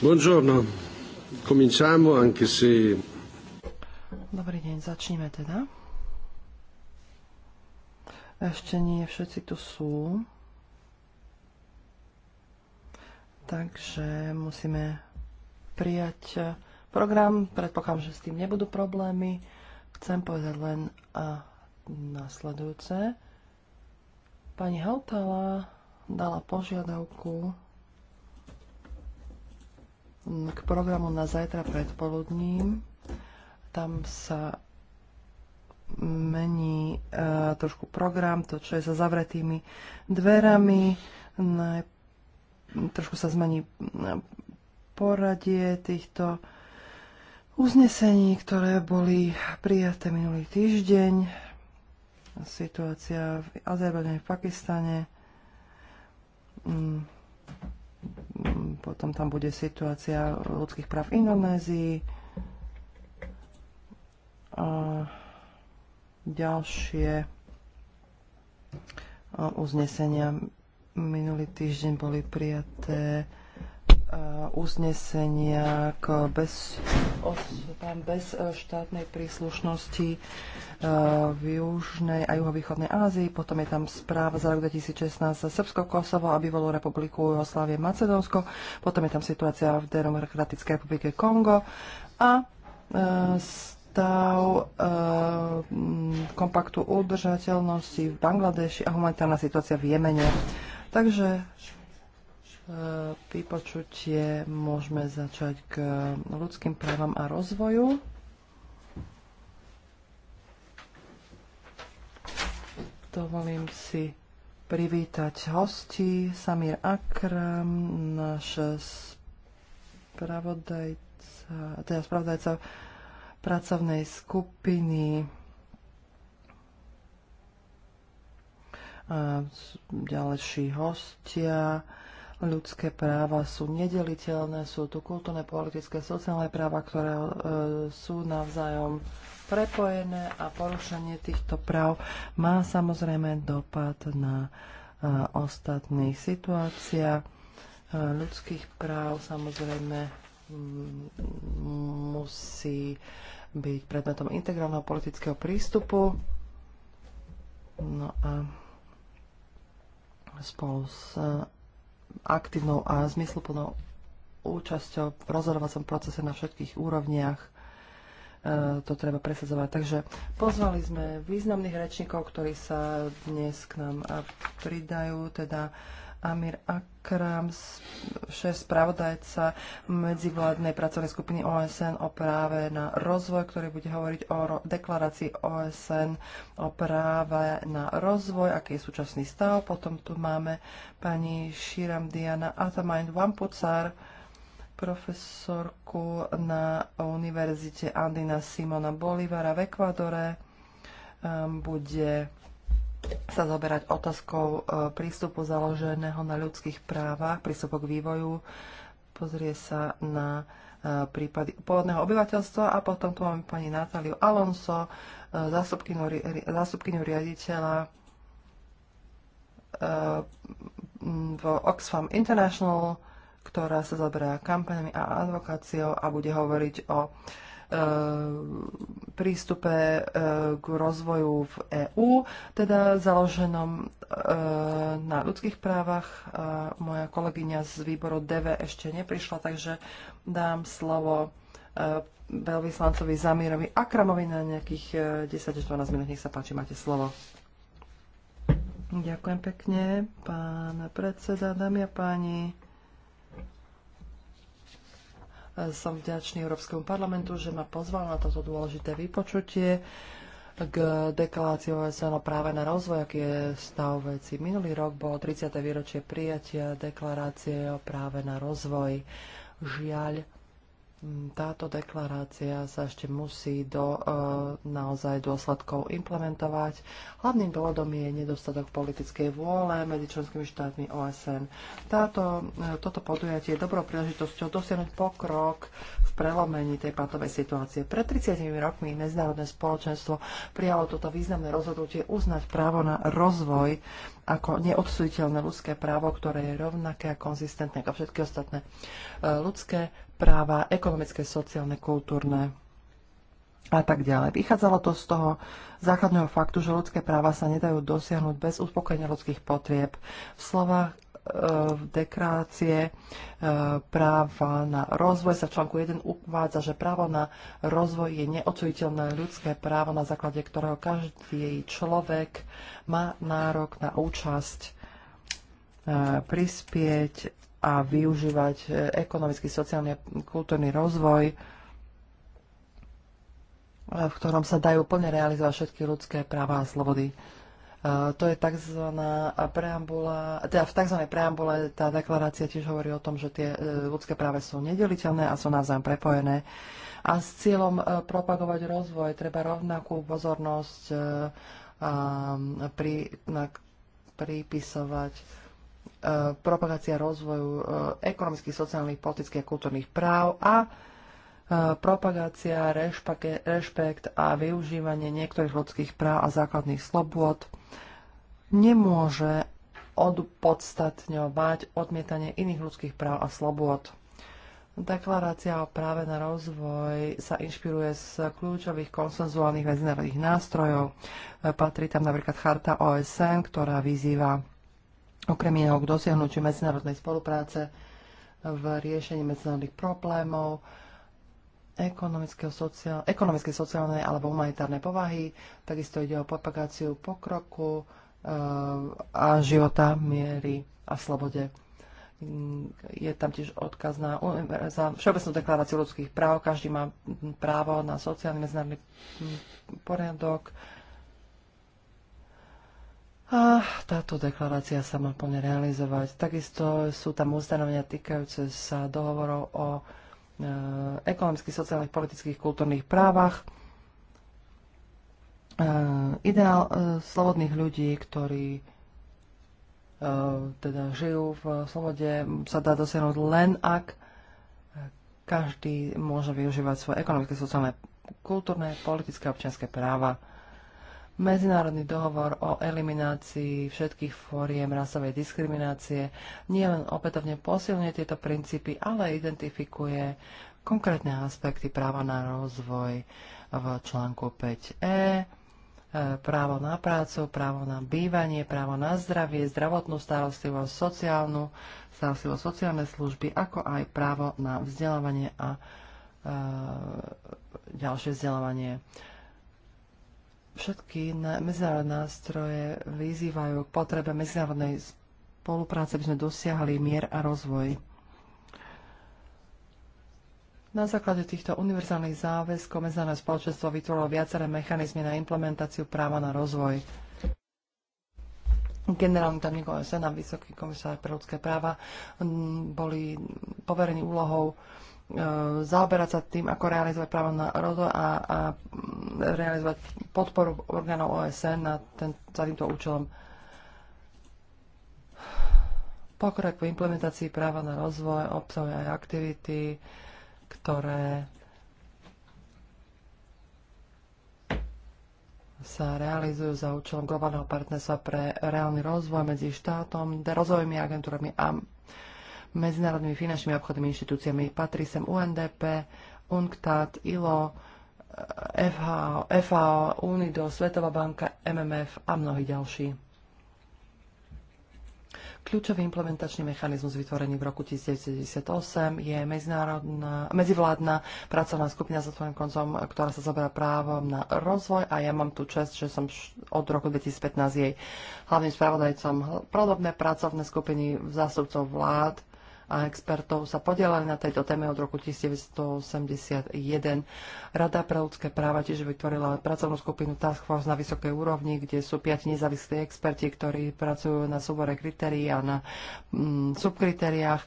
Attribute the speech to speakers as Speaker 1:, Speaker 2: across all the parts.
Speaker 1: Buongiorno. Cominciamo anche se...
Speaker 2: Dobrý deň, začneme teda. Ešte nie všetci tu sú. Takže musíme prijať program. Predpokladám, že s tým nebudú problémy. Chcem povedať len a nasledujúce. Pani Hautala dala požiadavku k programu na zajtra predpoludním. Tam sa mení e, trošku program, to, čo je za zavretými dverami. trošku sa zmení e, poradie týchto uznesení, ktoré boli prijaté minulý týždeň. Situácia v Azerbajdžane, v Pakistane Mm, mm, potom tam bude situácia ľudských práv v Indonézii. A ďalšie e, uznesenia minulý týždeň boli prijaté uznesenia k bez, osobám bez e, štátnej príslušnosti e, v Južnej a Juhovýchodnej Ázii. Potom je tam správa za rok 2016 za Srbsko, Kosovo a bývalú republiku Jugoslávie Macedónsko. Potom je tam situácia v Demokratickej republike Kongo a e, stav kompaktu udržateľnosti v Bangladeši a humanitárna situácia v Jemene. Takže vypočutie môžeme začať k ľudským právam a rozvoju. Dovolím si privítať hosti Samir Akram, náš spravodajca, teda spravodajca pracovnej skupiny a ďalší hostia ľudské práva sú nedeliteľné, sú tu kultúrne, politické, sociálne práva, ktoré e, sú navzájom prepojené a porušenie týchto práv má samozrejme dopad na e, ostatných situácia e, ľudských práv samozrejme m, mm, musí byť predmetom integrálneho politického prístupu. No a spolu s aktívnou a zmysluplnou účasťou v rozhodovacom procese na všetkých úrovniach. E, to treba presadzovať. Takže pozvali sme významných rečníkov, ktorí sa dnes k nám e, pridajú, teda Amir Akram, šéf spravodajca medzivládnej pracovnej skupiny OSN o práve na rozvoj, ktorý bude hovoriť o deklarácii OSN o práve na rozvoj, aký je súčasný stav. Potom tu máme pani Shiram Diana Atamain Vampucar, profesorku na Univerzite Andina Simona Bolivara v Ekvadore. Ehm, bude sa zaoberať otázkou e, prístupu založeného na ľudských právach, prístupu k vývoju, pozrie sa na e, prípady pôvodného obyvateľstva a potom tu máme pani Natáliu Alonso, e, zástupkyňu, zástupkyňu riaditeľa v Oxfam International, ktorá sa zaoberá kampaniami a advokáciou a bude hovoriť o uh, Eh, prístupe eh, k rozvoju v EÚ, teda založenom eh, na ľudských právach. Moja kolegyňa z výboru DV ešte neprišla, takže dám slovo veľvyslancovi Zamírovi Akramovi na nejakých 10 až 12 minút. Nech sa páči, máte slovo. Ďakujem pekne, pán predseda, dámy a páni. Som vďačný Európskemu parlamentu, že ma pozval na toto dôležité vypočutie k deklarácii OSN o práve na rozvoj, aký je stav veci. Minulý rok bolo 30. výročie prijatia deklarácie o práve na rozvoj. Žiaľ, Mm, táto deklarácia sa ešte musí do, e, naozaj dôsledkov implementovať. Hlavným dôvodom je nedostatok politickej vôle medzi členskými štátmi OSN. Táto, e, toto podujatie je dobrou príležitosťou dosiahnuť pokrok v prelomení tej patovej situácie. Pred 30 rokmi medzinárodné spoločenstvo prijalo toto významné rozhodnutie uznať právo na rozvoj ako neodsuditeľné ľudské právo, ktoré je rovnaké a konzistentné ako všetky ostatné e, ľudské práva ekonomické, sociálne, kultúrne a tak ďalej. Vychádzalo to z toho základného faktu, že ľudské práva sa nedajú dosiahnuť bez uspokojenia ľudských potrieb. V slovách e, v dekrácie e, práva na rozvoj sa v článku 1 uvádza, že právo na rozvoj je neodsuditeľné ľudské právo, na základe ktorého každý človek má nárok na účasť e, prispieť a využívať e, ekonomický, sociálny a kultúrny rozvoj, e, v ktorom sa dajú plne realizovať všetky ľudské práva a slobody. E, to je tzv. preambula, teda v tzv. preambule tá deklarácia tiež hovorí o tom, že tie ľudské práve sú nedeliteľné a sú navzájom prepojené. A s cieľom propagovať rozvoj treba rovnakú pozornosť pri, na, pripisovať E, propagácia rozvoju e, ekonomických, sociálnych, politických a kultúrnych práv a e, propagácia, rešpekt a využívanie niektorých ľudských práv a základných slobôd nemôže odpodstatňovať odmietanie iných ľudských práv a slobôd. Deklarácia o práve na rozvoj sa inšpiruje z kľúčových konsenzuálnych medzinárodných nástrojov. Patrí tam napríklad charta OSN, ktorá vyzýva okrem iného k dosiahnutiu medzinárodnej spolupráce v riešení medzinárodných problémov, sociál, ekonomické, sociálnej alebo humanitárnej povahy. Takisto ide o propagáciu pokroku e, a života, miery a slobode. Je tam tiež odkaz na za Všeobecnú deklaráciu ľudských práv. Každý má právo na sociálny medzinárodný poriadok, a táto deklarácia sa má plne realizovať. Takisto sú tam ustanovenia týkajúce sa dohovorov o e, ekonomických, sociálnych, politických, kultúrnych právach. E, ideál e, slobodných ľudí, ktorí e, teda žijú v slobode, sa dá dosiahnuť len ak každý môže využívať svoje ekonomické, sociálne, kultúrne, politické a občianské práva medzinárodný dohovor o eliminácii všetkých fóriem rasovej diskriminácie nielen opätovne posilňuje tieto princípy, ale identifikuje konkrétne aspekty práva na rozvoj v článku 5e, e, právo na prácu, právo na bývanie, právo na zdravie, zdravotnú starostlivosť, sociálnu starostlivosť, sociálne služby, ako aj právo na vzdelávanie a e, ďalšie vzdelávanie. Všetky medzinárodné nástroje vyzývajú k potrebe medzinárodnej spolupráce, aby sme dosiahli mier a rozvoj. Na základe týchto univerzálnych záväzkov medzinárodné spoločenstvo vytvorilo viaceré mechanizmy na implementáciu práva na rozvoj. Generálny tajomník OSN a Vysoký komisár pre ľudské práva boli poverení úlohou E, zaoberať sa tým, ako realizovať právo na rozvoj a, a realizovať podporu orgánov OSN na ten, za týmto účelom. Pokrok v implementácii práva na rozvoj obsahuje aj aktivity, ktoré sa realizujú za účelom globálneho partnerstva pre reálny rozvoj medzi štátom, rozvojovými agentúrami a medzinárodnými finančnými obchodnými inštitúciami. Patrí sem UNDP, UNCTAD, ILO, FHO, FAO, UNIDO, Svetová banka, MMF a mnohí ďalší. Kľúčový implementačný mechanizmus vytvorený v roku 1998 je medzivládna pracovná skupina s otvoreným koncom, ktorá sa zoberá právom na rozvoj a ja mám tu čest, že som od roku 2015 jej hlavným spravodajcom. Podobné pracovné skupiny zástupcov vlád a expertov sa podielali na tejto téme od roku 1981. Rada pre ľudské práva tiež vytvorila pracovnú skupinu Task Force na vysokej úrovni, kde sú piati nezávislí experti, ktorí pracujú na súbore kritérií a na mm, subkritériách e,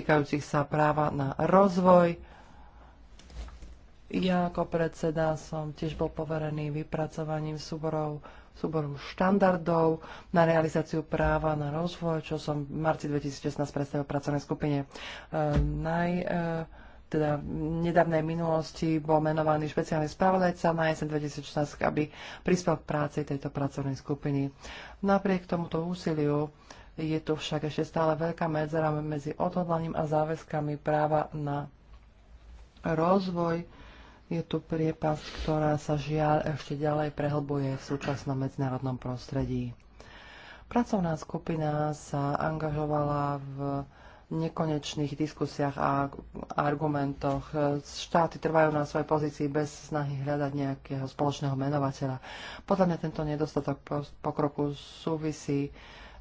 Speaker 2: týkajúcich sa práva na rozvoj. Ja ako predseda som tiež bol poverený vypracovaním súborov súborom štandardov na realizáciu práva na rozvoj, čo som v marci 2016 predstavil pracovnej skupine. E, naj, e, teda v nedávnej minulosti bol menovaný špeciálny spravodajca na jeseň 2016, aby prispel k práci tejto pracovnej skupiny. Napriek tomuto úsiliu je tu však ešte stále veľká medzera medzi odhodlaním a záväzkami práva na rozvoj je tu priepasť, ktorá sa žiaľ ešte ďalej prehlbuje v súčasnom medzinárodnom prostredí. Pracovná skupina sa angažovala v nekonečných diskusiách a argumentoch. Štáty trvajú na svojej pozícii bez snahy hľadať nejakého spoločného menovateľa. Podľa mňa tento nedostatok pokroku súvisí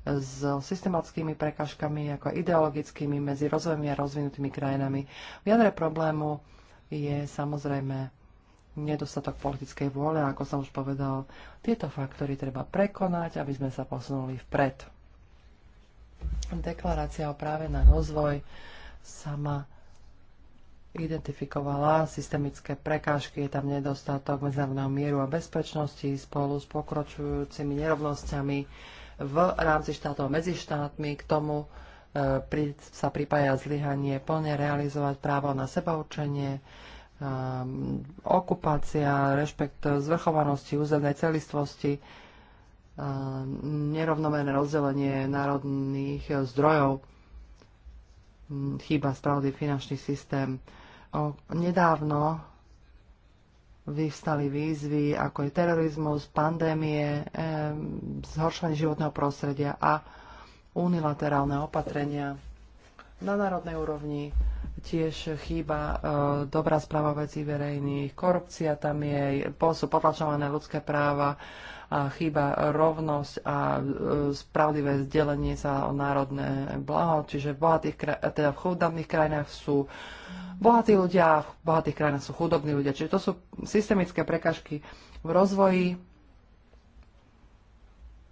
Speaker 2: s systematickými prekažkami, ako ideologickými medzi rozvojmi a rozvinutými krajinami. V jadre problému je samozrejme nedostatok politickej vôle, ako som už povedal. Tieto faktory treba prekonať, aby sme sa posunuli vpred. Deklarácia o práve na rozvoj sama identifikovala systemické prekážky, je tam nedostatok medzinárodného mieru a bezpečnosti spolu s pokročujúcimi nerovnosťami v rámci štátov medzi štátmi. K tomu sa pripája zlyhanie plne realizovať právo na sebaučenie, um, okupácia, rešpekt zvrchovanosti, územnej celistvosti, um, nerovnomerné rozdelenie národných zdrojov, um, chýba spravodlivý finančný systém. Nedávno vyvstali výzvy, ako je terorizmus, pandémie, zhoršovanie životného prostredia a unilaterálne opatrenia. Na národnej úrovni tiež chýba e, dobrá správa vecí verejných, korupcia tam je, sú potlačované ľudské práva, a chýba rovnosť a e, spravlivé zdelenie sa o národné blaho. Čiže v, bohatých, teda v chudobných krajinách sú bohatí ľudia, v bohatých krajinách sú chudobní ľudia. Čiže to sú systemické prekažky v rozvoji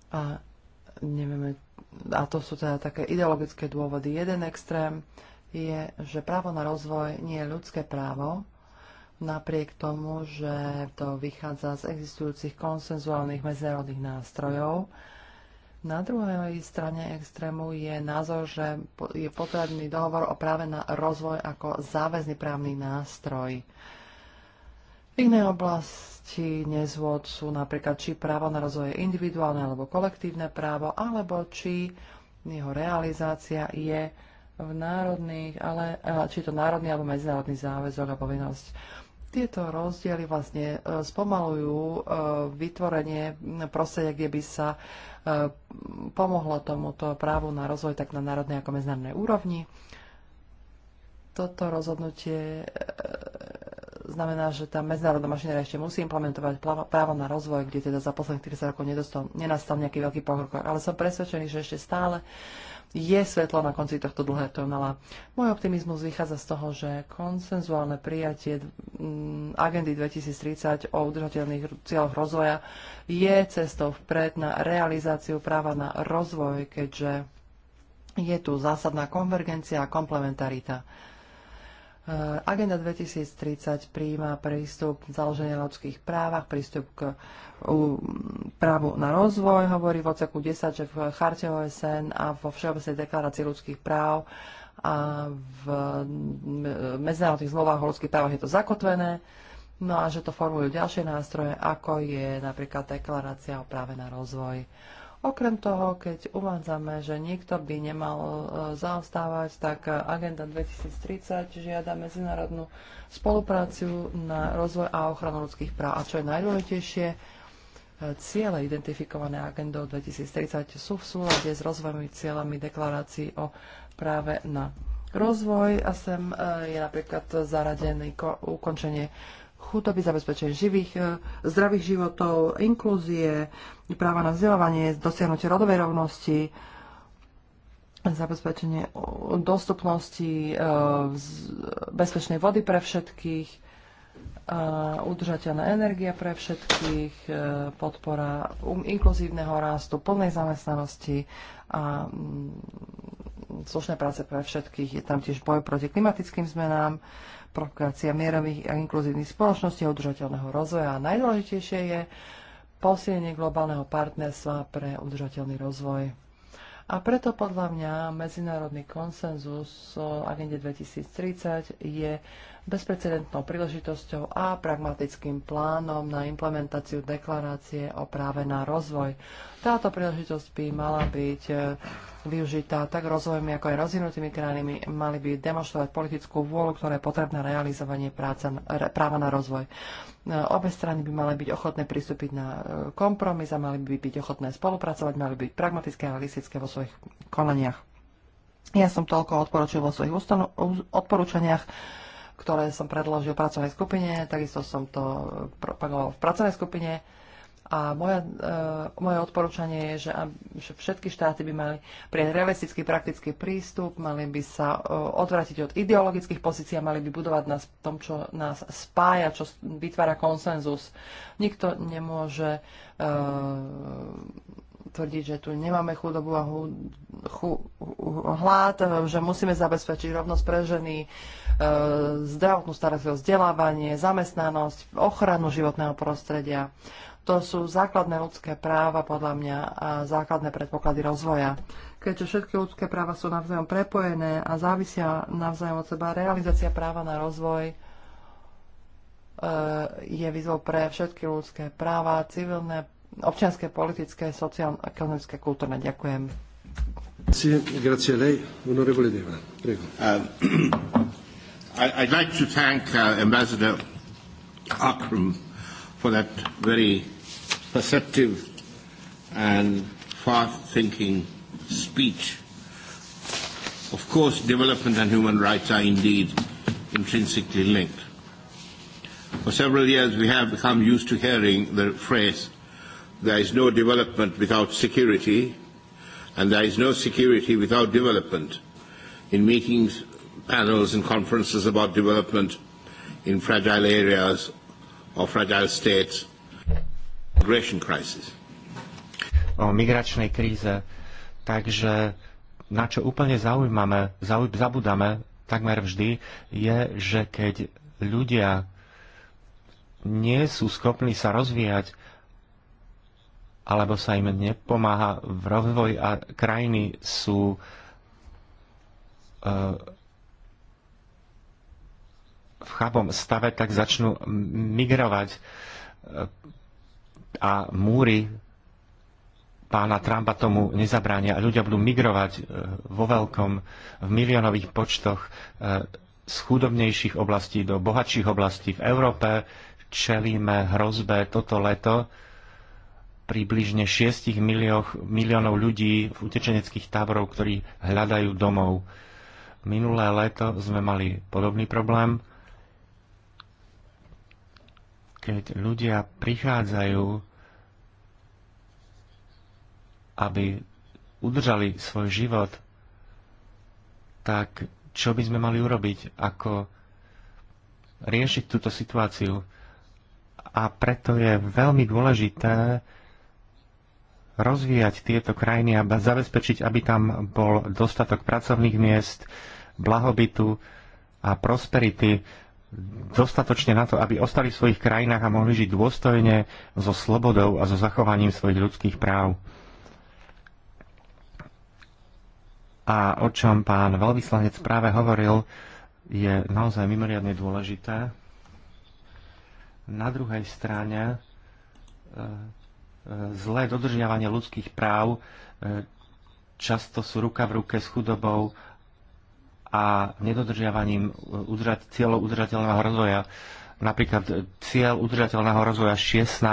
Speaker 2: a nevieme a to sú teda také ideologické dôvody. Jeden extrém je, že právo na rozvoj nie je ľudské právo, napriek tomu, že to vychádza z existujúcich konsenzuálnych medzinárodných nástrojov. Na druhej strane extrému je názor, že je potrebný dohovor o práve na rozvoj ako záväzný právny nástroj. Iné oblasti nezvod sú napríklad, či právo na rozvoj je individuálne alebo kolektívne právo, alebo či jeho realizácia je v národných, ale, e, či to národný alebo medzinárodný záväzok a povinnosť. Tieto rozdiely vlastne e, spomalujú e, vytvorenie prostredia, kde by sa pomohlo tomuto právu na rozvoj tak na národnej ako medzinárodnej úrovni. Toto rozhodnutie znamená, že tá medzinárodná mašinéria ešte musí implementovať právo na rozvoj, kde teda za posledných 30 rokov nedostal, nenastal nejaký veľký pokrok. Ale som presvedčený, že ešte stále je svetlo na konci tohto dlhého tunela. Môj optimizmus vychádza z toho, že konsenzuálne prijatie mm, agendy 2030 o udržateľných cieľoch rozvoja je cestou vpred na realizáciu práva na rozvoj, keďže je tu zásadná konvergencia a komplementarita. Eh, Agenda 2030 prijíma prístup založenia ľudských právach, prístup k právu na rozvoj, hovorí v odseku 10, že v charte OSN a vo Všeobecnej deklarácii ľudských práv a v medzinárodných zmluvách o ľudských právach je to zakotvené. No a že to formujú ďalšie nástroje, ako je napríklad deklarácia o práve na rozvoj. Okrem toho, keď uvádzame, že nikto by nemal e, zaostávať, tak e, Agenda 2030 žiada medzinárodnú spolupráciu na rozvoj a ochranu ľudských práv. A čo je najdôležitejšie, e, ciele identifikované agendou 2030 sú v súlade s rozvojmi cieľami deklarácií o práve na rozvoj a sem je napríklad zaradený ukončenie chudoby, zabezpečenie živých, e, zdravých životov, inklúzie, práva na vzdelávanie, dosiahnutie rodovej rovnosti, zabezpečenie dostupnosti e, bezpečnej vody pre všetkých, e, udržateľná energia pre všetkých, podpora um, inkluzívneho rastu, plnej zamestnanosti a mm, slušné práce pre všetkých. Je tam tiež boj proti klimatickým zmenám, propagácia mierových a inkluzívnych spoločností a udržateľného rozvoja. A najdôležitejšie je posilnenie globálneho partnerstva pre udržateľný rozvoj. A preto podľa mňa medzinárodný konsenzus o agende 2030 je bezprecedentnou príležitosťou a pragmatickým plánom na implementáciu deklarácie o práve na rozvoj. Táto príležitosť by mala byť e, využitá tak rozvojmi, ako aj rozvinutými krajinami, mali by demonstrovať politickú vôľu, ktorá je potrebná realizovanie práca, práva na rozvoj. E, obe strany by mali byť ochotné pristúpiť na e, kompromis a mali by byť ochotné spolupracovať, mali by byť pragmatické a realistické vo svojich konaniach. Ja som toľko odporučil vo svojich odporúčaniach ktoré som predložil v pracovnej skupine, takisto som to propagoval v pracovnej skupine. A moja, uh, moje odporúčanie je, že, že všetky štáty by mali prijať realistický praktický prístup, mali by sa uh, e, odvratiť od ideologických pozícií a mali by budovať nás v tom, čo nás spája, čo vytvára konsenzus. Nikto nemôže uh, tvrdiť, že tu nemáme chudobu a hu, hlad, že musíme zabezpečiť rovnosť pre ženy, E, zdravotnú starostlivosť, vzdelávanie, zamestnanosť, ochranu životného prostredia. To sú základné ľudské práva, podľa mňa, a základné predpoklady rozvoja. Keďže všetky ľudské práva sú navzájom prepojené a závisia navzájom od seba, realizácia práva na rozvoj e, je výzvou pre všetky ľudské práva, civilné, občianské, politické, sociálne, ekonomické, kultúrne. Ďakujem.
Speaker 1: Grazie, grazie a lei, onorevole Deva. Prego. Uh,
Speaker 3: I, I'd like to thank uh, Ambassador Akram for that very perceptive and far-thinking speech. Of course, development and human rights are indeed intrinsically linked. For several years, we have become used to hearing the phrase, there is no development without security, and there is no security without development in meetings panels and conferences about development in fragile areas or fragile states, migration crisis.
Speaker 4: O migračnej kríze. Takže na čo úplne zaujímame, zauj- zabudáme takmer vždy, je, že keď ľudia nie sú schopní sa rozvíjať, alebo sa im nepomáha v rozvoji a krajiny sú e, v chabom stave, tak začnú migrovať e, a múry pána Trumpa tomu nezabránia. Ľudia budú migrovať e, vo veľkom, v miliónových počtoch e, z chudobnejších oblastí do bohatších oblastí v Európe. Čelíme hrozbe toto leto približne 6 miliónov ľudí v utečeneckých táboroch, ktorí hľadajú domov. Minulé leto sme mali podobný problém keď ľudia prichádzajú, aby udržali svoj život, tak čo by sme mali urobiť, ako riešiť túto situáciu. A preto je veľmi dôležité rozvíjať tieto krajiny a zabezpečiť, aby tam bol dostatok pracovných miest, blahobytu a prosperity dostatočne na to, aby ostali v svojich krajinách a mohli žiť dôstojne so slobodou a so zachovaním svojich ľudských práv. A o čom pán veľvyslanec práve hovoril, je naozaj mimoriadne dôležité. Na druhej strane e, e, zlé dodržiavanie ľudských práv e, často sú ruka v ruke s chudobou a nedodržiavaním udržať, cieľov udržateľného rozvoja. Napríklad cieľ udržateľného rozvoja 16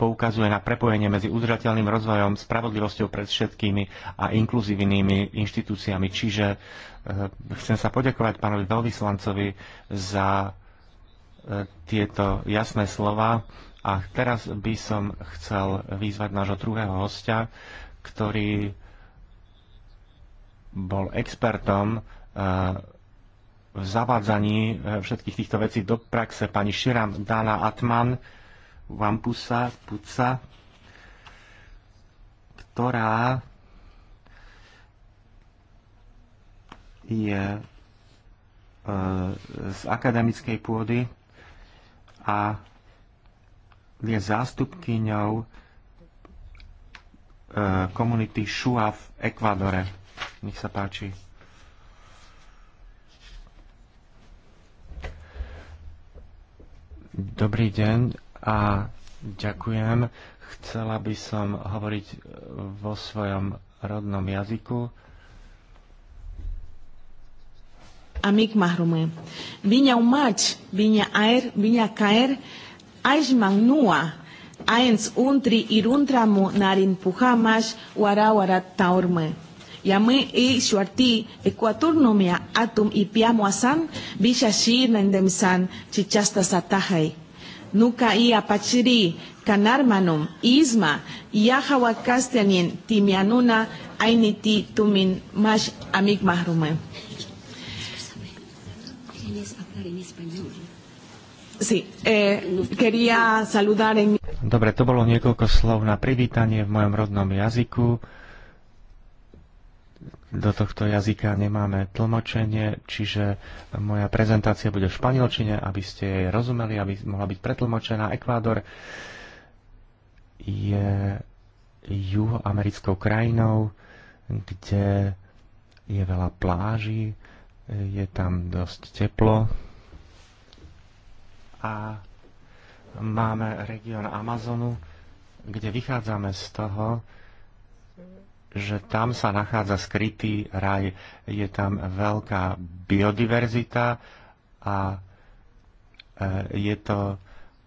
Speaker 4: poukazuje na prepojenie medzi udržateľným rozvojom, spravodlivosťou pred všetkými a inkluzívnymi inštitúciami. Čiže e, chcem sa poďakovať pánovi veľvyslancovi za e, tieto jasné slova. A teraz by som chcel vyzvať nášho druhého hostia, ktorý bol expertom v e, zavádzaní e, všetkých týchto vecí do praxe. Pani Širam Dala Atman, Vampusa, Puca, ktorá je e, z akademickej pôdy a je zástupkyňou komunity Šua v Ekvadore. Nech sa páči. Dobrý deň a ďakujem. Chcela by som hovoriť e, vo svojom rodnom jazyku.
Speaker 5: Amic mahrume. Vinha o match, vinha aer, kaer, caer, ais magnua, aens untri iruntramu narin puhamas, wara Uara taurme. Yamé e ימי Atum y Piamo Asan, איפיה מואסן ביששיר ננדמסן Chichasta סטחי. Nuka i apachiri kanarmanum isma yahawa kastianin timianuna ainiti tumin mash amig mahrume. Sí, eh, quería saludar
Speaker 4: en... Dobre, to bolo niekoľko slov na privítanie v mojom rodnom jazyku do tohto jazyka nemáme tlmočenie, čiže moja prezentácia bude v španielčine, aby ste jej rozumeli, aby mohla byť pretlmočená. Ekvádor je juhoamerickou krajinou, kde je veľa pláží, je tam dosť teplo a máme región Amazonu, kde vychádzame z toho, že tam sa nachádza skrytý raj, je tam veľká biodiverzita a e, je to e,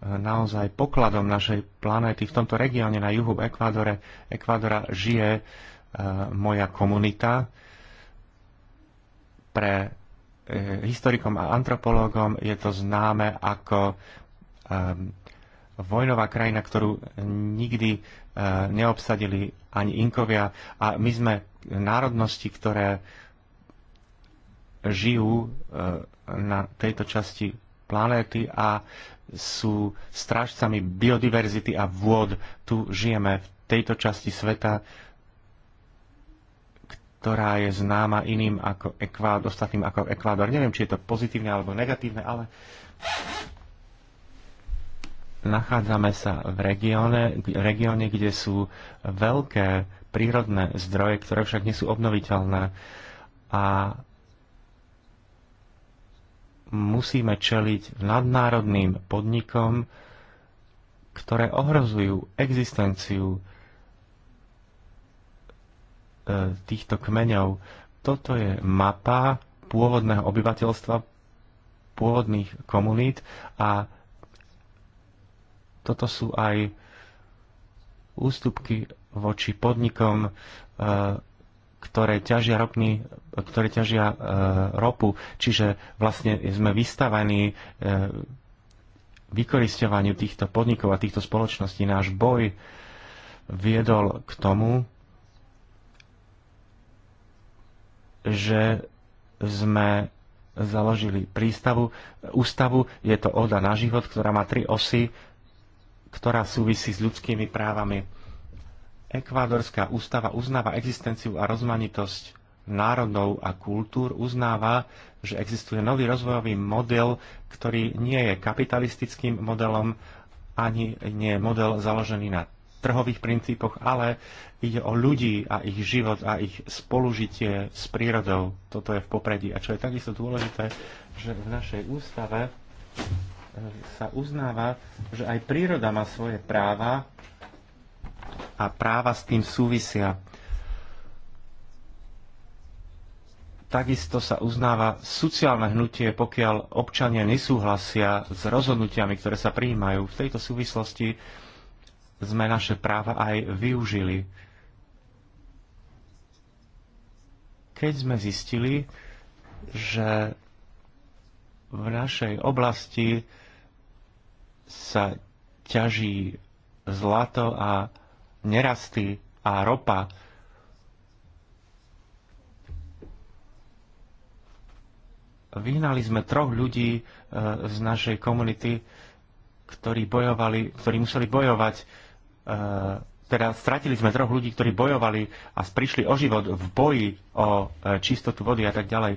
Speaker 4: naozaj pokladom našej planéty. V tomto regióne na juhu Ekvádore, Ekvádora žije e, moja komunita. Pre historikom a antropológom je to známe ako vojnová krajina, ktorú nikdy neobsadili ani Inkovia. A my sme národnosti, ktoré žijú e, na tejto časti planéty a sú strážcami biodiverzity a vôd. Tu žijeme v tejto časti sveta, ktorá je známa iným ako Ekvádor, ostatným ako Ekvádor. Neviem, či je to pozitívne alebo negatívne, ale Nachádzame sa v regióne, regióne, kde sú veľké prírodné zdroje, ktoré však nie sú obnoviteľné a musíme čeliť nadnárodným podnikom, ktoré ohrozujú existenciu e, týchto kmeňov. Toto je mapa pôvodného obyvateľstva, pôvodných komunít a toto sú aj ústupky voči podnikom, e, ktoré ťažia, ropný, ktoré ťažia e, ropu. Čiže vlastne sme vystavení e, vykoristovaniu týchto podnikov a týchto spoločností. Náš boj viedol k tomu, že sme založili prístavu, ústavu, je to Oda na život, ktorá má tri osy, ktorá súvisí s ľudskými právami. Ekvádorská ústava uznáva existenciu a rozmanitosť národov a kultúr, uznáva, že existuje nový rozvojový model, ktorý nie je kapitalistickým modelom, ani nie je model založený na trhových princípoch, ale ide o ľudí a ich život a ich spolužitie s prírodou. Toto je v popredí. A čo je takisto dôležité, že v našej ústave sa uznáva, že aj príroda má svoje práva a práva s tým súvisia. Takisto sa uznáva sociálne hnutie, pokiaľ občania nesúhlasia s rozhodnutiami, ktoré sa prijímajú. V tejto súvislosti sme naše práva aj využili. Keď sme zistili, že v našej oblasti sa ťaží zlato a nerasty a ropa. Vyhnali sme troch ľudí e, z našej komunity, ktorí bojovali, ktorí museli bojovať, e, teda stratili sme troch ľudí, ktorí bojovali a prišli o život v boji o e, čistotu vody a tak ďalej.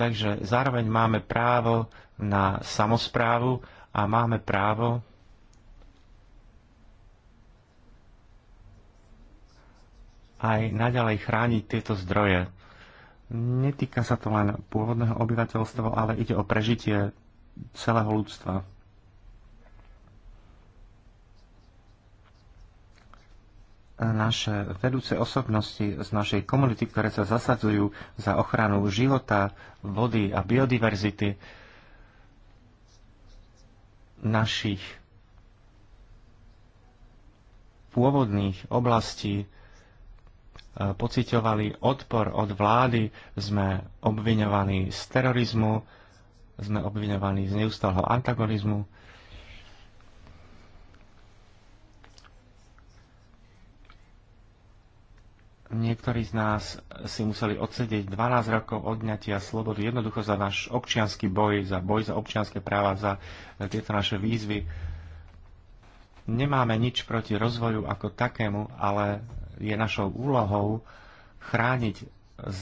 Speaker 4: Takže zároveň máme právo na samozprávu a máme právo aj naďalej chrániť tieto zdroje. Netýka sa to len pôvodného obyvateľstva, ale ide o prežitie celého ľudstva. Naše vedúce osobnosti z našej komunity, ktoré sa zasadzujú za ochranu života, vody a biodiverzity, našich pôvodných oblastí e, pociťovali odpor od vlády, sme obviňovaní z terorizmu, sme obviňovaní z neustáleho antagonizmu, Niektorí z nás si museli odsedeť 12 rokov odňatia slobodu jednoducho za náš občianský boj, za boj za občianské práva, za e, tieto naše výzvy. Nemáme nič proti rozvoju ako takému, ale je našou úlohou chrániť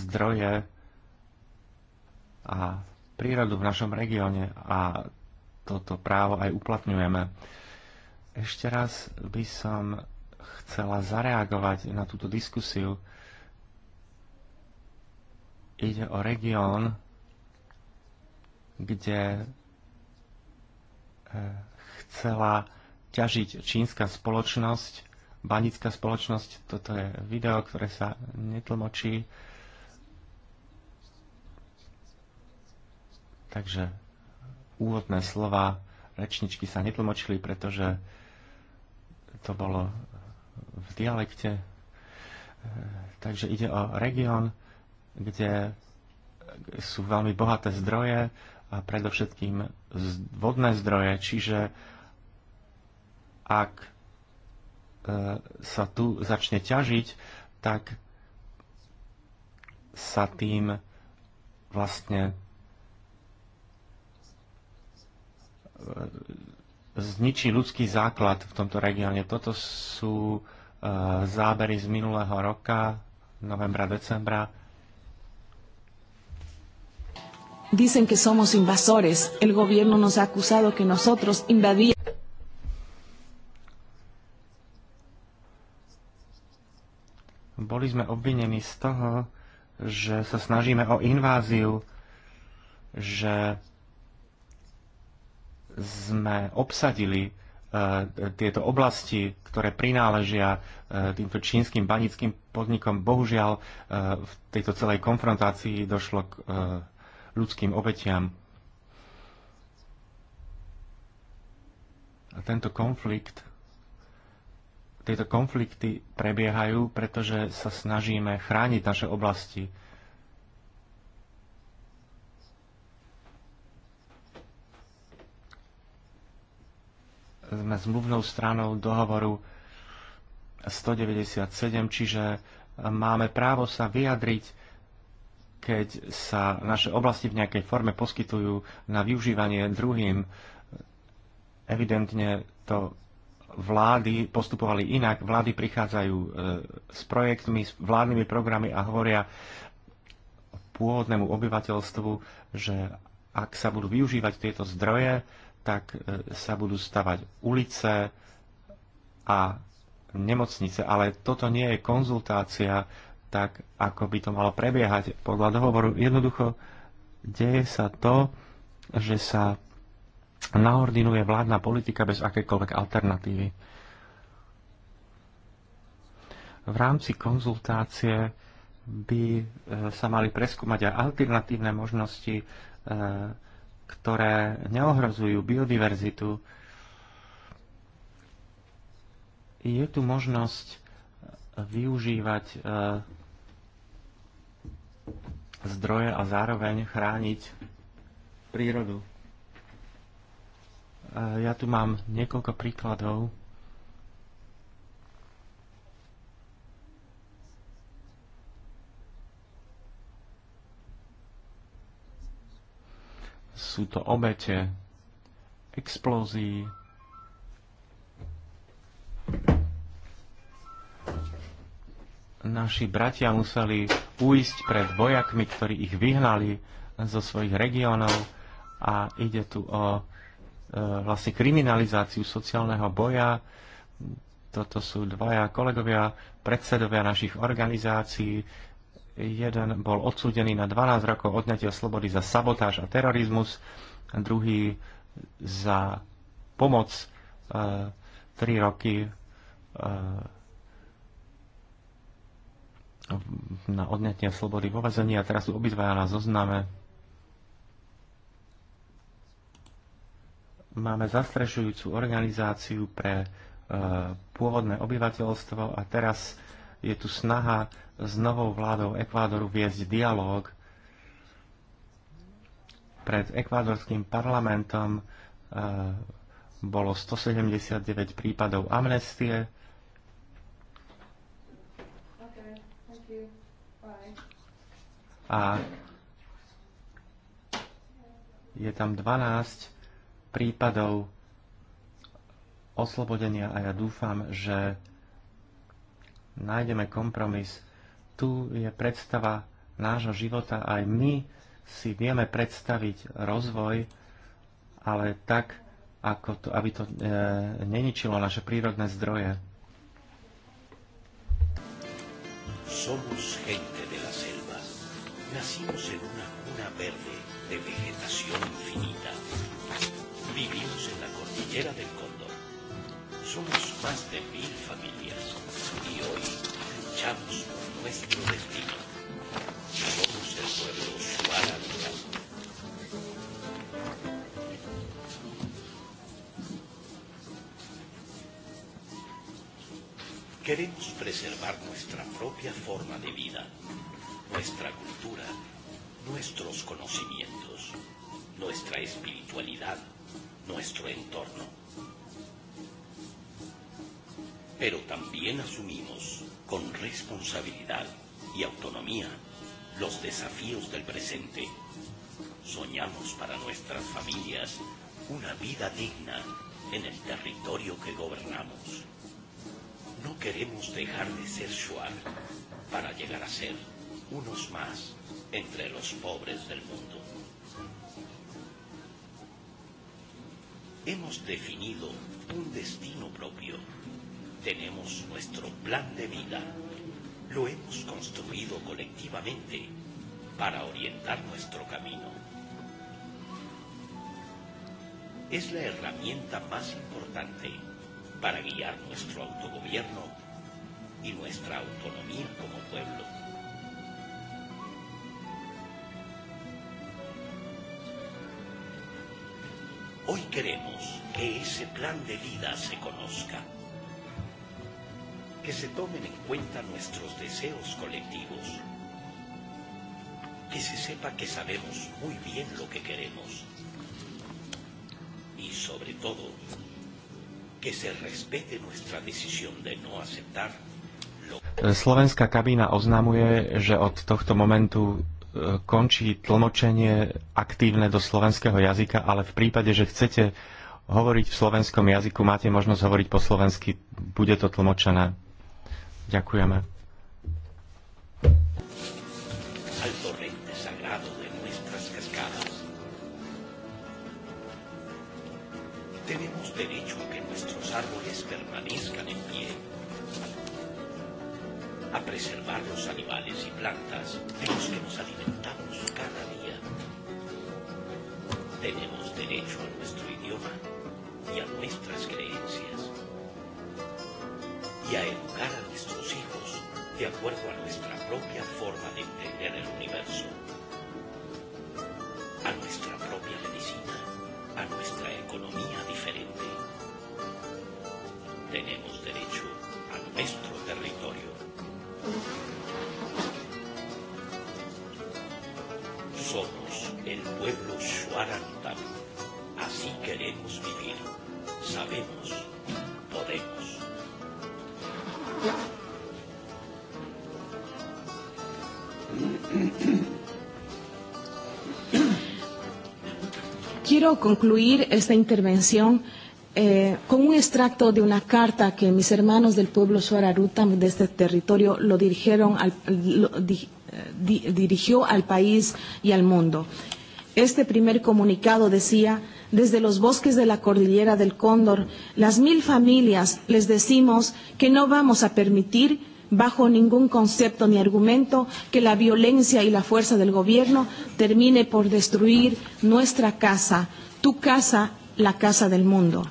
Speaker 4: zdroje a prírodu v našom regióne a toto právo aj uplatňujeme. Ešte raz by som chcela zareagovať na túto diskusiu. Ide o región, kde e, chcela ťažiť čínska spoločnosť, banická spoločnosť. Toto je video, ktoré sa netlmočí. Takže úvodné slova rečničky sa netlmočili, pretože to bolo v dialekte. E, takže ide o región, kde sú veľmi bohaté zdroje a predovšetkým vodné zdroje, čiže ak e, sa tu začne ťažiť, tak sa tým vlastne e, zničí ľudský základ v tomto regióne. Toto sú Eh, zábery z minulého roka, novembra, decembra.
Speaker 5: Dicen que somos invasores. El gobierno nos ha acusado que nosotros invadíamos.
Speaker 4: Boli sme obvinení z toho, že sa snažíme o inváziu, že sme obsadili E, tieto oblasti, ktoré prináležia e, týmto čínskym banickým podnikom, bohužiaľ e, v tejto celej konfrontácii došlo k ľudským obetiam. A tento konflikt, tieto konflikty prebiehajú, pretože sa snažíme chrániť naše oblasti sme zmluvnou stranou dohovoru 197, čiže máme právo sa vyjadriť, keď sa naše oblasti v nejakej forme poskytujú na využívanie druhým. Evidentne to vlády postupovali inak. Vlády prichádzajú e, s projektmi, s vládnymi programy a hovoria pôvodnému obyvateľstvu, že ak sa budú využívať tieto zdroje, tak e, sa budú stavať ulice a nemocnice. Ale toto nie je konzultácia tak, ako by to malo prebiehať podľa dohovoru. Jednoducho deje sa to, že sa naordinuje vládna politika bez akékoľvek alternatívy. V rámci konzultácie by e, sa mali preskúmať aj alternatívne možnosti e, ktoré neohrozujú biodiverzitu, je tu možnosť využívať e, zdroje a zároveň chrániť prírodu. E, ja tu mám niekoľko príkladov Sú to obete explózií. Naši bratia museli uísť pred vojakmi, ktorí ich vyhnali zo svojich regiónov a ide tu o e, vlastne kriminalizáciu sociálneho boja. Toto sú dvaja kolegovia, predsedovia našich organizácií, Jeden bol odsúdený na 12 rokov odňatia slobody za sabotáž a terorizmus, druhý za pomoc e, 3 roky e, na odňatie slobody vo vezení a teraz sú obidvaja na zozname. Máme zastrešujúcu organizáciu pre e, pôvodné obyvateľstvo a teraz je tu snaha s novou vládou Ekvádoru viesť dialog. Pred ekvádorským parlamentom e, bolo 179 prípadov amnestie. A je tam 12 prípadov oslobodenia a ja dúfam, že nájdeme kompromis. Tu je predstava nášho života, aj my si vieme predstaviť rozvoj, ale tak, ako to, aby to e, neničilo naše prírodné zdroje.
Speaker 6: Somos gente de la selva. Nacimos en una cuna verde de vegetación infinita. Vivimos en la cordillera del Cóndor. Somos más de mil familias dejamos nuestro destino. Somos el pueblo suárez. Queremos preservar nuestra propia forma de vida, nuestra cultura, nuestros conocimientos, nuestra espiritualidad, nuestro entorno. Pero también asumimos responsabilidad y autonomía los desafíos del presente. Soñamos para nuestras familias una vida digna en el territorio que gobernamos. No queremos dejar de ser Shuar para llegar a ser unos más entre los pobres del mundo. Hemos definido un destino propio. Tenemos nuestro plan de vida lo hemos construido colectivamente para orientar nuestro camino. Es la herramienta más importante para guiar nuestro autogobierno y nuestra autonomía como pueblo. Hoy queremos que ese plan de vida se conozca que se tomen en cuenta nuestros deseos colectivos, que se sepa que sabemos muy bien lo que queremos y sobre todo que se respete nuestra decisión de no aceptar
Speaker 4: lo... Eh, slovenská kabína oznamuje, že od tohto momentu eh, končí tlmočenie aktívne do slovenského jazyka, ale v prípade, že chcete hovoriť v slovenskom jazyku, máte možnosť hovoriť po slovensky, bude to tlmočené. Ďakujeme.
Speaker 6: Tenemos derecho a que nuestros árboles permanezcan en pie, a preservar los animales y plantas de los que nos alimentamos cada día. Tenemos derecho a nuestro idioma y a nuestras creencias y a educar a nuestros hijos de acuerdo a nuestra propia forma de entender el universo, a nuestra propia medicina, a nuestra economía diferente. Tenemos derecho a nuestro territorio. Somos el pueblo Shuarantan. Así queremos vivir. Sabemos, podemos.
Speaker 5: Quiero concluir esta intervención eh, con un extracto de una carta que mis hermanos del pueblo Suararuta de este territorio lo dirigieron al, lo, di, eh, di, dirigió al país y al mundo. Este primer comunicado decía, desde los bosques de la cordillera del Cóndor, las mil familias les decimos que no vamos a permitir bajo ningún concepto ni argumento que la violencia y la fuerza del gobierno termine por destruir nuestra casa, tu casa, la casa del mundo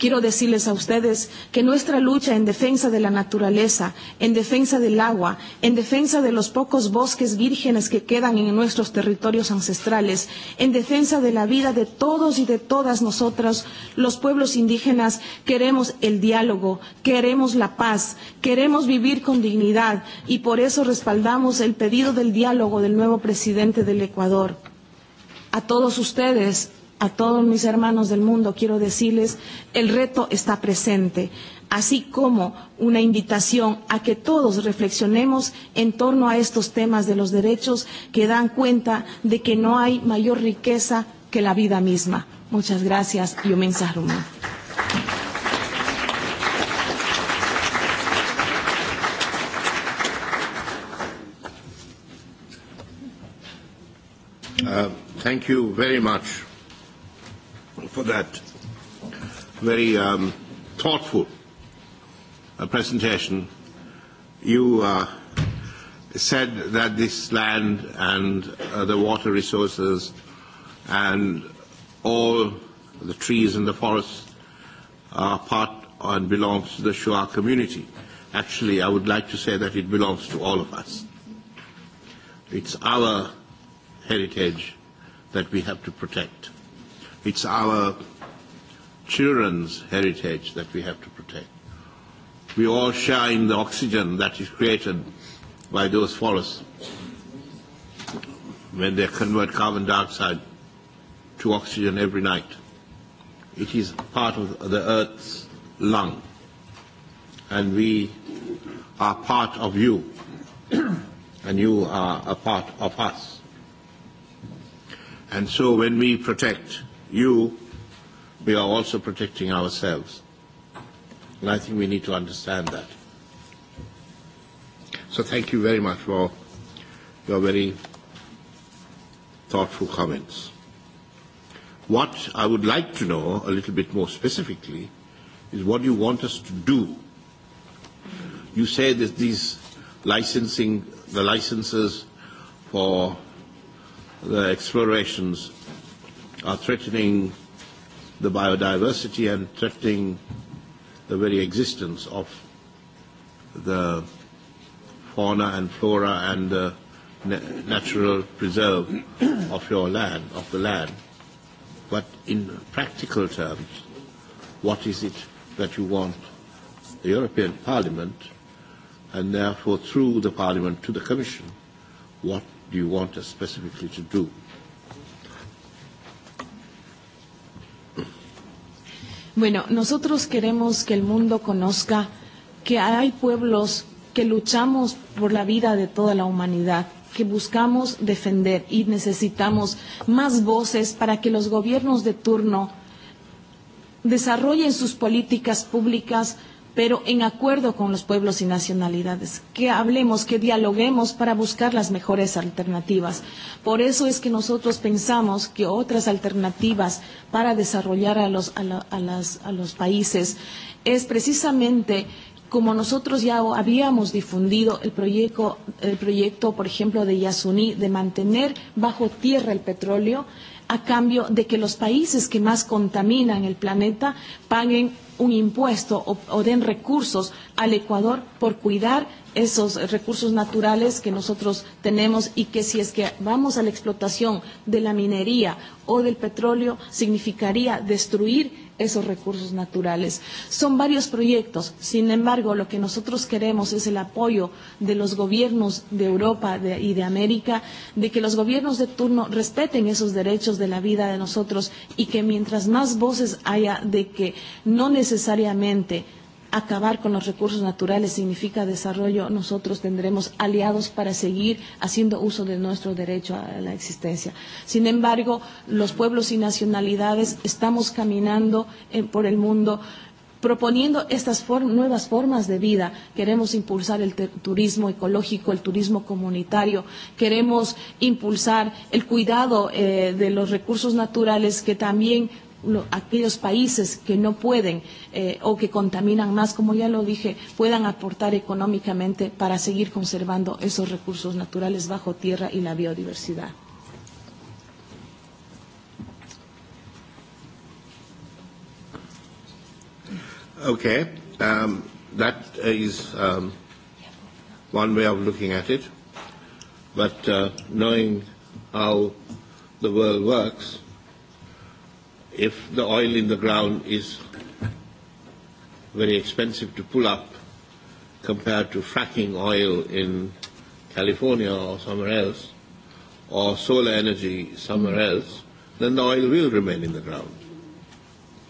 Speaker 5: quiero decirles a ustedes que nuestra lucha en defensa de la naturaleza, en defensa del agua, en defensa de los pocos bosques vírgenes que quedan en nuestros territorios ancestrales, en defensa de la vida de todos y de todas nosotras, los pueblos indígenas, queremos el diálogo, queremos la paz, queremos vivir con dignidad y por eso respaldamos el pedido del diálogo del nuevo presidente del Ecuador. A todos ustedes, a todos mis hermanos del mundo quiero decirles, el reto está presente, así como una invitación a que todos reflexionemos en torno a estos temas de los derechos que dan cuenta de que no hay mayor riqueza que la vida misma. Muchas gracias y un mensaje
Speaker 3: Uh, thank you very much for that very um, thoughtful uh, presentation. You uh, said that this land and uh, the water resources and all the trees and the forests are part and belongs to the Shua community. Actually, I would like to say that it belongs to all of us. It's our heritage that we have to protect. It's our children's heritage that we have to protect. We all share in the oxygen that is created by those forests when they convert carbon dioxide to oxygen every night. It is part of the Earth's lung, and we are part of you,
Speaker 7: and
Speaker 3: you are a part of us. And so when we protect you, we are also protecting ourselves. And I think we need to understand that. So thank you very much for your very thoughtful comments. What I would like to know a little bit more specifically is what you want us to do. You say that these licensing, the licenses for the explorations are threatening the biodiversity and threatening the very existence of the fauna and flora and the natural preserve of your land, of the land. But in practical terms, what is it that you want the European Parliament and therefore through the Parliament to the Commission, what do you want us specifically to do?
Speaker 5: Bueno, nosotros queremos que el mundo conozca que hay pueblos que luchamos por la vida de toda la humanidad que buscamos defender y necesitamos más voces para que los gobiernos de turno desarrollen sus políticas públicas pero en acuerdo con los pueblos y nacionalidades, que hablemos, que dialoguemos para buscar las mejores alternativas. Por eso es que nosotros pensamos que otras alternativas para desarrollar a los, a la, a las, a los países es precisamente como nosotros ya habíamos difundido el proyecto, el proyecto, por ejemplo, de Yasuní, de mantener bajo tierra el petróleo a cambio de que los países que más contaminan el planeta paguen un impuesto o, o den recursos al Ecuador por cuidar esos recursos naturales que nosotros tenemos y que si es que vamos a la explotación de la minería o del petróleo significaría destruir esos recursos naturales. Son varios proyectos, sin embargo, lo que nosotros queremos es el apoyo de los gobiernos de Europa de, y de América, de que los gobiernos de turno respeten esos derechos de la vida de nosotros y que mientras más voces haya de que no necesitamos necesariamente acabar con los recursos naturales significa desarrollo, nosotros tendremos aliados para seguir haciendo uso de nuestro derecho a la existencia. Sin embargo, los pueblos y nacionalidades estamos caminando eh, por el mundo proponiendo estas form nuevas formas de vida. Queremos impulsar el turismo ecológico, el turismo comunitario, queremos impulsar el cuidado eh, de los recursos naturales que también lo, aquellos países que no pueden eh, o que contaminan más, como ya lo dije, puedan aportar económicamente para seguir conservando esos recursos naturales bajo tierra y la biodiversidad.
Speaker 3: Okay, um, that is um, one way of looking at it, but uh, knowing how the world works, if the oil in the ground is very expensive to pull up compared to fracking oil in California or somewhere else, or solar energy somewhere else, then the oil will remain in the ground.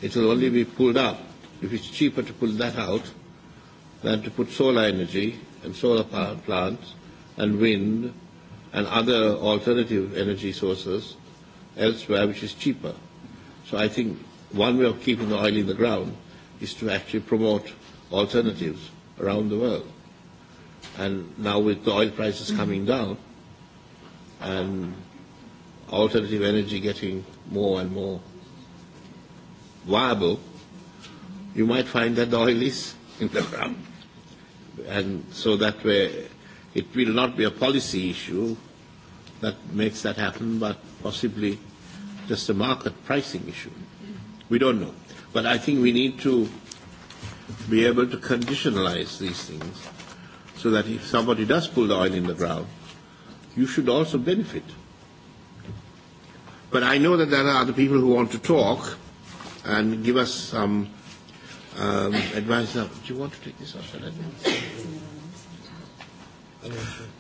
Speaker 3: It will only be pulled up if it's cheaper to pull that out than to put solar energy and solar power plants and wind and other alternative energy sources elsewhere, which is cheaper. So I think one way of keeping the oil in the ground is to actually promote alternatives around the world. And now with the oil prices mm-hmm. coming down and alternative energy getting more and more viable, you might find that the oil is in the ground. And so that way it will not be a policy issue that makes that happen, but possibly just a market pricing issue. We don't know. But I think we need to be able to conditionalize these things so that if somebody does pull the oil in the ground, you should also benefit. But I know that there are other people who want to talk and give us some um, advice. Now, do you want to take this off?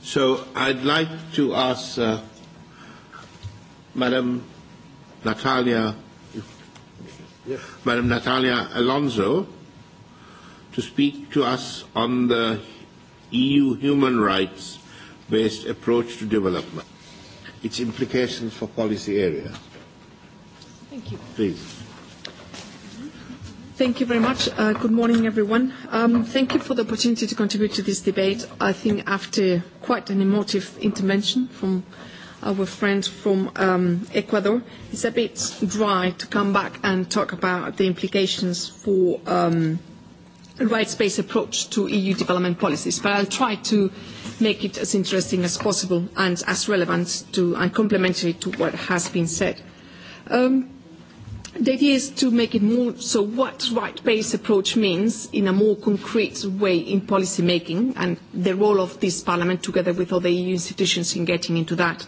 Speaker 3: So I'd like to ask uh, Madam Natalia, yes. Madam Natalia Alonso to speak to us on the EU human rights based approach to development, its implications for policy areas. Thank you. Please.
Speaker 8: Thank you very much. Uh, good morning, everyone. Um, thank you for the opportunity to contribute to this debate. I think after quite an emotive intervention from our friend from um, Ecuador. It's a bit dry to come back and talk about the implications for um, a rights-based approach to EU development policies, but I'll try to make it as interesting as possible and as relevant to, and complementary to what has been said. Um, the idea is to make it more so what right-based approach means in a more concrete way in policy making and the role of this parliament together with other EU institutions in getting into that.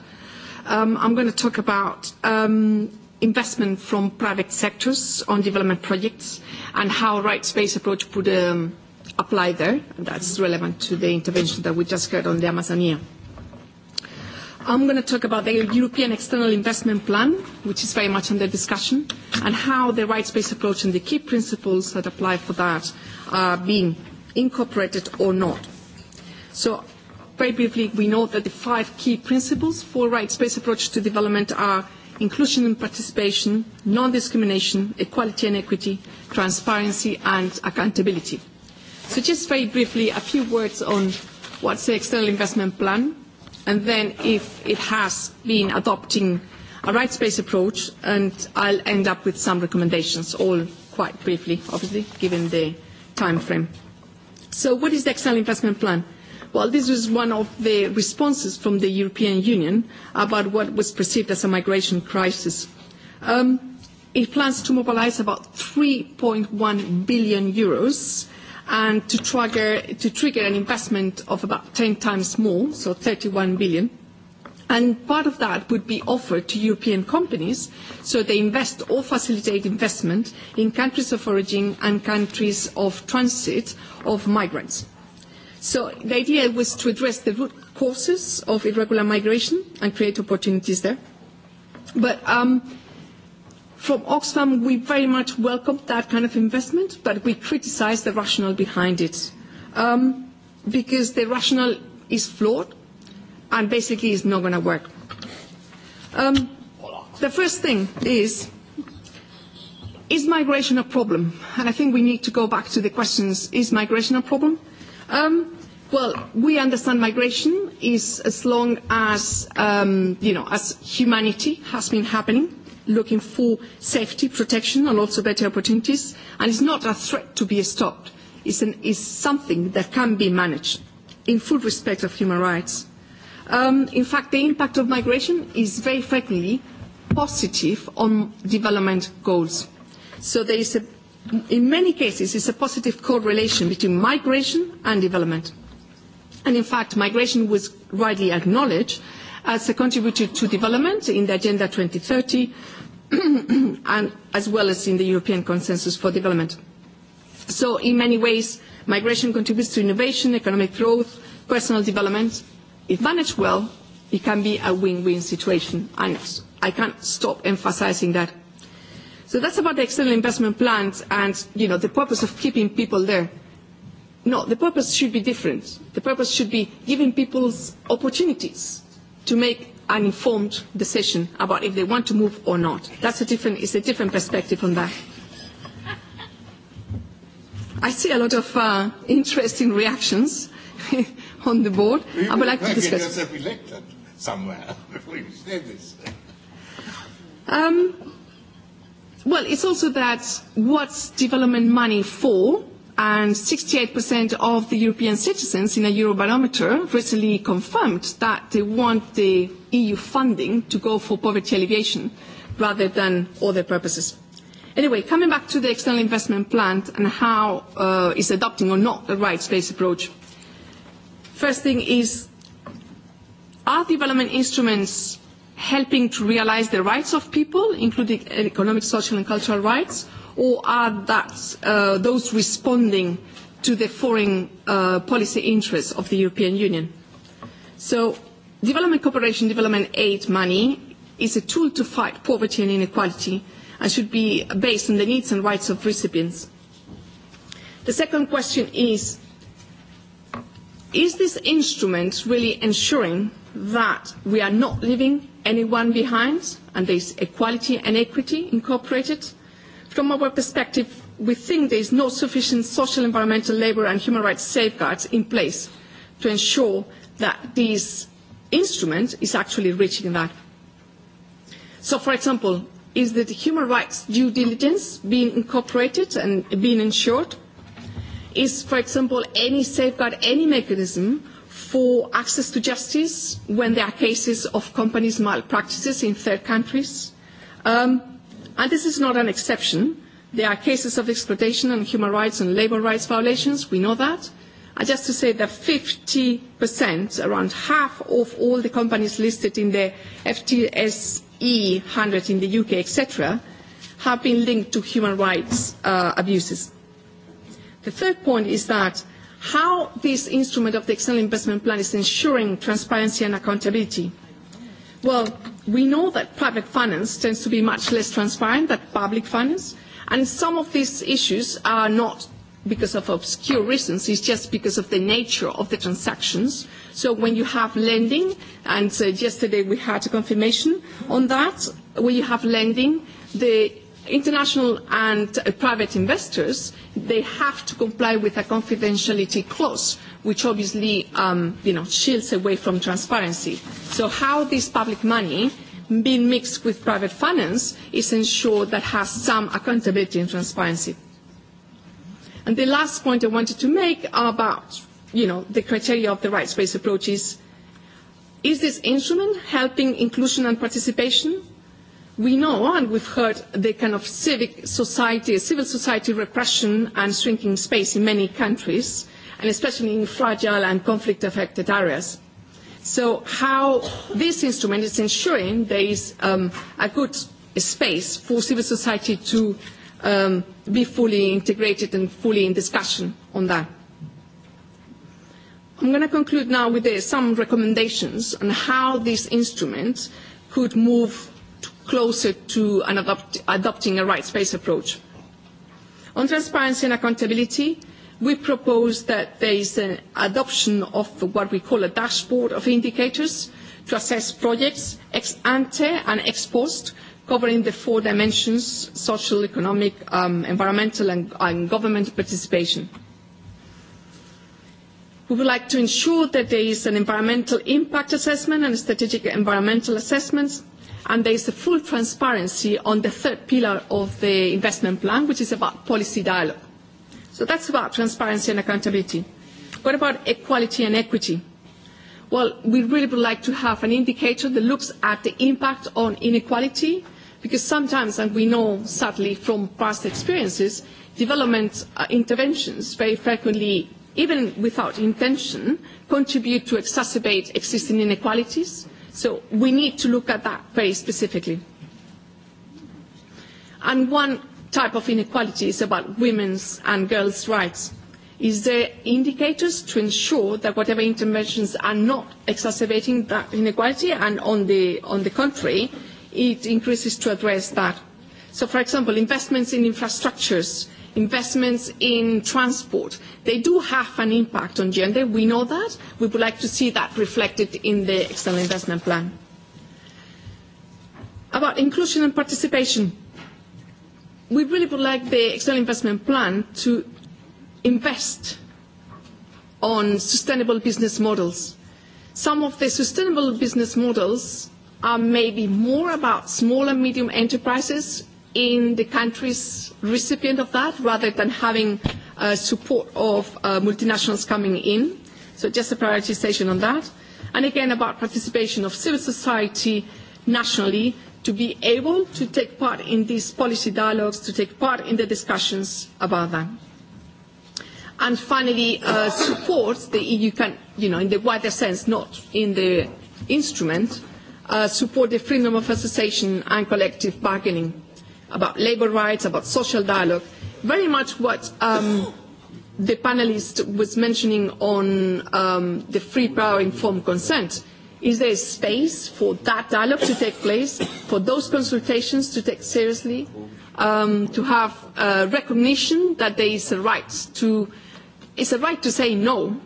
Speaker 8: I um, I'm going to talk about um, investment from private sectors on development projects and how rights-based approach would um, apply there. And that's relevant to the intervention that we just heard on the Amazonia. I'm going to talk about the European External Investment Plan, which is very much under discussion, and how the rights-based approach and the key principles that apply for that are being incorporated or not very briefly, we know that the five key principles for rights-based approach to development are inclusion and participation, non-discrimination, equality and equity, transparency and accountability. So just very briefly, a few words on what's the external investment plan, and then if it has been adopting a rights-based approach, and I'll end up with some recommendations, all quite briefly, obviously, given the time frame. So what is the external investment plan? Well, this was one of the responses from the European Union about what was perceived as a migration crisis. Um, it plans to mobilise about 3.1 billion euros and to trigger, to trigger an investment of about 10 times more, so 31 billion. And part of that would be offered to European companies so they invest or facilitate investment in countries of origin and countries of transit of migrants. So the idea was to address the root causes of irregular migration and create opportunities there. But um, from Oxfam, we very much welcomed that kind of investment, but we criticize the rationale behind it um, because the rationale is flawed and basically is not going to work. Um, the first thing is, is migration a problem? And I think we need to go back to the questions, is migration a problem? Um, well, we understand migration is as long as, um, you know, as humanity has been happening, looking for safety, protection, and also better opportunities, and it's not a threat to be stopped. It's, an, it's something that can be managed in full respect of human rights. Um, in fact, the impact of migration is very frequently positive on development goals. So there is a in many cases is a positive correlation between migration and development. And in fact, migration was widely acknowledged as a contributor to development in the Agenda 2030 and as well as in the European Consensus for Development. So in many ways, migration contributes to innovation, economic growth, personal development. If managed well, it can be a win-win situation. And I can't stop emphasising that so that's about the external investment plans and you know, the purpose of keeping people there. No, the purpose should be different. The purpose should be giving people opportunities to make an informed decision about if they want to move or not. That's a different, it's a different perspective on that. I see a lot of uh, interesting reactions on the board. I would like to discuss. yourself
Speaker 3: elected somewhere before you say this.
Speaker 8: Um, Well, it's also that what's development money for? And 68% of the European citizens in a Eurobarometer recently confirmed that they want the EU funding to go for poverty alleviation rather than other purposes. Anyway, coming back to the external investment plan and how uh, it's adopting or not the rights-based approach. First thing is, are development instruments helping to realise the rights of people, including economic, social and cultural rights, or are that, uh, those responding to the foreign uh, policy interests of the European Union? So development cooperation, development aid money is a tool to fight poverty and inequality and should be based on the needs and rights of recipients. The second question is, is this instrument really ensuring that we are not leaving anyone behind, and there is equality and equity incorporated. From our perspective, we think there is no sufficient social, environmental, labour and human rights safeguards in place to ensure that this instrument is actually reaching that. So, for example, is the human rights due diligence being incorporated and being ensured? Is, for example, any safeguard, any mechanism for access to justice when there are cases of companies' malpractices in third countries. Um, and this is not an exception. There are cases of exploitation and human rights and labour rights violations. We know that. And just to say that 50%, around half of all the companies listed in the FTSE 100 in the UK, etc., have been linked to human rights uh, abuses. The third point is that how this instrument of the external investment plan is ensuring transparency and accountability. Well, we know that private finance tends to be much less transparent than public finance, and some of these issues are not because of obscure reasons, it's just because of the nature of the transactions. So when you have lending, and uh, yesterday we had a confirmation on that, when you have lending, the international and uh, private investors, they have to comply with a confidentiality clause, which obviously um, you know, shields away from transparency. So how this public money being mixed with private finance is ensured that has some accountability and transparency. And the last point I wanted to make about you know, the criteria of the rights-based approach is, is this instrument helping inclusion and participation? We know, and we've heard, the kind of civic society, civil society repression and shrinking space in many countries, and especially in fragile and conflict-affected areas. So how this instrument is ensuring there is um, a good space for civil society to um, be fully integrated and fully in discussion on that. I'm going to conclude now with uh, some recommendations on how this instrument could move closer to an adopt, adopting a rights-based approach. On transparency and accountability, we propose that there is an adoption of what we call a dashboard of indicators to assess projects ex ante and ex post, covering the four dimensions, social, economic, um, environmental and, and government participation. We would like to ensure that there is an environmental impact assessment and strategic environmental assessments and there is a full transparency on the third pillar of the investment plan, which is about policy dialogue. So that's about transparency and accountability. What about equality and equity? Well, we really would like to have an indicator that looks at the impact on inequality, because sometimes, and we know sadly from past experiences, development uh, interventions very frequently, even without intention, contribute to exacerbate existing inequalities, so we need to look at that very specifically. And one type of inequality is about women's and girls' rights. Is there indicators to ensure that whatever interventions are not exacerbating that inequality and on the, on the contrary, it increases to address that? So for example, investments in infrastructures investments in transport, they do have an impact on gender. We know that. We would like to see that reflected in the external investment plan. About inclusion and participation, we really would like the external investment plan to invest on sustainable business models. Some of the sustainable business models are maybe more about small and medium enterprises in the countries recipient of that rather than having uh, support of uh, multinationals coming in. So just a prioritisation on that. And again, about participation of civil society nationally to be able to take part in these policy dialogues, to take part in the discussions about them. And finally, uh, support the EU can, you know, in the wider sense, not in the instrument, uh, support the freedom of association and collective bargaining about labor rights, about social dialogue, very much what um, the panelist was mentioning on um, the free, power informed consent. Is there space for that dialogue to take place, for those consultations to take seriously, um, to have a recognition that there is a right to, it's a right to say no,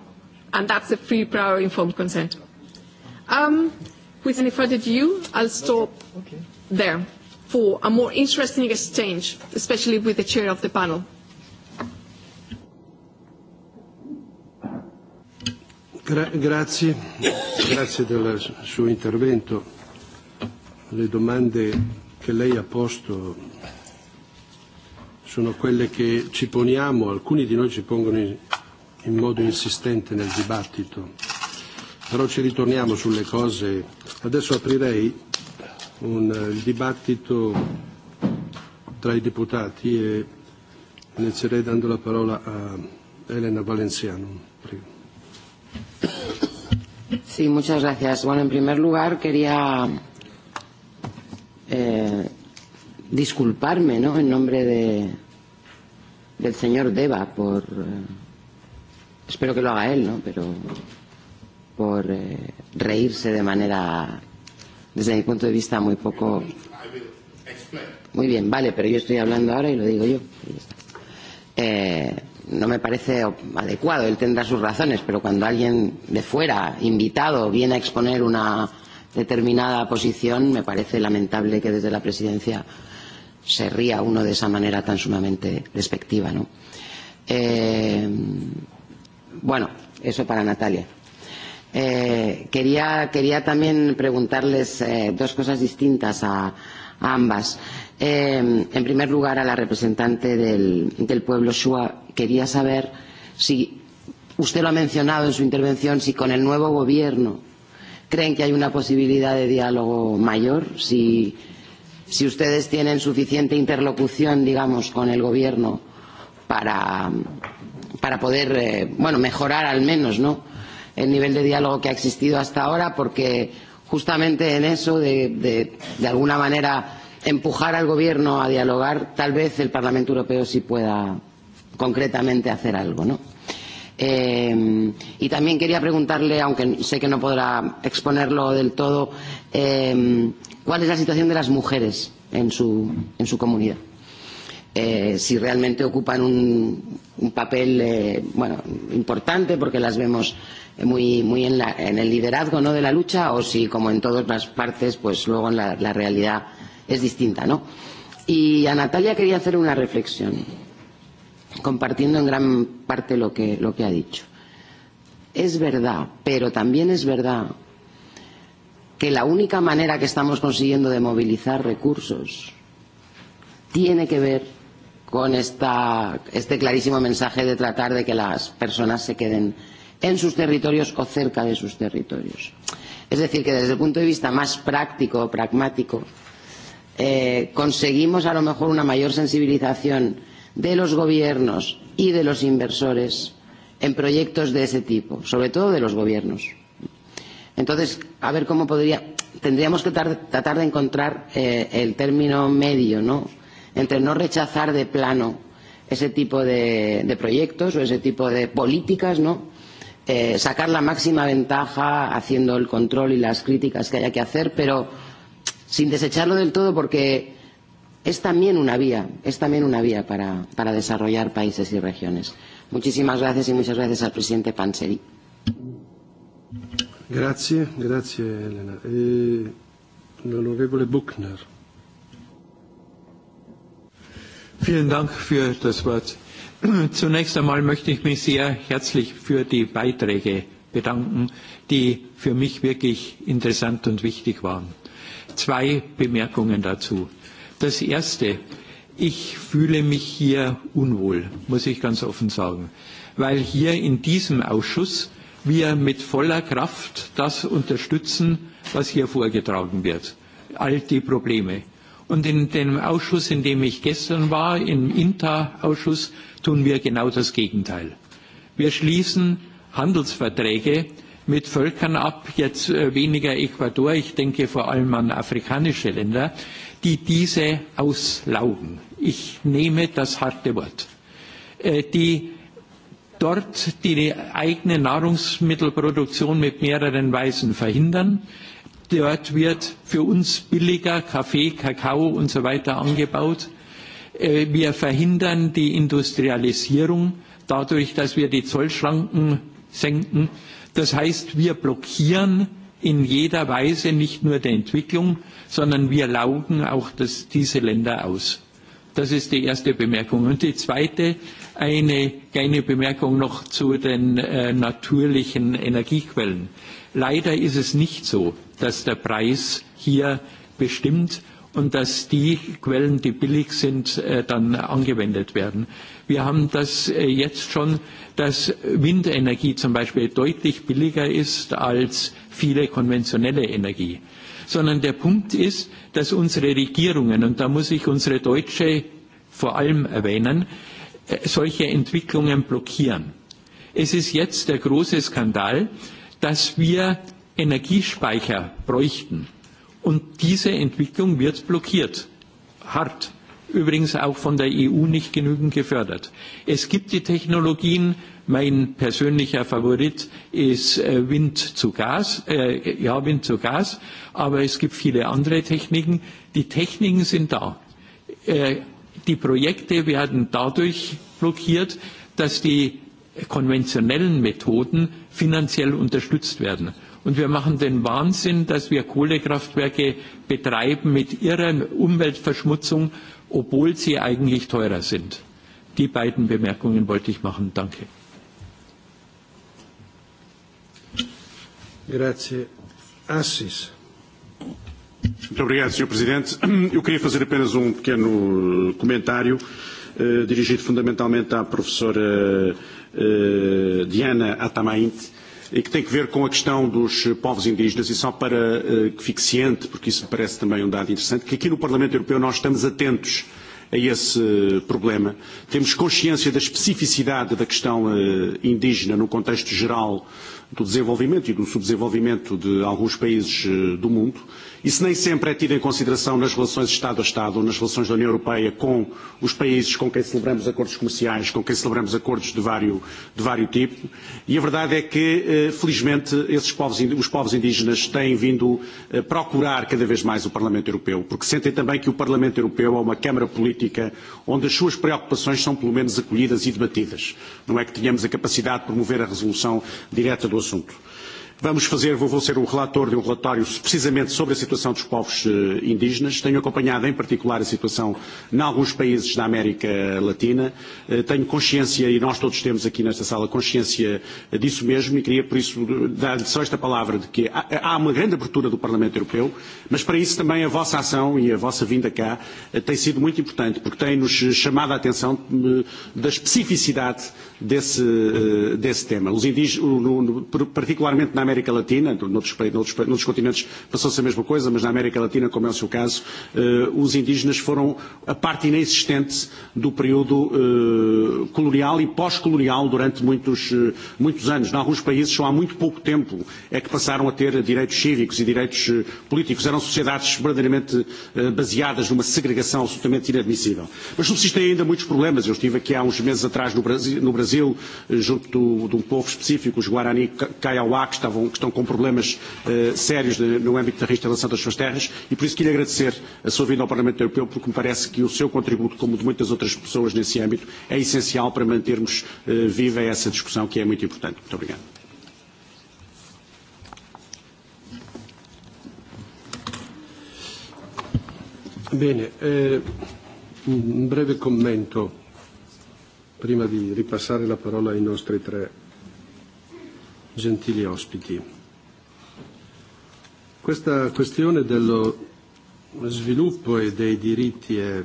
Speaker 8: and that's the free, prior, informed consent. Um, with any further ado, I'll stop okay. there for a more interesting exchange, especially with the chair of the panel.
Speaker 1: Gra grazie, grazie del suo intervento. Le domande che lei ha posto sono quelle che ci poniamo, alcuni di noi ci pongono in, in modo insistente nel dibattito, però ci ritorniamo sulle cose. Adesso aprirei un, eh, dibattito tra i deputati e inizierei dando la parola a Elena Valenciano. Prego.
Speaker 9: Sí, muchas gracias. Bueno, en primer lugar quería eh, disculparme ¿no? en nombre de, del señor Deva por. Eh, espero que lo haga él, ¿no? Pero por eh, reírse de manera desde mi punto de vista muy poco. Muy bien, vale, pero yo estoy hablando ahora y lo digo yo. Eh, no me parece adecuado, él tendrá sus razones, pero cuando alguien de fuera, invitado, viene a exponer una determinada posición, me parece lamentable que desde la presidencia se ría uno de esa manera tan sumamente despectiva. ¿no? Eh, bueno, eso para Natalia. Eh, quería, quería también preguntarles eh, dos cosas distintas a, a ambas. Eh, en primer lugar, a la representante del, del pueblo Shua, quería saber si usted lo ha mencionado en su intervención, si con el nuevo gobierno creen que hay una posibilidad de diálogo mayor, si, si ustedes tienen suficiente interlocución, digamos, con el gobierno para, para poder, eh, bueno, mejorar al menos, ¿no? el nivel de diálogo que ha existido hasta ahora, porque justamente en eso, de, de, de alguna manera, empujar al Gobierno a dialogar, tal vez el Parlamento Europeo sí pueda concretamente hacer algo, ¿no? Eh, y también quería preguntarle, aunque sé que no podrá exponerlo del todo, eh, ¿cuál es la situación de las mujeres en su, en su comunidad? eh, si realmente ocupan un, un papel eh, bueno, importante porque las vemos eh, muy, muy en, la, en el liderazgo ¿no? de la lucha o si como en todas las partes pues luego la, la realidad es distinta. ¿no? Y a Natalia quería hacer una reflexión compartiendo en gran parte lo que, lo que ha dicho. Es verdad, pero también es verdad que la única manera que estamos consiguiendo de movilizar recursos tiene que ver con esta, este clarísimo mensaje de tratar de que las personas se queden en sus territorios o cerca de sus territorios. Es decir, que desde el punto de vista más práctico, o pragmático, eh, conseguimos a lo mejor una mayor sensibilización de los gobiernos y de los inversores en proyectos de ese tipo, sobre todo de los gobiernos. Entonces, a ver cómo podría. Tendríamos que tar, tratar de encontrar eh, el término medio, ¿no? entre no rechazar de plano ese tipo de, de proyectos o ese tipo de políticas, ¿no? Eh, sacar la máxima ventaja haciendo el control y las críticas que haya que hacer, pero sin desecharlo del todo porque es también una vía, es también una vía para, para desarrollar países y regiones. Muchísimas gracias y muchas gracias al presidente Panseri.
Speaker 1: Elena. Eh,
Speaker 10: Vielen Dank für das Wort. Zunächst einmal möchte ich mich sehr herzlich für die Beiträge bedanken, die für mich wirklich interessant und wichtig waren. Zwei Bemerkungen dazu. Das erste, ich fühle mich hier unwohl, muss ich ganz offen sagen, weil hier in diesem Ausschuss wir mit voller Kraft das unterstützen, was hier vorgetragen wird, all die Probleme. Und in dem Ausschuss, in dem ich gestern war, im INTA-Ausschuss, tun wir genau das Gegenteil. Wir schließen Handelsverträge mit Völkern ab, jetzt äh, weniger Ecuador, ich denke vor allem an afrikanische Länder, die diese auslaugen. Ich nehme das harte Wort. Äh, die dort die eigene Nahrungsmittelproduktion mit mehreren Weisen verhindern, Dort wird für uns billiger Kaffee, Kakao und so weiter angebaut. Äh, wir verhindern die Industrialisierung dadurch, dass wir die Zollschranken senken. Das heißt, wir blockieren in jeder Weise nicht nur die Entwicklung, sondern wir laugen auch das, diese Länder aus. Das ist die erste Bemerkung. Und die zweite, eine kleine Bemerkung noch zu den äh, natürlichen Energiequellen. Leider ist es nicht so, dass der Preis hier bestimmt und dass die Quellen, die billig sind, äh, dann angewendet werden. Wir haben das äh, jetzt schon, dass Windenergie zum Beispiel deutlich billiger ist als viele konventionelle Energie. Sondern der Punkt ist, dass unsere Regierungen, und da muss ich unsere deutsche vor allem erwähnen, äh, solche Entwicklungen blockieren. Es ist jetzt der große Skandal, dass wir Energiespeicher bräuchten. Und diese Entwicklung wird blockiert, hart, übrigens auch von der EU nicht genügend gefördert. Es gibt die Technologien, mein persönlicher Favorit ist äh, Wind zu Gas, äh, ja, Wind zu Gas, aber es gibt viele andere Techniken. Die Techniken sind da. Äh, die Projekte werden dadurch blockiert, dass die konventionellen Methoden finanziell unterstützt werden. Und wir machen den Wahnsinn, dass wir Kohlekraftwerke betreiben mit ihrer Umweltverschmutzung, obwohl sie eigentlich teurer sind. Die beiden Bemerkungen wollte ich machen. Danke.
Speaker 1: Grazie. Assis.
Speaker 11: Muito obrigado, Sr. Presidente. Eu queria fazer apenas um pequeno eh, comentário eh, dirigido fundamentalmente à professora eh, Diana Atamainte e que tem que ver com a questão dos eh, povos indígenas, e só para eh, que fique ciente, porque isso me parece também um dado interessante, que aqui no Parlamento Europeu nós estamos atentos a esse eh, problema. Temos consciência da especificidade da questão indígena no contexto geral do desenvolvimento e do subdesenvolvimento de alguns países do mundo Isso nem sempre é tido em consideração nas relações Estado a Estado, ou nas relações da União Europeia com os países com quem celebramos acordos comerciais, com quem celebramos acordos de vários, de vários tipos. E a verdade é que, eh, felizmente, esses povos, os povos indígenas têm vindo a eh, procurar cada vez mais o Parlamento Europeu, porque sentem também que o Parlamento Europeu é uma Câmara política onde as suas preocupações são pelo menos acolhidas e debatidas. Não é que tenhamos a capacidade de promover a resolução direta do assunto. Vamos fazer, vou, vou ser o um relator de um relatório precisamente sobre a situação dos povos eh, indígenas. Tenho acompanhado em particular a situação em alguns países da América Latina. Eh, tenho consciência, e nós todos temos aqui nesta sala consciência eh, disso mesmo, e queria por isso dar-lhe só esta palavra de que há uma grande abertura do Parlamento Europeu, mas para isso também a vossa ação e a vossa vinda cá tem sido muito importante, porque tem-nos chamado a atenção da especificidade desse, desse tema. Os indígenas, no, no, particularmente na América Latina, noutros, noutros, noutros continentes passou-se a mesma coisa, mas na América Latina, como é o seu caso, uh, os indígenas foram a parte inexistente do período uh, colonial e pós-colonial durante muitos, uh, muitos anos. Em alguns países, só há muito pouco tempo é que passaram a ter direitos cívicos e direitos uh, políticos. Eram sociedades verdadeiramente uh, baseadas numa segregação absolutamente inadmissível. Mas subsistem ainda muitos problemas. Eu estive aqui há uns meses atrás no Brasil, no Brasil junto de um povo específico, os Guarani Kaiowá, que estavam estavam, que estão com problemas uh, sérios de, no âmbito da reinstalação das suas terras e por isso queria agradecer a sua vinda ao Parlamento Europeu porque me parece que o seu contributo, como de muitas outras pessoas nesse âmbito, é essencial para mantermos uh, viva essa discussão que é muito importante.
Speaker 1: Muito obrigado. Bene, eh, un breve commento prima di ripassare la parola ai nostri tre gentili ospiti. Questa questione dello sviluppo e dei diritti è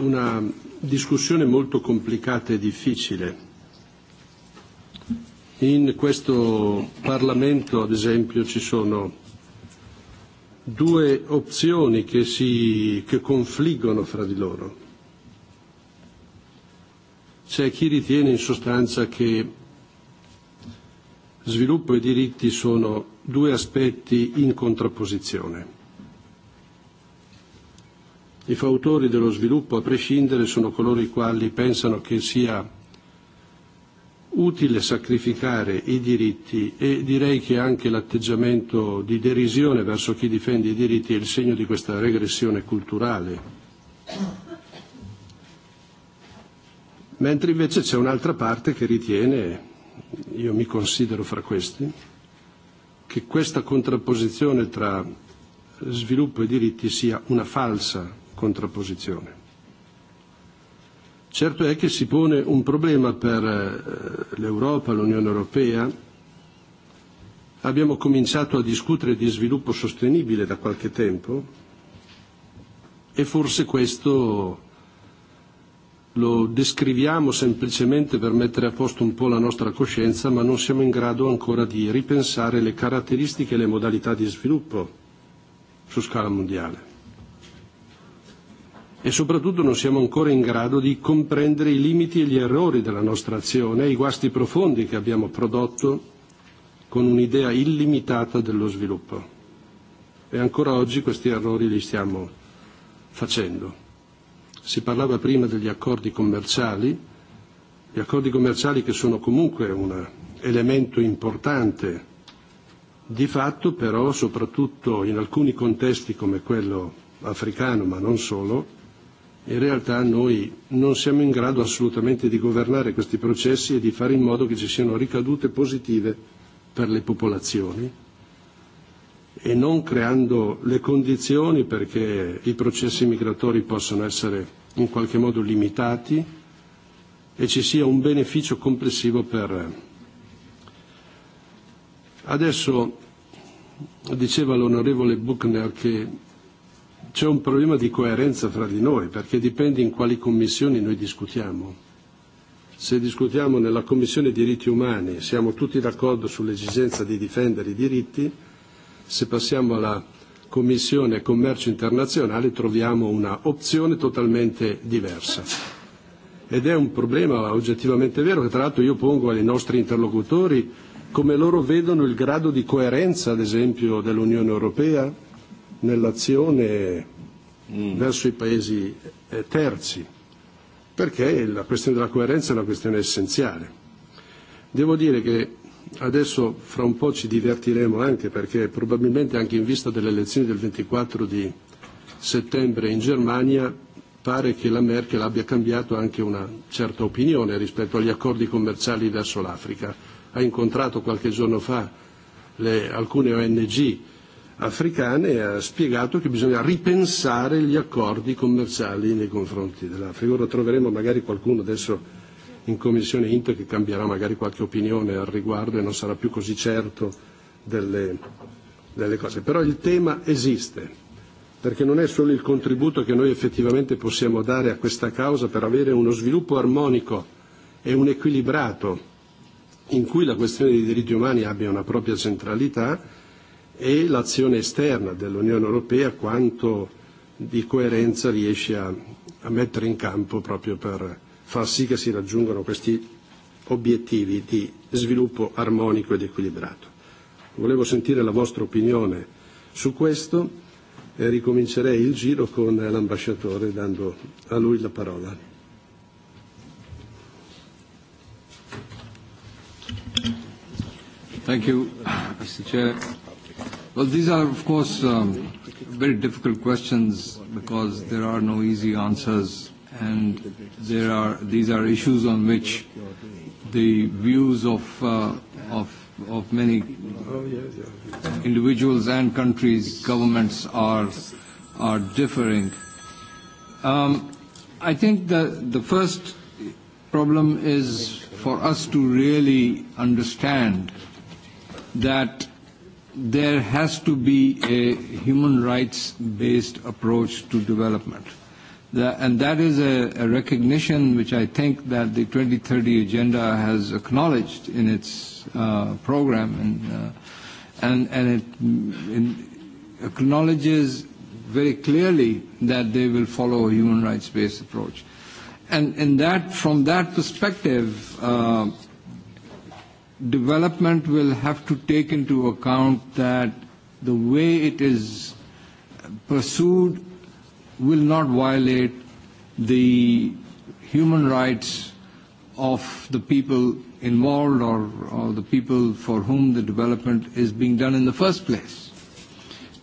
Speaker 1: una discussione molto complicata e difficile. In questo Parlamento, ad esempio, ci sono due opzioni che, si, che confliggono fra di loro. C'è chi ritiene in sostanza che sviluppo e diritti sono due aspetti in contrapposizione. I fautori dello sviluppo, a prescindere, sono coloro i quali pensano che sia utile sacrificare i diritti e direi che anche l'atteggiamento di derisione verso chi difende i diritti è il segno di questa regressione culturale mentre invece c'è un'altra parte che ritiene, io mi considero fra questi, che questa contrapposizione tra sviluppo e diritti sia una falsa contrapposizione. Certo è che si pone un problema per eh, l'Europa, l'Unione Europea. Abbiamo cominciato a discutere di sviluppo sostenibile da qualche tempo e forse questo lo descriviamo semplicemente per mettere a posto un po' la nostra coscienza, ma non siamo in grado ancora di ripensare le caratteristiche e le modalità di sviluppo su scala mondiale. E soprattutto non siamo ancora in grado di comprendere i limiti e gli errori della nostra azione e i guasti profondi che abbiamo prodotto con un'idea illimitata dello sviluppo. E ancora oggi questi errori li stiamo facendo. Si parlava prima degli accordi commerciali, gli accordi commerciali che sono comunque un elemento importante di fatto però soprattutto in alcuni contesti come quello africano ma non solo in realtà noi non siamo in grado assolutamente di governare questi processi e di fare in modo che ci siano ricadute positive per le popolazioni e non creando le condizioni perché i processi migratori possano essere in qualche modo limitati e ci sia un beneficio complessivo per. Adesso diceva l'onorevole Buchner che c'è un problema di coerenza fra di noi perché dipende in quali commissioni noi discutiamo se discutiamo nella Commissione diritti umani siamo tutti d'accordo sull'esigenza di difendere i diritti, Se passiamo alla Commissione Commercio Internazionale troviamo una opzione totalmente diversa. Ed è un problema oggettivamente vero che tra l'altro io pongo ai nostri interlocutori come loro vedono il grado di coerenza, ad esempio, dell'Unione Europea nell'azione mm. verso i paesi eh, terzi, perché la questione della coerenza è una questione essenziale. Devo dire che adesso fra un po' ci divertiremo anche perché probabilmente anche in vista delle elezioni del 24 di settembre in Germania pare che la Merkel abbia cambiato anche una certa opinione rispetto agli accordi commerciali verso l'Africa. Ha incontrato qualche giorno fa le, alcune ONG africane e ha spiegato che bisogna ripensare gli accordi commerciali nei confronti dell'Africa. Ora troveremo magari qualcuno adesso in Commissione Inter che cambierà magari qualche opinione al riguardo e non sarà più così certo delle, delle cose. Però il tema esiste, perché non è solo il contributo che noi effettivamente possiamo dare a questa causa per avere uno sviluppo armonico e un equilibrato in cui la questione dei diritti umani abbia una propria centralità e l'azione esterna dell'Unione Europea quanto di coerenza riesce a, a mettere in campo proprio per far sì che si raggiungano questi obiettivi di sviluppo armonico ed equilibrato. Volevo sentire la vostra opinione su questo e ricomincerei il giro con l'ambasciatore dando a lui la parola.
Speaker 12: Thank you, Mr. Chair. Well, these are, of course, um, very difficult questions because there are no easy answers and there are, these are issues on which the views of, uh, of, of many individuals and countries, governments are, are differing. Um, I think the, the first problem is for us to really understand that there has to be a human rights based approach to development The, and that is a, a recognition which I think that the 2030 agenda has acknowledged in its uh, program, and, uh, and, and it, in acknowledges very clearly that they will follow a human rights-based approach. And in that, from that perspective, uh, development will have to take into account that the way it is pursued will not violate the human rights of the people involved or, or the people for whom the development is being done in the first place.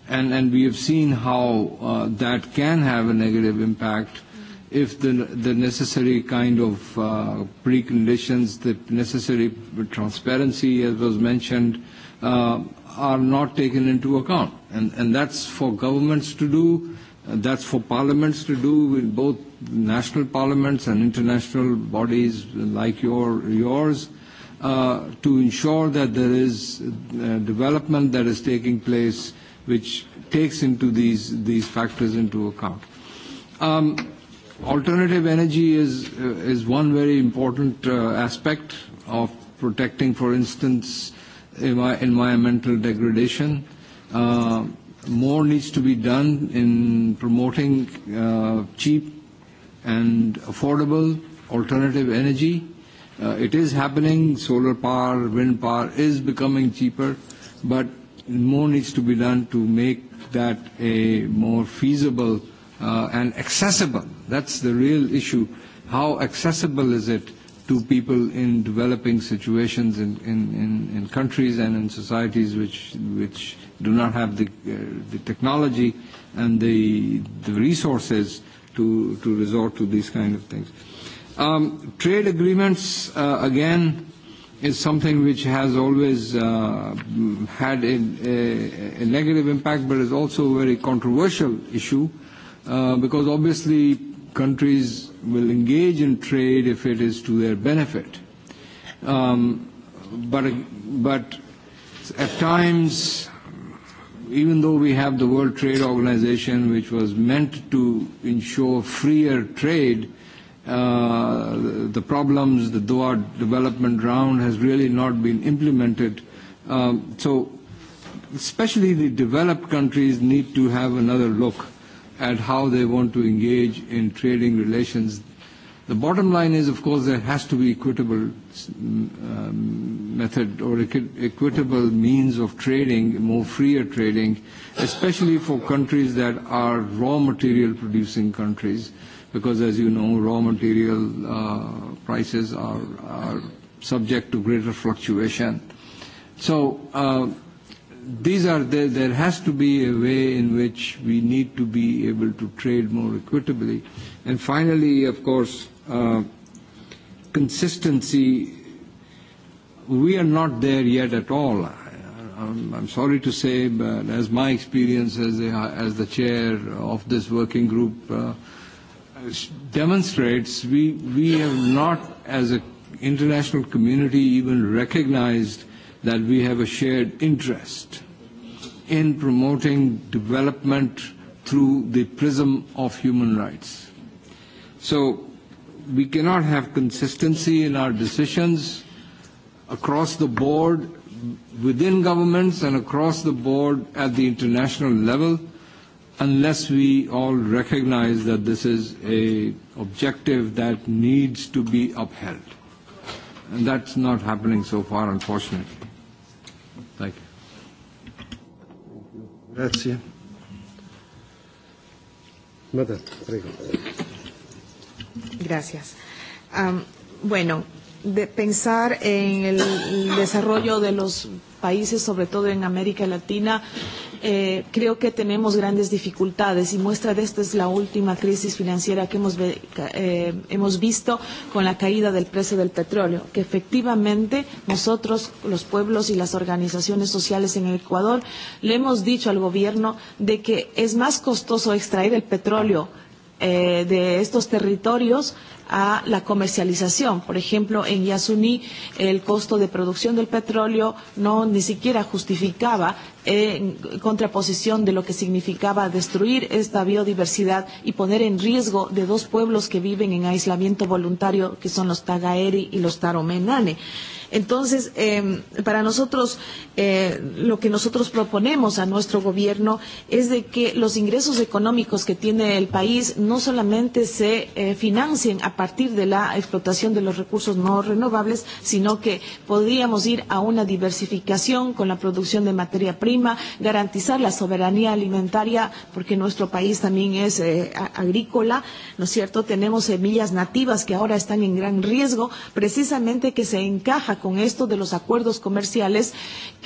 Speaker 12: And, and we have seen how uh, that can have a negative impact if the, the necessary kind of uh, preconditions, the necessary transparency, as was mentioned, uh, are not taken into account. And, and that's for governments to do That's for parliaments to do with both national parliaments and international bodies like your, yours uh, to ensure that there is uh, development that is taking place which takes into these, these factors into account. Um, alternative energy is, uh, is one very important uh, aspect of protecting, for instance, envi environmental degradation. Uh, more needs to be done in promoting uh, cheap and affordable alternative energy. Uh, it is happening. Solar power, wind power is becoming cheaper, but more needs to be done to make that a more feasible uh, and accessible. That's the real issue. How accessible is it to people in developing situations in, in, in, in countries and in societies which, which do not have the, uh, the technology and the, the resources to, to resort to these kind of things. Um, trade agreements, uh, again, is something which has always uh, had a, a, a negative impact but is also a very controversial issue uh, because obviously countries will engage in trade if it is to their benefit. Um, but, but at times, even though we have the World Trade Organization, which was meant to ensure freer trade, uh, the problems, the Doha development round has really not been implemented. Um, so especially the developed countries need to have another look at how they want to engage in trading relations. The bottom line is, of course, there has to be equitable mm, um, method or equi equitable means of trading, more freer trading, especially for countries that are raw material producing countries, because as you know, raw material uh, prices are, are subject to greater fluctuation. So uh, these are the, there has to be a way in which we need to be able to trade more equitably. And finally, of course, uh, consistency. We are not there yet at all. I'm, I'm sorry to say, but as my experience as a as the chair of this working group uh, demonstrates, we, we have not, as an international community, even recognized that we have a shared interest in promoting development through the prism of human rights. So we cannot have consistency in our decisions across the board within governments and across the board at the international level unless we all recognize that this is a objective that needs to be upheld. And that's not happening so far, unfortunately.
Speaker 1: Grazie. Madame, prego.
Speaker 5: Gracias. Um, bueno, de pensar en el desarrollo de los países, sobre todo en América Latina, eh, creo que tenemos grandes dificultades y muestra de esto es la última crisis financiera que hemos, eh, hemos visto con la caída del precio del petróleo, que efectivamente nosotros, los pueblos y las organizaciones sociales en el Ecuador, le hemos dicho al gobierno de que es más costoso extraer el petróleo eh, de estos territorios a la comercialización. Por ejemplo, en Yasuní el costo de producción del petróleo no ni siquiera justificaba en contraposición de lo que significaba destruir esta biodiversidad y poner en riesgo de dos pueblos que viven en aislamiento voluntario, que son los Tagaeri y los Taromenane. Entonces, eh, para nosotros eh, lo que nosotros proponemos a nuestro gobierno es de que los ingresos económicos que tiene el país no solamente se eh, financien a partir de la explotación de los recursos no renovables, sino que podríamos ir a una diversificación con la producción de materia prima, garantizar la soberanía alimentaria, porque nuestro país también es eh, agrícola, ¿no es cierto? Tenemos semillas nativas que ahora están en gran riesgo, precisamente que se encaja con esto de los acuerdos comerciales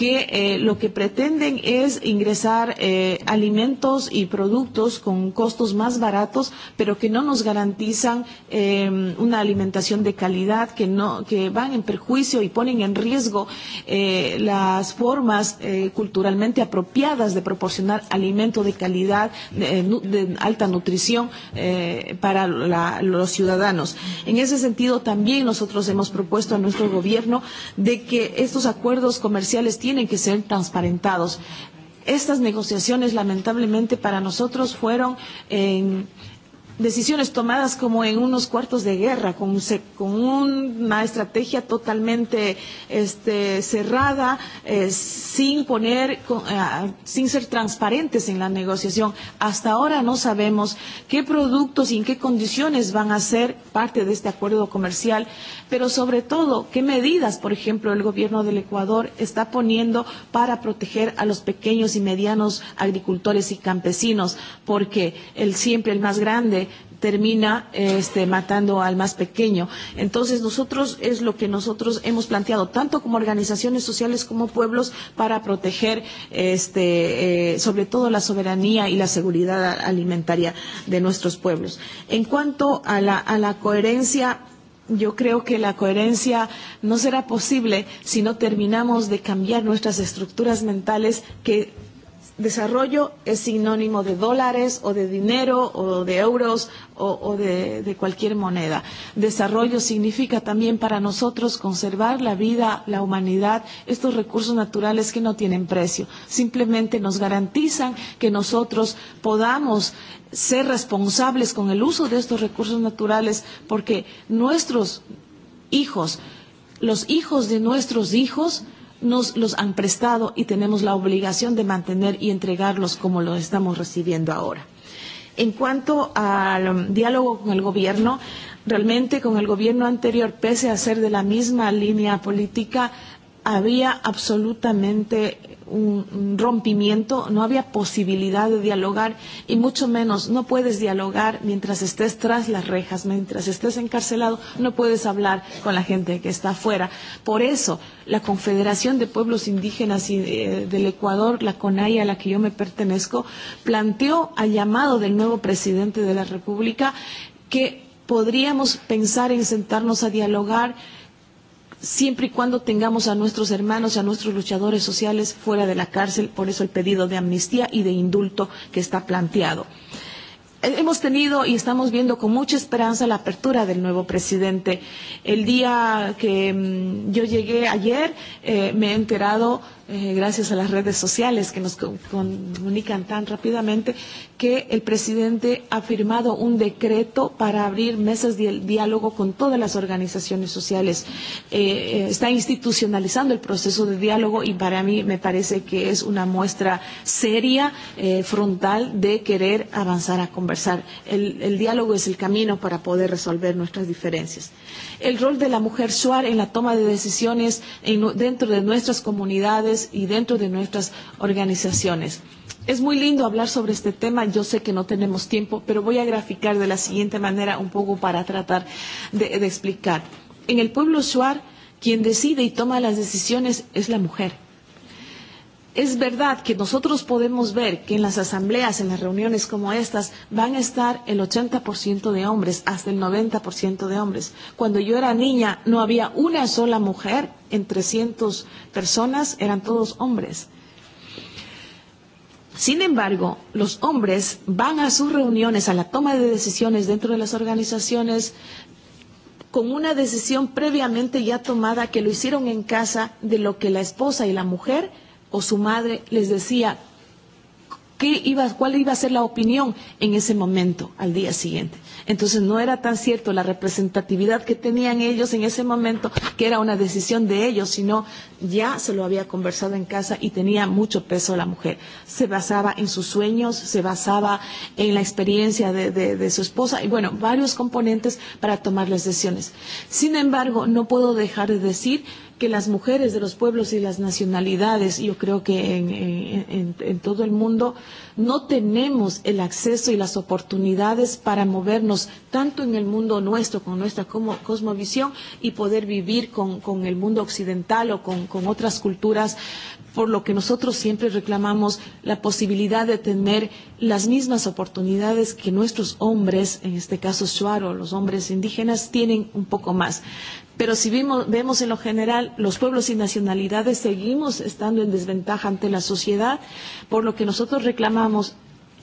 Speaker 5: que eh, lo que pretenden es ingresar eh, alimentos y productos con costos más baratos, pero que no nos garantizan eh, una alimentación de calidad, que, no, que van en perjuicio y ponen en riesgo eh, las formas eh, culturalmente apropiadas de proporcionar alimento de calidad, de, eh, de alta nutrición eh, para la, los ciudadanos. En ese sentido, también nosotros hemos propuesto a nuestro gobierno de que estos acuerdos comerciales tienen tienen que ser transparentados. Estas negociaciones, lamentablemente, para nosotros fueron en. Eh, decisiones tomadas como en unos cuartos de guerra, con, se, con una estrategia totalmente este, cerrada, eh, sin poner, con, eh, sin ser transparentes en la negociación. Hasta ahora no sabemos qué productos y en qué condiciones van a ser parte de este acuerdo comercial, pero sobre todo qué medidas, por ejemplo, el gobierno del Ecuador está poniendo para proteger a los pequeños y medianos agricultores y campesinos, porque el siempre el más grande termina este, matando al más pequeño. Entonces, nosotros es lo que nosotros hemos planteado, tanto como organizaciones sociales como pueblos, para proteger este, eh, sobre todo la soberanía y la seguridad alimentaria de nuestros pueblos. En cuanto a la, a la coherencia yo creo que la coherencia no será posible si no terminamos de cambiar nuestras estructuras mentales que desarrollo es sinónimo de dólares o de dinero o de euros o, o de, de cualquier moneda. Desarrollo significa también para nosotros conservar la vida, la humanidad, estos recursos naturales que no tienen precio. Simplemente nos garantizan que nosotros podamos ser responsables con el uso de estos recursos naturales porque nuestros hijos, los hijos de nuestros hijos, nos los han prestado y tenemos la obligación de mantener y entregarlos como los estamos recibiendo ahora. En cuanto al um, diálogo con el Gobierno, realmente con el Gobierno anterior, pese a ser de la misma línea política, había absolutamente un, rompimiento, no había posibilidad de dialogar y mucho menos no puedes dialogar mientras estés tras las rejas, mientras estés encarcelado, no puedes hablar con la gente que está afuera. Por eso, la Confederación de Pueblos Indígenas y, eh, del Ecuador, la CONAI a la que yo me pertenezco, planteó al llamado del nuevo presidente de la República que podríamos pensar en sentarnos a dialogar siempre y cuando tengamos a nuestros hermanos y a nuestros luchadores sociales fuera de la cárcel, por eso el pedido de amnistía y de indulto que está planteado. Eh, hemos tenido y estamos viendo con mucha esperanza la apertura del nuevo presidente. El día que mm, yo llegué ayer eh, me he enterado eh, gracias a las redes sociales que nos comunican tan rápidamente, que el presidente ha firmado un decreto para abrir mesas de diálogo con todas las organizaciones sociales. Eh, eh, está institucionalizando el proceso de diálogo y para mí me parece que es una muestra seria, eh, frontal, de querer avanzar a conversar. El, el diálogo es el camino para poder resolver nuestras diferencias. El rol de la mujer SUAR en la toma de decisiones en, dentro de nuestras comunidades, sociedades y dentro de nuestras organizaciones. Es muy lindo hablar sobre este tema, yo sé que no tenemos tiempo, pero voy a graficar de la siguiente manera un poco para tratar de, de explicar. En el pueblo Shuar, quien decide y toma las decisiones es la mujer Es verdad que nosotros podemos ver que en las asambleas, en las reuniones como estas, van a estar el 80% de hombres, hasta el 90% de hombres. Cuando yo era niña no había una sola mujer en 300 personas, eran todos hombres. Sin embargo, los hombres van a sus reuniones, a la toma de decisiones dentro de las organizaciones, con una decisión previamente ya tomada que lo hicieron en casa de lo que la esposa y la mujer o su madre les decía qué iba, cuál iba a ser la opinión en ese momento, al día siguiente. Entonces no era tan cierto la representatividad que tenían ellos en ese momento, que era una decisión de ellos, sino ya se lo había conversado en casa y tenía mucho peso la mujer. Se basaba en sus sueños, se basaba en la experiencia de, de, de su esposa y bueno, varios componentes para tomar las decisiones. Sin embargo, no puedo dejar de decir que las mujeres de los pueblos y las nacionalidades, yo creo que en, en, en todo el mundo, no tenemos el acceso y las oportunidades para movernos tanto en el mundo nuestro, con nuestra como, cosmovisión, y poder vivir con, con el mundo occidental o con, con otras culturas, por lo que nosotros siempre reclamamos la posibilidad de tener las mismas oportunidades que nuestros hombres, en este caso Shuar o los hombres indígenas, tienen un poco más Pero si vimos, vemos en lo general, los pueblos y nacionalidades seguimos estando en desventaja ante la sociedad, por lo que nosotros reclamamos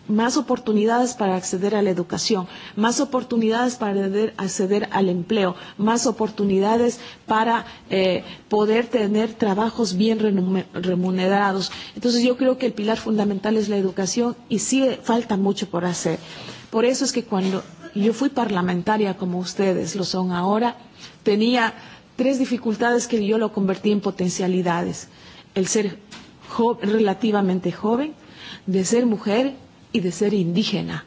Speaker 5: más oportunidades para acceder a la educación, más oportunidades para acceder al empleo, más oportunidades para eh, poder tener trabajos bien remunerados. Entonces yo creo que el pilar fundamental es la educación y sí falta mucho por hacer. Por eso es que cuando yo fui parlamentaria como ustedes lo son ahora, tenía tres dificultades que yo lo convertí en potencialidades. El ser jo relativamente joven, de ser mujer y de ser indígena,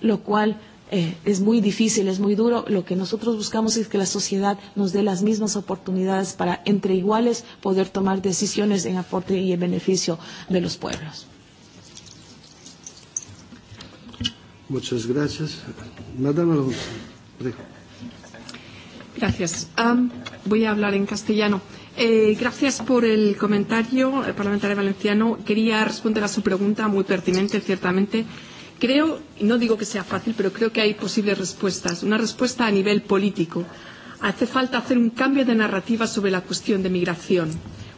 Speaker 5: lo cual eh, es muy difícil, es muy duro. Lo que nosotros buscamos es que la sociedad nos dé las mismas oportunidades para, entre iguales, poder tomar decisiones en aporte y en beneficio de los
Speaker 1: pueblos. Muchas gracias. Madame Alonso,
Speaker 8: Gracias. Um, voy a hablar en castellano. Eh, gracias por el comentario, el parlamentario valenciano. Quería responder a su pregunta, muy pertinente, ciertamente. Creo, y no digo que sea fácil, pero creo que hay posibles respuestas. Una respuesta a nivel político. Hace falta hacer un cambio de narrativa sobre la cuestión de migración.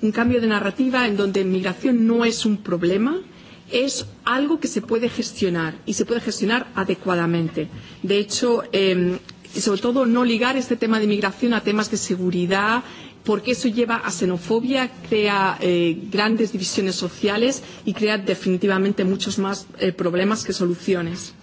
Speaker 8: Un cambio de narrativa en donde migración no es un problema, es algo que se puede gestionar y se puede gestionar adecuadamente. De hecho, eh, sobre todo no ligar este tema de migración a temas de seguridad, porque eso lleva a xenofobia, crea eh, grandes divisiones sociales y crea definitivamente muchos más eh, problemas que soluciones.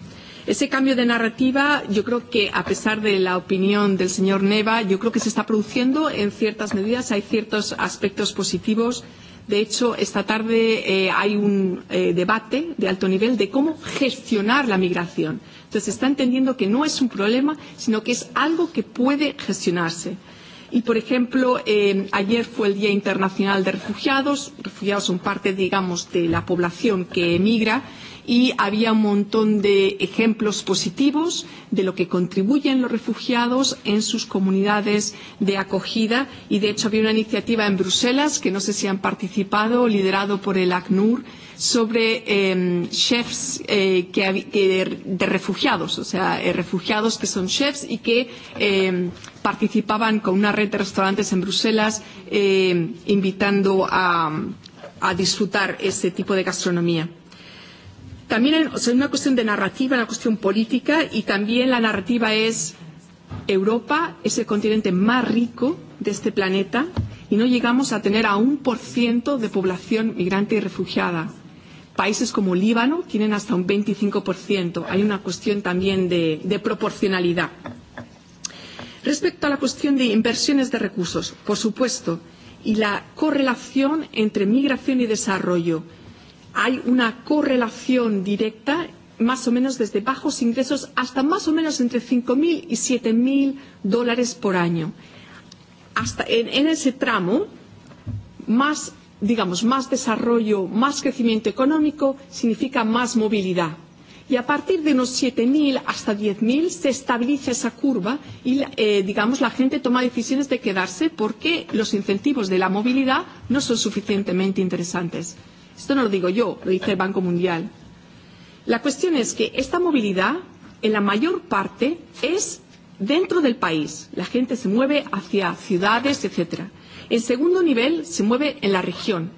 Speaker 8: Ese cambio de narrativa, yo creo que a pesar de la opinión del señor Neva, yo creo que se está produciendo en ciertas medidas, hay ciertos aspectos positivos De hecho, esta tarde eh, hay un eh, debate de alto nivel de cómo gestionar la migración. Entonces, se está entendiendo que no es un problema, sino que es algo que puede gestionarse. Y, por ejemplo, eh, ayer fue el Día Internacional de Refugiados. Refugiados son parte, digamos, de la población que emigra y había un montón de ejemplos positivos de lo que contribuyen los refugiados en sus comunidades de acogida y de hecho había una iniciativa en Bruselas que no sé si han participado liderado por el ACNUR sobre eh, chefs eh, que, que de refugiados, o sea, eh, refugiados que son chefs y que eh, participaban con una red de restaurantes en Bruselas eh, invitando a, a disfrutar ese tipo de gastronomía. También o sea, una cuestión de narrativa, una cuestión política y también la narrativa es Europa es el continente más rico de este planeta y no llegamos a tener a un por ciento de población migrante y refugiada. Países como Líbano tienen hasta un 25%. Hay una cuestión también de, de proporcionalidad. Respecto a la cuestión de inversiones de recursos, por supuesto, y la correlación entre migración y desarrollo hay una correlación directa más o menos desde bajos ingresos hasta más o menos entre 5.000 y 7.000 dólares por año. Hasta en, en ese tramo, más, digamos, más desarrollo, más crecimiento económico significa más movilidad. Y a partir de unos 7.000 hasta 10.000 se estabiliza esa curva y, eh, digamos, la gente toma decisiones de quedarse porque los incentivos de la movilidad no son suficientemente interesantes. Esto no lo digo yo, lo dice el Banco Mundial. La cuestión es que esta movilidad, en la mayor parte, es dentro del país. La gente se mueve hacia ciudades, etc. El segundo nivel se mueve en la región.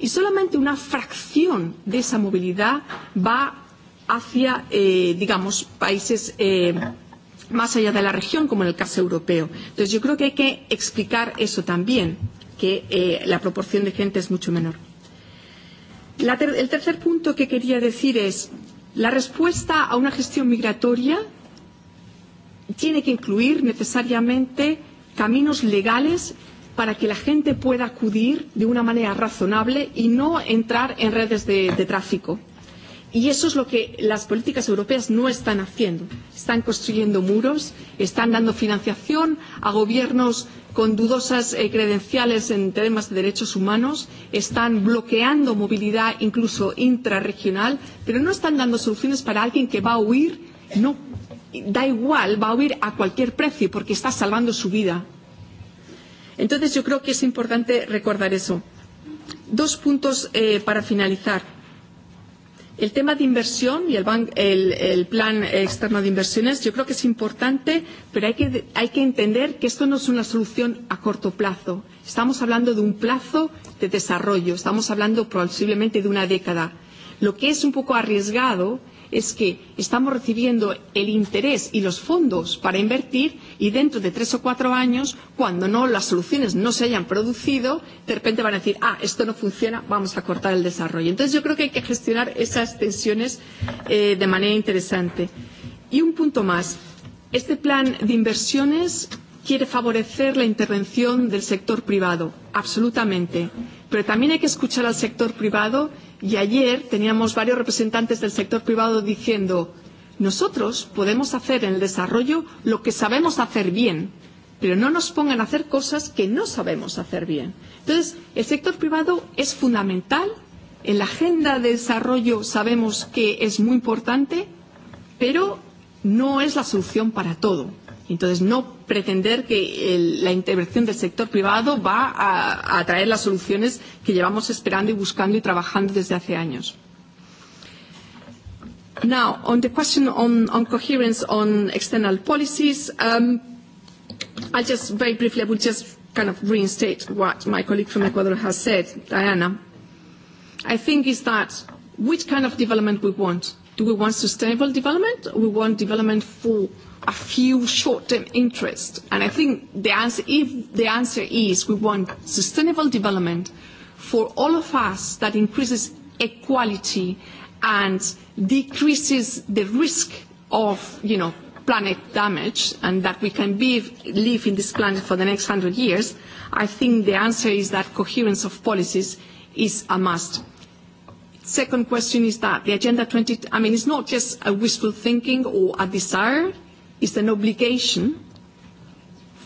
Speaker 8: Y solamente una fracción de esa movilidad va hacia, eh, digamos, países eh, más allá de la región, como en el caso europeo. Entonces, yo creo que hay que explicar eso también, que eh, la proporción de gente es mucho menor. La ter el tercer punto que quería decir es la respuesta a una gestión migratoria tiene que incluir necesariamente caminos legales para que la gente pueda acudir de una manera razonable y no entrar en redes de, de tráfico. Y eso es lo que las políticas europeas no están haciendo. Están construyendo muros, están dando financiación a gobiernos con dudosas eh, credenciales en temas de derechos humanos, están bloqueando movilidad incluso intrarregional, pero no están dando soluciones para alguien que va a huir, no, da igual, va a huir a cualquier precio porque está salvando su vida. Entonces yo creo que es importante recordar eso. Dos puntos eh, para finalizar El tema de inversión y el, ban el, el plan externo de inversiones yo creo que es importante, pero hay que, hay que entender que esto no es una solución a corto plazo. Estamos hablando de un plazo de desarrollo, estamos hablando posiblemente de una década. Lo que es un poco arriesgado es que estamos recibiendo el interés y los fondos para invertir y dentro de tres o cuatro años, cuando no, las soluciones no se hayan producido, de repente van a decir, ah, esto no funciona, vamos a cortar el desarrollo. Entonces yo creo que hay que gestionar esas tensiones eh, de manera interesante. Y un punto más. Este plan de inversiones quiere favorecer la intervención del sector privado, absolutamente. Pero también hay que escuchar al sector privado Y ayer teníamos varios representantes del sector privado diciendo, nosotros podemos hacer en el desarrollo lo que sabemos hacer bien, pero no nos pongan a hacer cosas que no sabemos hacer bien. Entonces, el sector privado es fundamental. En la agenda de desarrollo sabemos que es muy importante, pero no es la solución para todo. Entonces, no pretender que el, la intervención del sector privado va a, a traer las soluciones que llevamos esperando y buscando y trabajando desde hace años. Now, on the question on, on coherence on external policies, um, I'll just very briefly, I will just kind of reinstate what my colleague from Ecuador has said, Diana. I think is that which kind of development we want do we want sustainable development? Or we want development for a few short-term interests? And I think the answer, if the answer is we want sustainable development for all of us that increases equality and decreases the risk of, you know, planet damage and that we can be, live in this planet for the next hundred years, I think the answer is that coherence of policies is a must. Second question is that the Agenda 20, I mean, it's not just a wishful thinking or a desire, it's an obligation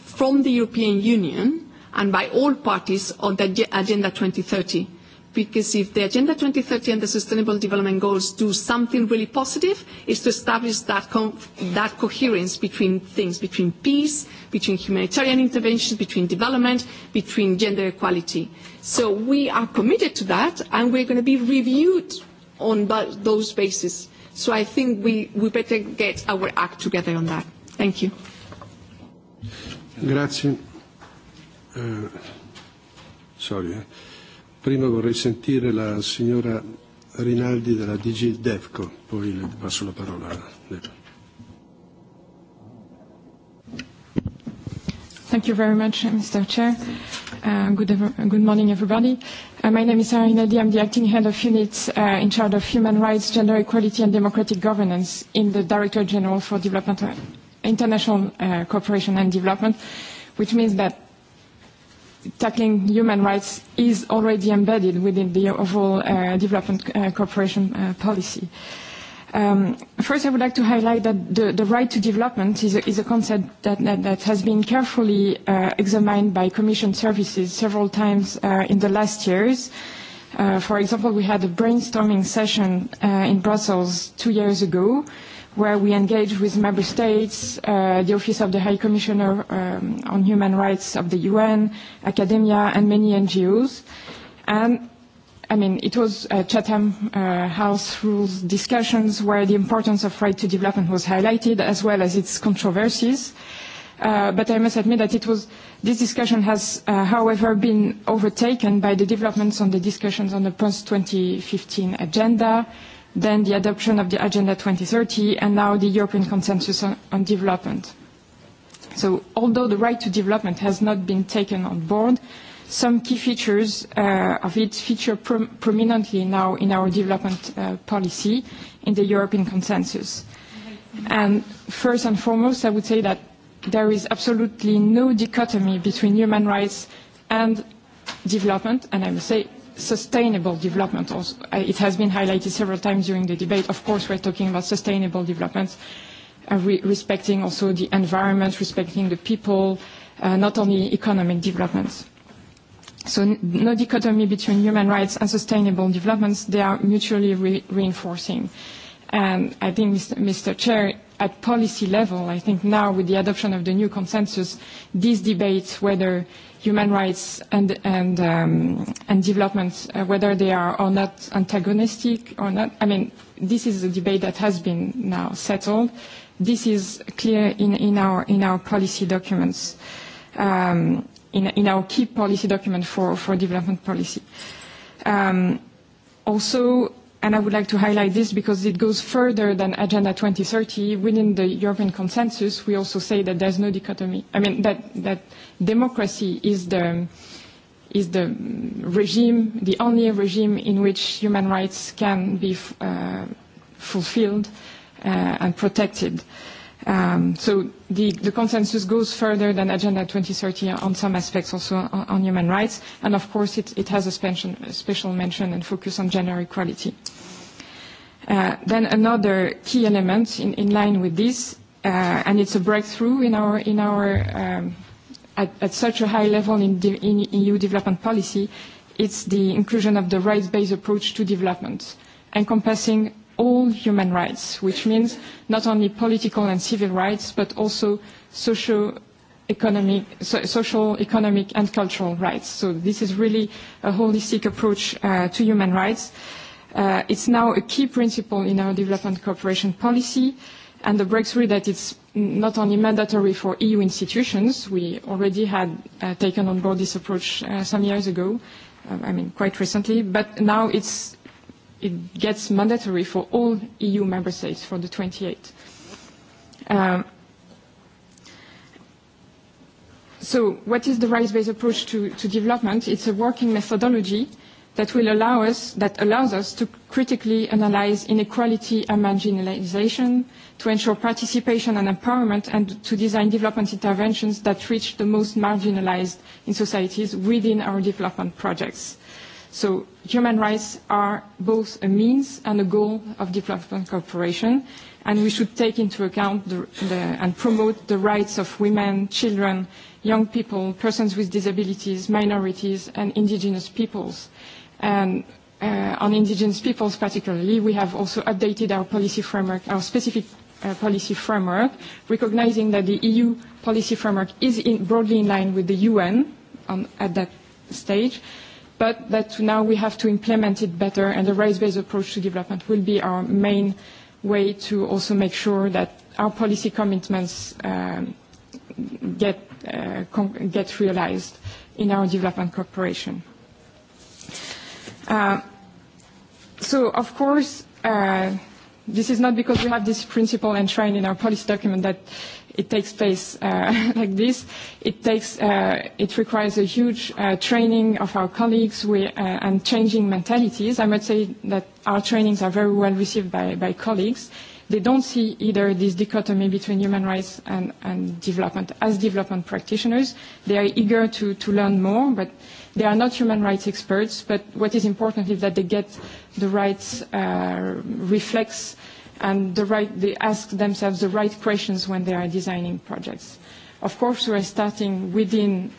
Speaker 8: from the European Union and by all parties on the Agenda 2030 because if the Agenda 2030 and the Sustainable Development Goals do something really positive, it's to establish that, co that coherence between things, between peace, between humanitarian interventions, between development, between gender equality. So we are committed to that, and we're going to be reviewed on those bases. So I think we, we better get our act together
Speaker 1: on that. Thank you. Grazie. Uh, sorry. Eh? Prima vorrei sentire la signora Rinaldi della DG DEFCO, poi le passo la parola.
Speaker 13: Thank you very much, Mr. Chair. Uh, good, good morning, everybody. Uh, my name is Sarah Rinaldi. I'm the acting head of units uh, in charge of human rights, gender equality, and democratic governance in the Director General for Development, International uh, Cooperation and Development, which means that tackling human rights is already embedded within the overall uh, development uh, cooperation uh, policy. Um, first, I would like to highlight that the, the right to development is a, is a concept that, that, that has been carefully uh, examined by Commission services several times uh, in the last years. Uh, for example, we had a brainstorming session uh, in Brussels two years ago, uh, where we engage with member states, uh, the Office of the High Commissioner um, on Human Rights of the UN, academia, and many NGOs. And I mean, it was uh, Chatham uh, House rules discussions where the importance of right to development was highlighted, as well as its controversies. Uh, but I must admit that it was, this discussion has, uh, however, been overtaken by the developments on the discussions on the post-2015 agenda, then the adoption of the Agenda 2030, and now the European Consensus on, on Development. So although the right to development has not been taken on board, some key features uh, of it feature prominently now in our development uh, policy in the European consensus. And first and foremost, I would say that there is absolutely no dichotomy between human rights and development, and I would say sustainable development. Also, eh, it has been highlighted several times during the debate. Of course, we're talking about sustainable development, uh, re respecting also the environment, respecting the people, uh, not only economic development. So no dichotomy between human rights and sustainable developments. They are mutually re reinforcing. And I think, Mr. Chair, at policy level, I think now with the adoption of the new consensus, this debate, whether human rights and, and, um, and development, uh, whether they are or not antagonistic or not. I mean, this is a debate that has been now settled. This is clear in, in, our, in our policy documents, um, in, in our key policy document for, for development policy. Um, also, And I would like to highlight this because it goes further than Agenda 2030. Within the European consensus, we also say that there's no dichotomy. I mean, that, that democracy is the, regime, the only regime in which human rights can be uh, fulfilled uh, and protected. Um, so the, the consensus goes further than Agenda 2030 on some aspects, also on, on human rights. And of course, it, it has a special, a special mention and focus on gender equality. Uh, then another key element in, in line with this, uh, and it's a breakthrough in our, in our um, at, at such a high level in, de, in EU development policy, it's the inclusion of the rights-based approach to development, encompassing all human rights, which means not only political and civil rights, but also social economic, so, social, economic and cultural rights. So this is really a holistic approach uh, to human rights. Uh, it's now a key principle in our development cooperation policy and the breakthrough that it's not only mandatory for EU institutions, we already had uh, taken on board this approach uh, some years ago, uh, I mean quite recently, but now it's it gets mandatory for all EU member states, for the 28. Um, so what is the rights-based approach to, to development? It's a working methodology that will allow us, that allows us to critically analyze inequality and marginalization, to ensure participation and empowerment, and to design development interventions that reach the most marginalized in societies within our development projects. So human rights are both a means and a goal of development cooperation, and we should take into account the, the, and promote the rights of women, children, young people, persons with disabilities, minorities, and indigenous peoples. And uh, on indigenous peoples particularly, we have also updated our policy framework, our specific uh, policy framework, recognizing that the EU policy framework is in, broadly in line with the UN on, at that stage, but that now we have to implement it better, and the rights-based approach to development will be our main way to also make sure that our policy commitments um, get, realised uh, realized in our development cooperation. Uh, so, of course, uh, this is not because we have this principle enshrined in our policy document that it takes place uh, like this. It, takes, uh, it requires a huge uh, training of our colleagues we, uh, and changing mentalities. I must say that our trainings are very well received by, by colleagues. They don't see either this dichotomy between human rights and, and development. As development practitioners, they are eager to, to learn more, but they are not human rights experts. But what is important is that they get the right uh, reflex uh, and the right, they ask themselves the right questions when they are designing projects. Of course, we are starting within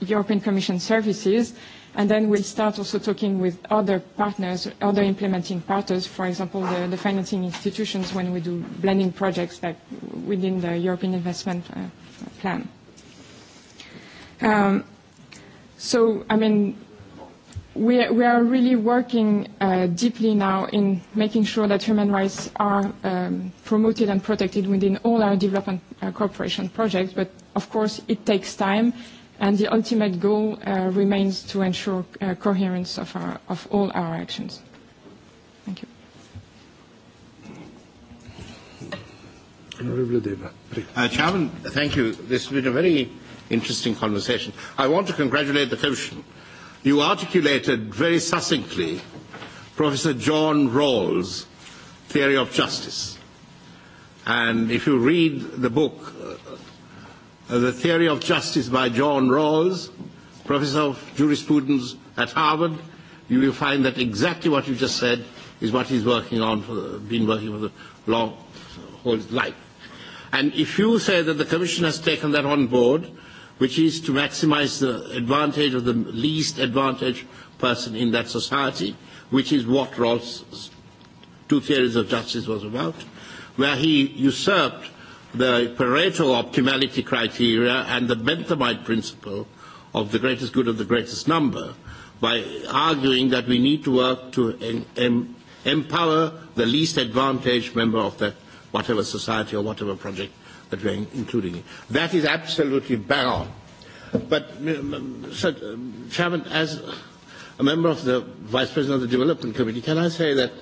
Speaker 13: European Commission services, and then we'll start also talking with other partners, other implementing partners, for example, the, the financing institutions when we do blending projects like within the European Investment uh, Plan. Um, so, I mean, we, are we are really working uh, deeply now in making sure that human rights are um, promoted and protected within all our development uh, cooperation projects, but of course it takes time, and the ultimate goal uh, remains to ensure uh, coherence of, our, of all our actions. Thank you.
Speaker 3: Uh, Chairman, thank you. This has been a very interesting conversation. I want to congratulate the Commission you articulated very succinctly Professor John Rawls' theory of justice. And if you read the book, uh, The Theory of Justice by John Rawls, Professor of Jurisprudence at Harvard, you will find that exactly what you just said is what he's working on, for the, been working for the long uh, whole life. And if you say that the Commission has taken that on board, which is to maximize the advantage of the least advantaged person in that society, which is what Rawls' Two Theories of Justice was about, where he usurped the Pareto optimality criteria and the Benthamite principle of the greatest good of the greatest number by arguing that we need to work to em em empower the least advantaged member of that whatever society or whatever project that we are including. That is absolutely bang on. But, uh, Chairman, as a member of the Vice President of the Development Committee, can I say that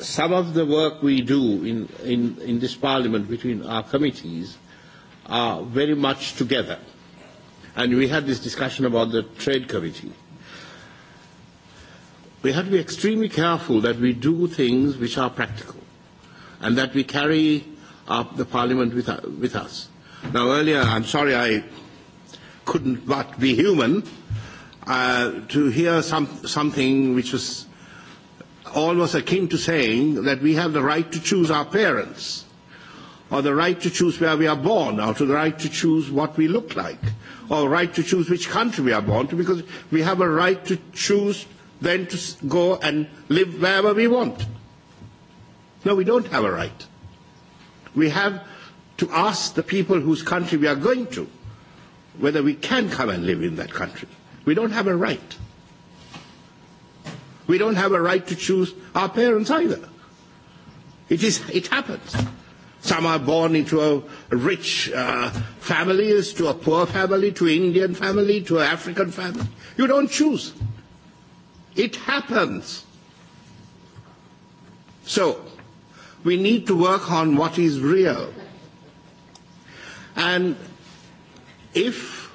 Speaker 3: some of the work we do in, in, in this Parliament between our committees are very much together. And we had this discussion about the Trade Committee. We have to be extremely careful that we do things which are practical and that we carry of the Parliament with, with us. Now, earlier, I'm sorry I couldn't but be human, uh, to hear some, something which was almost akin to saying that we have the right to choose our parents, or the right to choose where we are born, or to the right to choose what we look like, or the right to choose which country we are born to, because we have a right to choose then to go and live wherever we want. No, we don't have a right. We have to ask the people whose country we are going to whether we can come and live in that country. We don't have a right. We don't have a right to choose our parents either. It, is, it happens. Some are born into a rich uh, families, to a poor family, to an Indian family, to an African family. You don't choose. It happens. So We need to work on what is real. And if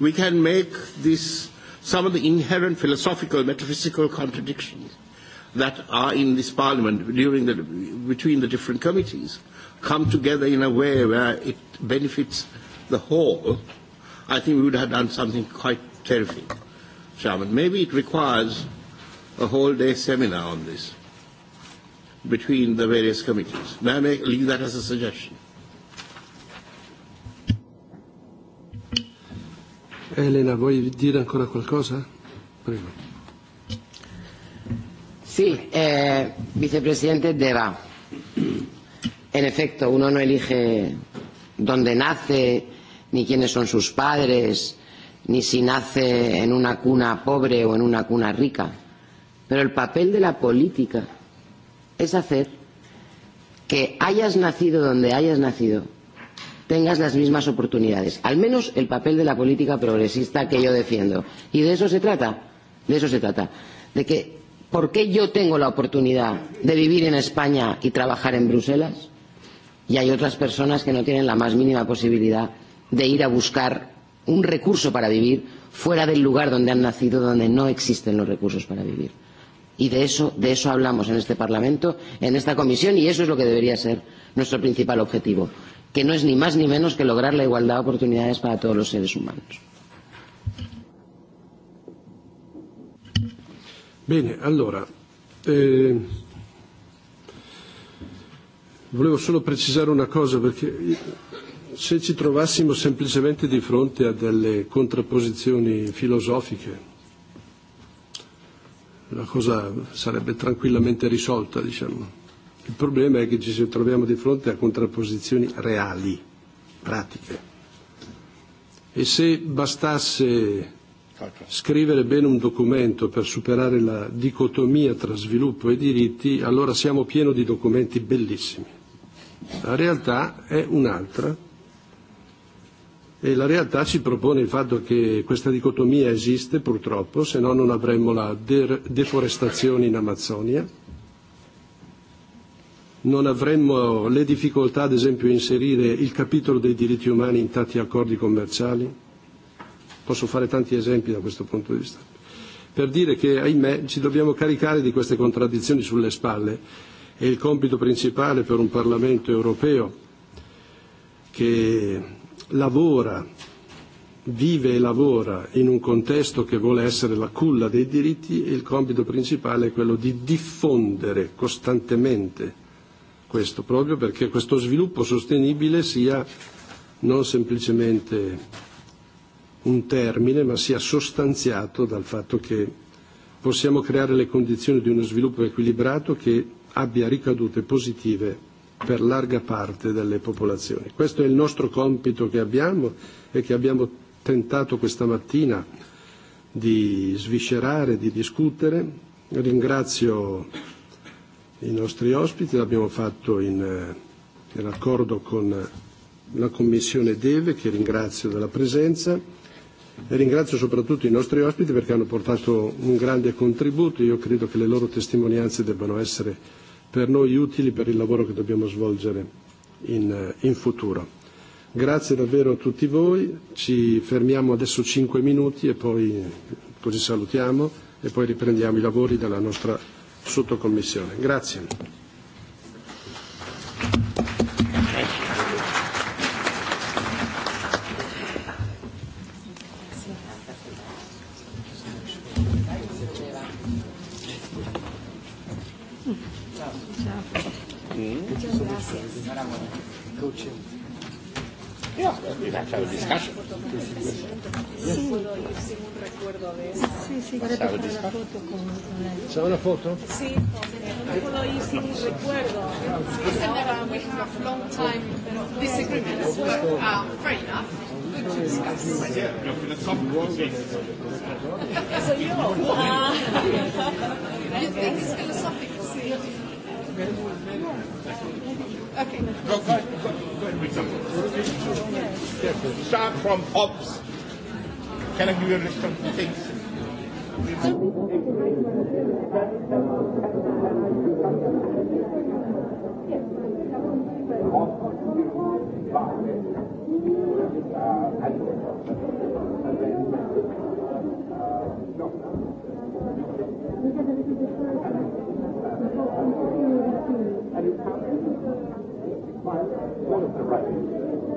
Speaker 3: we can make this, some of the inherent philosophical, metaphysical contradictions that are in this parliament during the, between the different committees come together in a way where it benefits the whole, I think we would have done something quite terrific, Chairman. Maybe it requires a whole day seminar on this between the various committees. May I make, leave that as a suggestion?
Speaker 1: Elena, vuoi dire ancora qualcosa? Prego.
Speaker 9: Sí, eh, vicepresidente Deva. En efecto, uno no elige dónde nace, ni quiénes son sus padres, ni si nace en una cuna pobre o en una cuna rica. Pero el papel de la política es hacer que hayas nacido donde hayas nacido, tengas las mismas oportunidades. Al menos el papel de la política progresista que yo defiendo. Y de eso se trata. De eso se trata. De que, ¿por qué yo tengo la oportunidad de vivir en España y trabajar en Bruselas? Y hay otras personas que no tienen la más mínima posibilidad de ir a buscar un recurso para vivir fuera del lugar donde han nacido, donde no existen los recursos para vivir. Y de eso, de eso hablamos en este Parlamento, en esta comisión, y eso es lo que debería ser nuestro principal objetivo, que no es ni más ni menos que lograr la igualdad de oportunidades para todos los seres humanos.
Speaker 1: Bene, allora, eh, volevo solo precisare una cosa perché se ci trovassimo semplicemente di fronte a delle contrapposizioni filosofiche la cosa sarebbe tranquillamente risolta, diciamo. Il problema è che ci troviamo di fronte a contrapposizioni reali, pratiche. E se bastasse scrivere bene un documento per superare la dicotomia tra sviluppo e diritti, allora siamo pieni di documenti bellissimi. La realtà è un'altra E la realtà ci propone il fatto che questa dicotomia esiste purtroppo, se no non avremmo la de- deforestazione in Amazzonia, non avremmo le difficoltà ad esempio a inserire il capitolo dei diritti umani in tanti accordi commerciali. Posso fare tanti esempi da questo punto di vista. Per dire che, ahimè, ci dobbiamo caricare di queste contraddizioni sulle spalle. e il compito principale per un Parlamento europeo che lavora, vive e lavora in un contesto che vuole essere la culla dei diritti e il compito principale è quello di diffondere costantemente questo, proprio perché questo sviluppo sostenibile sia non semplicemente un termine, ma sia sostanziato dal fatto che possiamo creare le condizioni di uno sviluppo equilibrato che abbia ricadute positive per larga parte delle popolazioni. Questo è il nostro compito che abbiamo e che abbiamo tentato questa mattina di sviscerare, di discutere. Ringrazio i nostri ospiti, l'abbiamo fatto in, eh, in accordo con la Commissione Deve, che ringrazio della presenza, e ringrazio soprattutto i nostri ospiti perché hanno portato un grande contributo. Io credo che le loro testimonianze debbano essere per noi e utili per il lavoro che dobbiamo svolgere in, eh, in futuro. Grazie davvero a tutti voi, ci fermiamo adesso 5 minuti e poi eh, così salutiamo e poi riprendiamo i lavori della nostra sottocommissione. Grazie.
Speaker 14: Gracias. Yeah,
Speaker 1: we've had a discussion. Sí,
Speaker 15: sí, sí
Speaker 3: quiero tomar una
Speaker 15: foto con, Sí, no puedo ir sin un recuerdo. Ahora we have a long time disagreement as
Speaker 8: well. Ah, fair enough. so you, uh, you think it's
Speaker 14: Okay. Go, go, go, go ahead with something.
Speaker 3: Yes. yes. Start from Hobbes. Can I give you a list of things? Hobbes,
Speaker 14: One of the right. The right.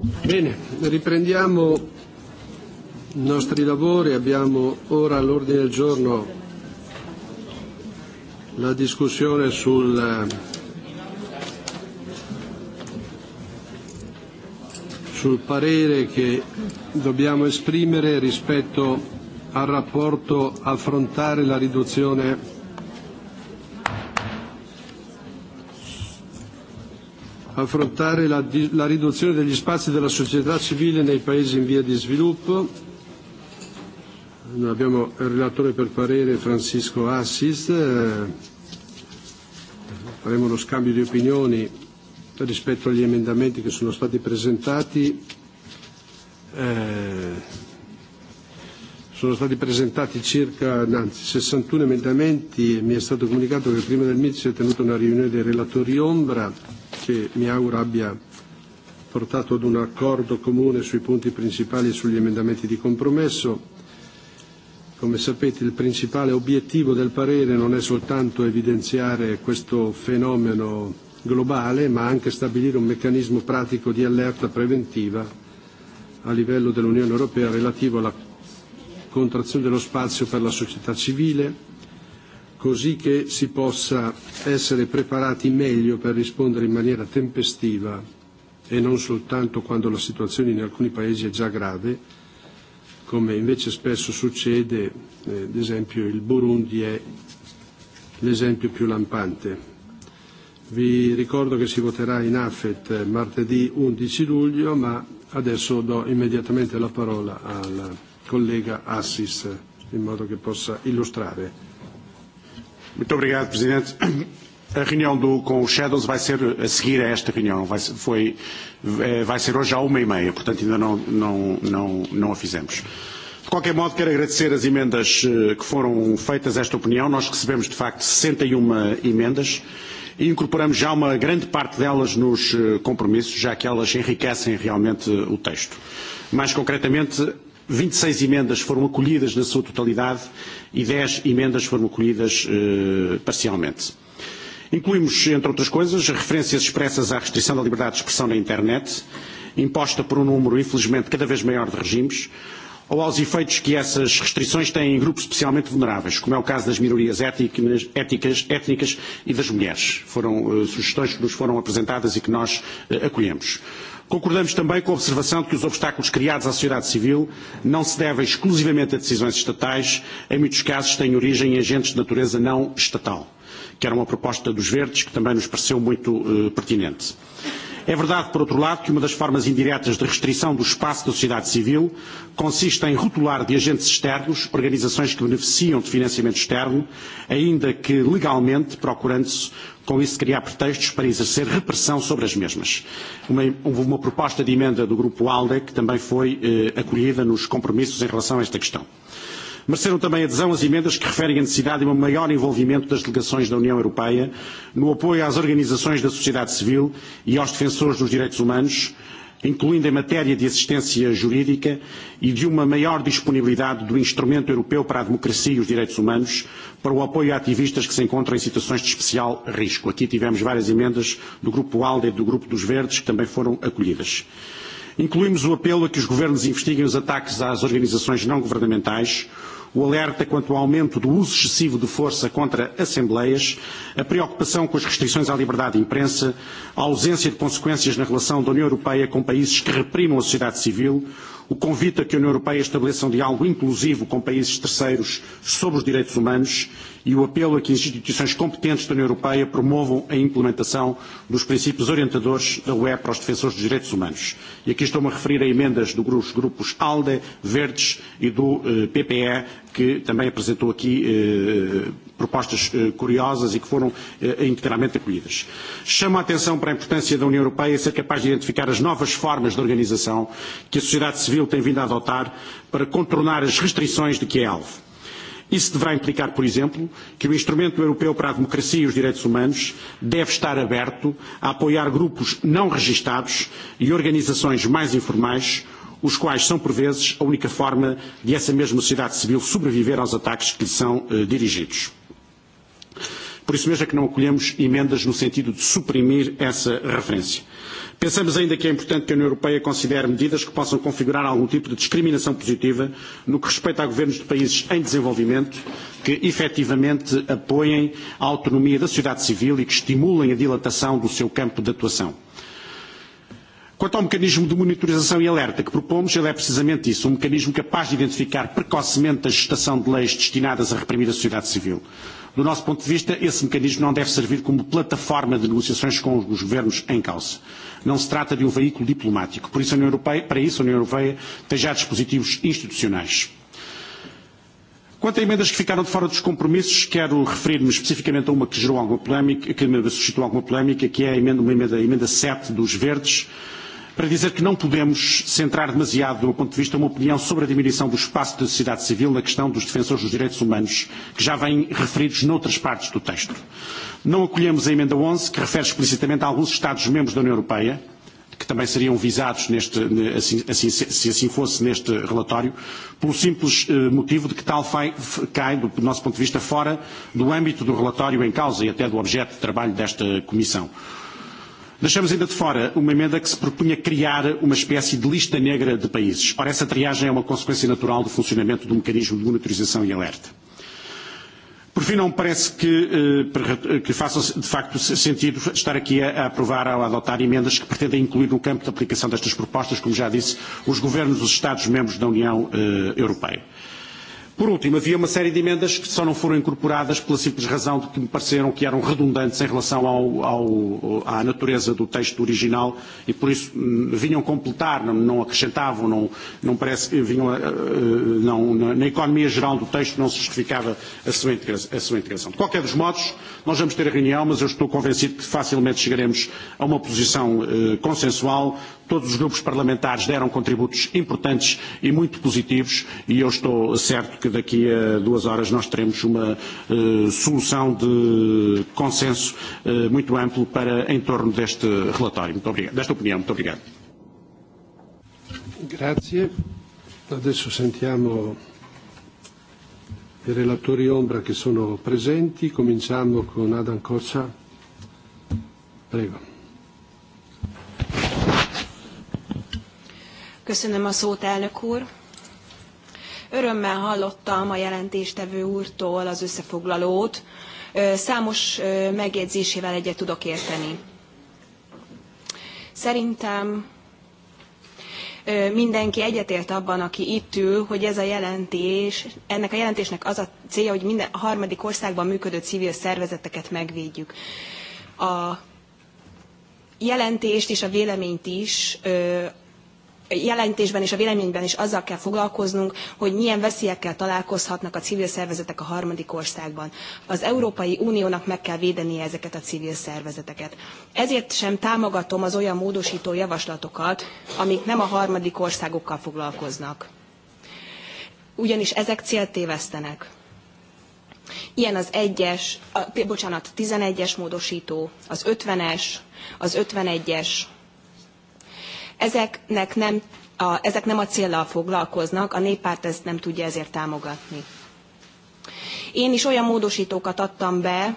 Speaker 1: Bene, riprendiamo i nostri lavori. Abbiamo ora all'ordine del giorno la discussione sul, sul parere che dobbiamo esprimere rispetto al rapporto affrontare la riduzione affrontare la, la riduzione degli spazi della società civile nei paesi in via di sviluppo. Noi abbiamo il relatore per parere Francisco Assis, eh, faremo uno scambio di opinioni rispetto agli emendamenti che sono stati presentati. Eh, sono stati presentati circa anzi, 61 emendamenti e mi è stato comunicato che prima del MIT si è tenuta una riunione dei relatori ombra che mi auguro abbia portato ad un accordo comune sui punti principali e sugli emendamenti di compromesso. Come sapete il principale obiettivo del parere non è soltanto evidenziare questo fenomeno globale, ma anche stabilire un meccanismo pratico di allerta preventiva a livello dell'Unione Europea relativo alla contrazione dello spazio per la società civile, così che si possa essere preparati meglio per rispondere in maniera tempestiva e non soltanto quando la situazione in alcuni paesi è già grave, come invece spesso succede, eh, ad esempio il Burundi è l'esempio più lampante. Vi ricordo che si voterà in AFET martedì 11 luglio, ma adesso do immediatamente la parola al collega Assis in modo che possa illustrare Muito obrigado, Presidente. A reunião do, com os
Speaker 11: Shadows vai ser a seguir a esta reunião. Vai, foi, vai ser hoje à uma e meia, portanto ainda não, não, não, não a fizemos. De qualquer modo, quero agradecer as emendas eh, que foram feitas a esta opinião. Nós recebemos, de facto, 61 e emendas e incorporamos já uma grande parte delas nos eh, compromissos, já que elas enriquecem realmente o texto. Mais concretamente, vinte e seis emendas foram acolhidas na sua totalidade e dez emendas foram acolhidas eh, parcialmente. Incluímos, entre outras coisas, referências expressas à restrição da liberdade de expressão na internet, imposta por um número, infelizmente, cada vez maior de regimes, ou aos efeitos que essas restrições têm em grupos especialmente vulneráveis, como é o caso das minorias étnicas, étnicas, étnicas e das mulheres. Foram uh, sugestões que nos foram apresentadas e que nós uh, acolhemos. Concordamos também com a observação de que os obstáculos criados à sociedade civil não se devem exclusivamente a decisões estatais, em muitos casos têm origem em agentes de natureza não estatal, que era uma proposta dos Verdes que também nos pareceu muito uh, pertinente. É verdade, por outro lado, que uma das formas indiretas de restrição do espaço da sociedade civil consiste em rotular de agentes externos organizações que beneficiam de financiamento externo, ainda que legalmente, procurando-se com isso criar pretextos para exercer repressão sobre as mesmas. houve uma proposta de emenda do Grupo ALDE que também foi eh, acolhida nos compromissos em relação a esta questão. Mereceram um também adesão as emendas que referem a necessidade de um maior envolvimento das delegações da União Europeia no apoio às organizações da sociedade civil e aos defensores dos direitos humanos, incluindo em matéria de assistência jurídica e de uma maior disponibilidade do Instrumento Europeu para a Democracia e os Direitos Humanos para o apoio a ativistas que se encontram em situações de especial risco. Aqui tivemos várias emendas do Grupo ALDE e do Grupo dos Verdes que também foram acolhidas. Incluímos o apelo a que os governos investiguem os ataques às organizações não governamentais, o alerta quanto ao aumento do uso excessivo de força contra assembleias, a preocupação com as restrições à liberdade de imprensa, a ausência de consequências na relação da União Europeia com países que reprimam a sociedade civil, o convite a que a União Europeia estabeleça um diálogo inclusivo com países terceiros sobre os direitos humanos e o apelo a que as instituições competentes da União Europeia promovam a implementação dos princípios orientadores da UE para os defensores dos direitos humanos. E aqui estou-me a referir a emendas dos grupos ALDE, Verdes e do eh, PPE que também apresentou aqui eh, propostas eh, curiosas e que foram eh, integralmente acolhidas. Chama a atenção para a importância da União Europeia ser capaz de identificar as novas formas de organização que a sociedade civil tem vindo a adotar para contornar as restrições de que é alvo. Isso deverá implicar, por exemplo, que o Instrumento Europeu para a Democracia e os Direitos Humanos deve estar aberto a apoiar grupos não registados e organizações mais informais os quais são, por vezes, a única forma de essa mesma sociedade civil sobreviver aos ataques que lhe são eh, dirigidos. Por isso mesmo é que não acolhemos emendas no sentido de suprimir essa referência. Pensamos ainda que é importante que a União Europeia considere medidas que possam configurar algum tipo de discriminação positiva no que respeita a governos de países em desenvolvimento que efetivamente apoiem a autonomia da sociedade civil e que estimulem a dilatação do seu campo de atuação. Quanto ao mecanismo de monitorização e alerta que propomos, ele é precisamente isso, um mecanismo capaz de identificar precocemente a gestação de leis destinadas a reprimir a sociedade civil. Do nosso ponto de vista, esse mecanismo não deve servir como plataforma de negociações com os governos em causa. Não se trata de um veículo diplomático. Por isso, a União Europeia, para isso, a União Europeia tem já dispositivos institucionais. Quanto a emendas que ficaram de fora dos compromissos, quero referir-me especificamente a uma que gerou alguma polémica, que suscitou alguma polémica, que é a emenda, uma emenda, a emenda 7 dos Verdes, para dizer que não podemos centrar demasiado, do meu ponto de vista, uma opinião sobre a diminuição do espaço da sociedade civil na questão dos defensores dos direitos humanos, que já vêm referidos noutras partes do texto. Não acolhemos a emenda 11, que refere explicitamente a alguns Estados-membros da União Europeia, que também seriam visados, neste, assim, assim, se assim fosse, neste relatório, pelo simples eh, motivo de que tal cai, do nosso ponto de vista, fora do âmbito do relatório em causa e até do objeto de trabalho desta Comissão. Deixamos ainda de fora uma emenda que se propunha criar uma espécie de lista negra de países. Ora, essa triagem é uma consequência natural do funcionamento do mecanismo de monitorização e alerta. Por fim, não parece que, eh, que faça de facto sentido estar aqui a aprovar ou a adotar emendas que pretendem incluir no campo de aplicação destas propostas, como já disse, os governos dos Estados-membros da União eh, Europeia. Por último, havia uma série de emendas que só não foram incorporadas pela simples razão de que me pareceram que eram redundantes em relação ao, ao, à natureza do texto original e por isso vinham completar, não, não acrescentavam, não, não parece, vinham, não, na economia geral do texto não se justificava a sua, integração, a sua integração. De qualquer dos modos, nós vamos ter a reunião, mas eu estou convencido que facilmente chegaremos a uma posição eh, consensual todos os grupos parlamentares deram contributos importantes e muito positivos e eu estou certo que daqui a duas horas nós teremos uma uh, solução de consenso uh, muito amplo para em torno deste relatório. Muito obrigado, desta opinião. Muito obrigado.
Speaker 1: Grazie. Adesso sentiamo i relatori ombra che sono presenti. Cominciamo con Adam Coccia. Prego.
Speaker 16: Köszönöm a szót, elnök úr. Örömmel hallottam a jelentéstevő úrtól az összefoglalót. Számos megjegyzésével egyet tudok érteni. Szerintem mindenki egyetért abban, aki itt ül, hogy ez a jelentés, ennek a jelentésnek az a célja, hogy minden a harmadik országban működő civil szervezeteket megvédjük. A jelentést és a véleményt is jelentésben és a véleményben is azzal kell foglalkoznunk, hogy milyen veszélyekkel találkozhatnak a civil szervezetek a harmadik országban. Az Európai Uniónak meg kell védenie ezeket a civil szervezeteket. Ezért sem támogatom az olyan módosító javaslatokat, amik nem a harmadik országokkal foglalkoznak. Ugyanis ezek célt tévesztenek. Ilyen az egyes, bocsánat, 11-es módosító, az 50-es, az 51-es, Ezeknek nem a, ezek nem a céllal foglalkoznak, a néppárt ezt nem tudja ezért támogatni. Én is olyan módosítókat adtam be,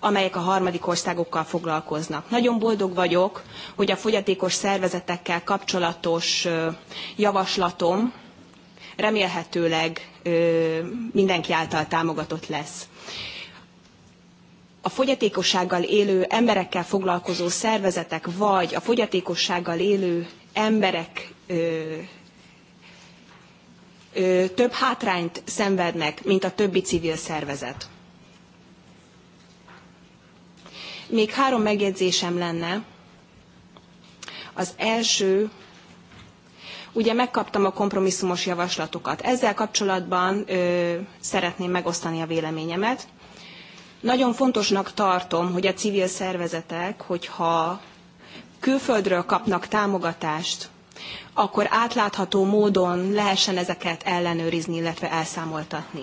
Speaker 16: amelyek a harmadik országokkal foglalkoznak. Nagyon boldog vagyok, hogy a fogyatékos szervezetekkel kapcsolatos javaslatom remélhetőleg mindenki által támogatott lesz a fogyatékossággal élő emberekkel foglalkozó szervezetek, vagy a fogyatékossággal élő emberek ö, ö, több hátrányt szenvednek, mint a többi civil szervezet. Még három megjegyzésem lenne. Az első, ugye megkaptam a kompromisszumos javaslatokat. Ezzel kapcsolatban ö, szeretném megosztani a véleményemet. Nagyon fontosnak tartom, hogy a civil szervezetek, hogyha külföldről kapnak támogatást, akkor átlátható módon lehessen ezeket ellenőrizni, illetve elszámoltatni.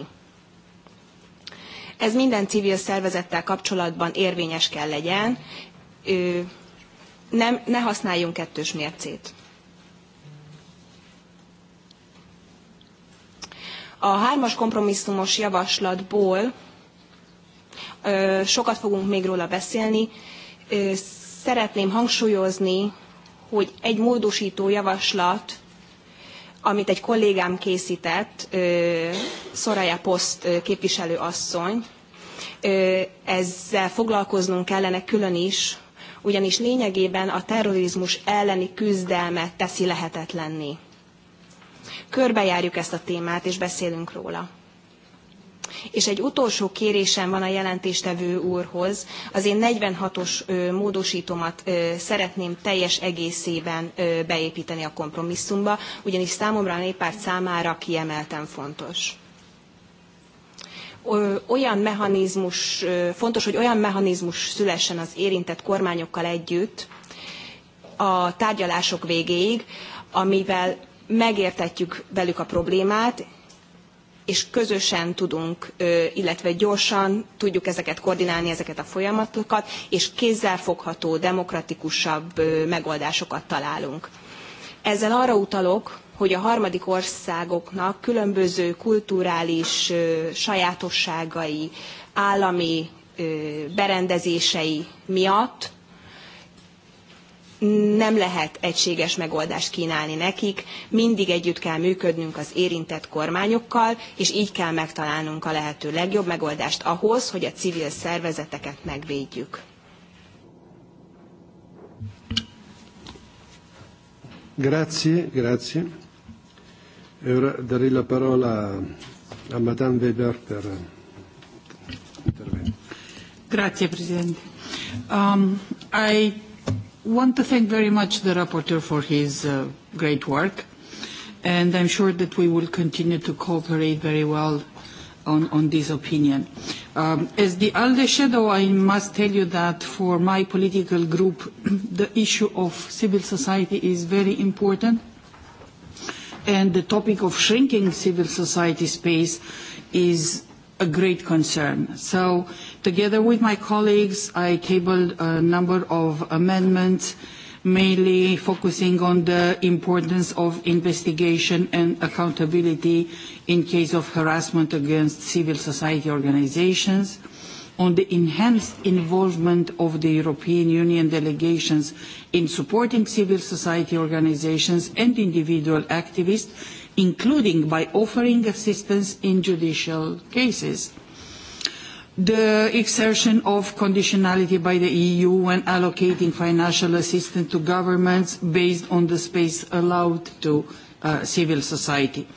Speaker 16: Ez minden civil szervezettel kapcsolatban érvényes kell legyen, nem, ne használjunk kettős mércét. A hármas kompromisszumos javaslatból sokat fogunk még róla beszélni. Szeretném hangsúlyozni, hogy egy módosító javaslat, amit egy kollégám készített, Soraya Post képviselő asszony, ezzel foglalkoznunk kellene külön is, ugyanis lényegében a terrorizmus elleni küzdelmet teszi lehetetlenni. Körbejárjuk ezt a témát, és beszélünk róla. És egy utolsó kérésem van a jelentéstevő úrhoz. Az én 46-os módosítomat szeretném teljes egészében beépíteni a kompromisszumba, ugyanis számomra a néppárt számára kiemelten fontos olyan mechanizmus, fontos, hogy olyan mechanizmus szülessen az érintett kormányokkal együtt a tárgyalások végéig, amivel megértetjük velük a problémát, és közösen tudunk, illetve gyorsan tudjuk ezeket koordinálni, ezeket a folyamatokat, és kézzelfogható, demokratikusabb megoldásokat találunk. Ezzel arra utalok, hogy a harmadik országoknak különböző kulturális sajátosságai, állami berendezései miatt nem lehet egységes megoldást kínálni nekik, mindig együtt kell működnünk az érintett kormányokkal, és így kell megtalálnunk a lehető legjobb megoldást ahhoz, hogy a civil szervezeteket megvédjük.
Speaker 1: Grazie, grazie. E ora darei la parola a Madame Weber per
Speaker 15: intervento. Grazie Presidente. Um, I want to thank very much the rapporteur for his uh, great work, and I'm sure that we will continue to cooperate very well on, on this opinion. Um, as the ALDE shadow, I must tell you that for my political group, the issue of civil society is very important, and the topic of shrinking civil society space is a great concern. So together with my colleagues, I tabled a number of amendments, mainly focusing on the importance of investigation and accountability in case of harassment against civil society organizations, on the enhanced involvement of the European Union delegations in supporting civil society organizations and individual activists including by offering assistance in judicial cases. The exertion of conditionality by the EU when allocating financial assistance to governments based on the space allowed to uh, civil society.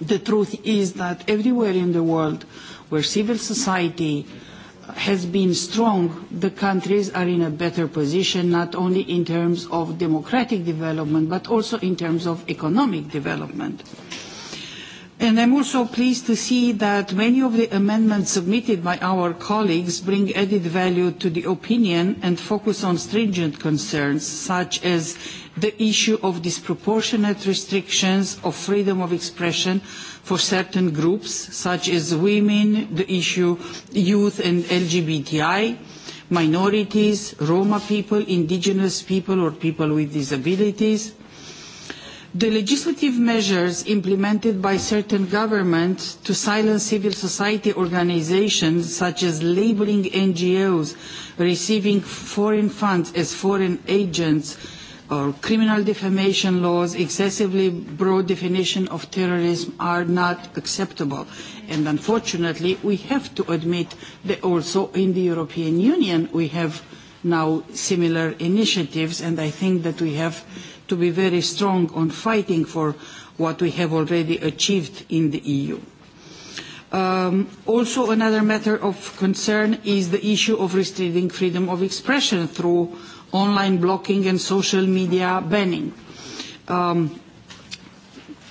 Speaker 15: The truth is that everywhere in the world where civil society uh, has been strong, the countries are in a better position, not only in terms of democratic development, but also in terms of economic development. And I'm also pleased to see that many of the amendments submitted by our colleagues bring added value to the opinion and focus on stringent concerns, such as the issue of disproportionate restrictions of freedom of expression for certain groups such as women, the issue youth and LGBTI, minorities, Roma people, indigenous people or people with disabilities. The legislative measures implemented by certain governments to silence civil society organisations such as labelling NGOs receiving foreign funds as foreign agents or criminal defamation laws, excessively broad definition of terrorism are not acceptable. And unfortunately, we have to admit that also in the European Union we have now similar initiatives, and I think that we have to be very strong on fighting for what we have already achieved in the EU. Um, also, another matter of concern is the issue of restricting freedom of expression through online blocking and social media banning. Um,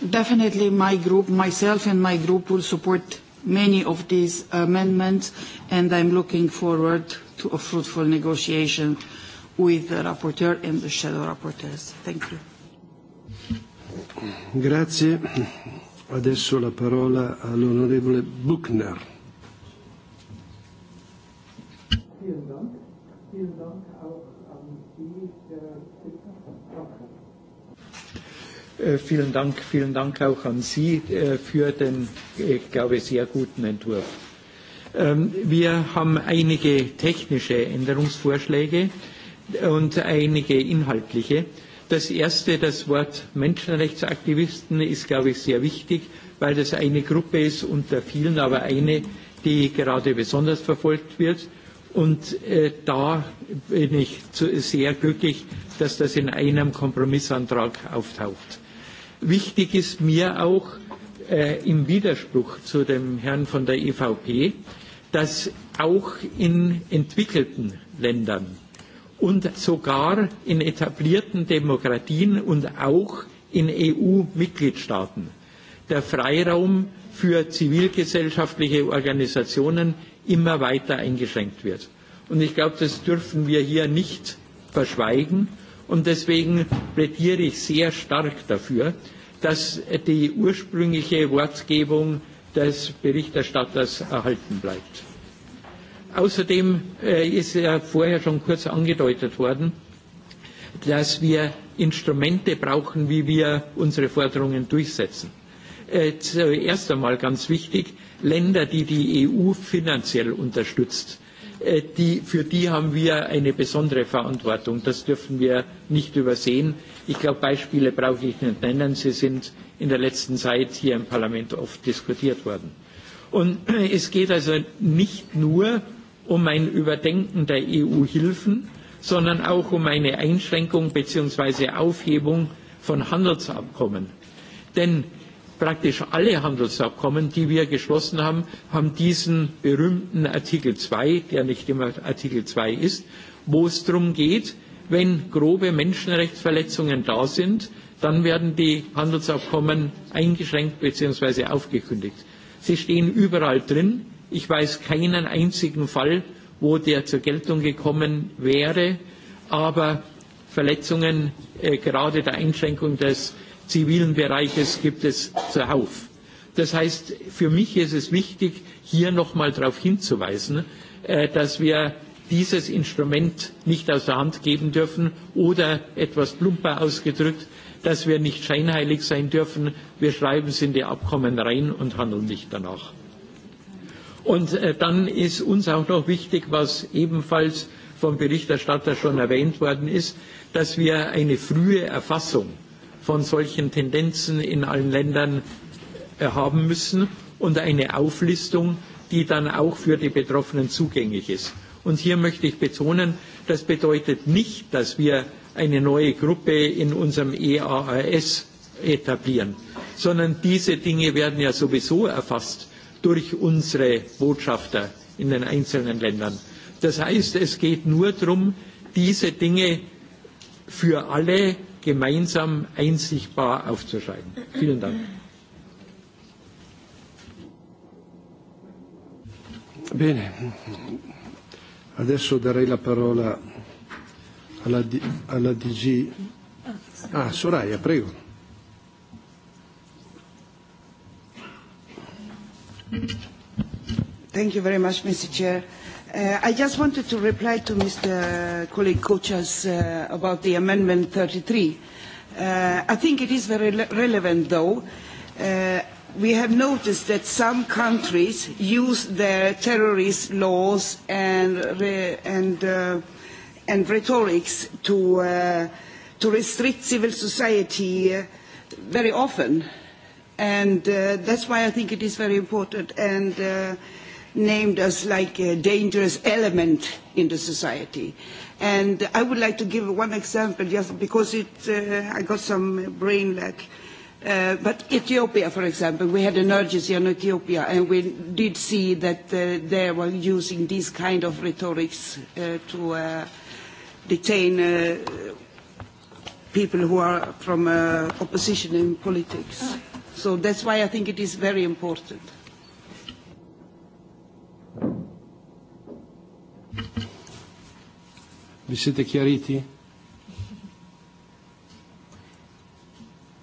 Speaker 15: definitely my group, myself and my group will support many of these amendments and I'm looking forward to a fruitful negotiation with the rapporteur and the shadow rapporteurs. Thank you.
Speaker 1: Grazie. Adesso la parola all'onorevole Buchner.
Speaker 17: Vielen Dank.
Speaker 10: Äh, vielen Dank, vielen Dank auch an Sie äh, für den, äh, ich glaube, sehr guten Entwurf. Ähm, wir haben einige technische Änderungsvorschläge und einige inhaltliche. Das erste, das Wort Menschenrechtsaktivisten, ist, glaube ich, sehr wichtig, weil das eine Gruppe ist unter vielen, aber eine, die gerade besonders verfolgt wird. Und äh, da bin ich zu, sehr glücklich, dass das in einem Kompromissantrag auftaucht. Wichtig ist mir auch äh, im Widerspruch zu dem Herrn von der EVP, dass auch in entwickelten Ländern und sogar in etablierten Demokratien und auch in EU-Mitgliedstaaten der Freiraum für zivilgesellschaftliche Organisationen immer weiter eingeschränkt wird. Und ich glaube, das dürfen wir hier nicht verschweigen. Und deswegen plädiere ich sehr stark dafür, dass die ursprüngliche Wortgebung des Berichterstatters erhalten bleibt. Außerdem äh, ist ja vorher schon kurz angedeutet worden, dass wir Instrumente brauchen, wie wir unsere Forderungen durchsetzen. Äh, zuerst einmal ganz wichtig, Länder, die die EU finanziell unterstützt, Äh, die, für die haben wir eine besondere Verantwortung. Das dürfen wir nicht übersehen. Ich glaube, Beispiele brauche ich nicht nennen. Sie sind in der letzten Zeit hier im Parlament oft diskutiert worden. Und äh, es geht also nicht nur um ein Überdenken der EU-Hilfen, sondern auch um eine Einschränkung bzw. Aufhebung von Handelsabkommen. Denn praktisch alle Handelsabkommen, die wir geschlossen haben, haben diesen berühmten Artikel zwei, der nicht immer Artikel zwei ist, wo es darum geht, wenn grobe Menschenrechtsverletzungen da sind, dann werden die Handelsabkommen eingeschränkt bzw. aufgekündigt. Sie stehen überall drin. Ich weiß keinen einzigen Fall, wo der zur Geltung gekommen wäre, aber Verletzungen äh, gerade der Einschränkung des zivilen Bereiches gibt es zuhauf. Das heißt, für mich ist es wichtig, hier noch darauf hinzuweisen, äh, dass wir dieses Instrument nicht aus der Hand geben dürfen oder etwas plumper ausgedrückt, dass wir nicht scheinheilig sein dürfen. Wir schreiben es in die Abkommen rein und handeln nicht danach. Und äh, dann ist uns auch noch wichtig, was ebenfalls vom Berichterstatter schon erwähnt worden ist, dass wir eine frühe Erfassung von solchen Tendenzen in allen Ländern äh, haben müssen und eine Auflistung, die dann auch für die Betroffenen zugänglich ist. Und hier möchte ich betonen, das bedeutet nicht, dass wir eine neue Gruppe in unserem EAAS etablieren, sondern diese Dinge werden ja sowieso erfasst durch unsere Botschafter in den einzelnen Ländern. Das heißt, es geht nur darum, diese Dinge für alle gemeinsam einsichtbar aufzuschreiben.
Speaker 1: Vielen Dank. Bene, adesso darei la parola alla, alla DG. Ah, Soraya, prego.
Speaker 17: Thank you very much, Mr. Chair. Uh, I just wanted to reply to Mr. colleague Kochas uh, about the Amendment 33. Uh, I think it is very relevant, though. Uh, we have noticed that some countries use their terrorist laws and, re and, uh, and rhetorics to, uh, to restrict civil society uh, very often. And uh, that's why I think it is very important. And uh, named as like a dangerous element in the society. And I would like to give one example just because it, uh, I got some brain lag. Uh, but Ethiopia, for example, we had an urgency on Ethiopia, and we did see that uh, they were using these kind of rhetorics uh, to uh, detain uh, people who are from uh, opposition in politics. So that's why I think it is very important.
Speaker 1: Vi siete chiariti?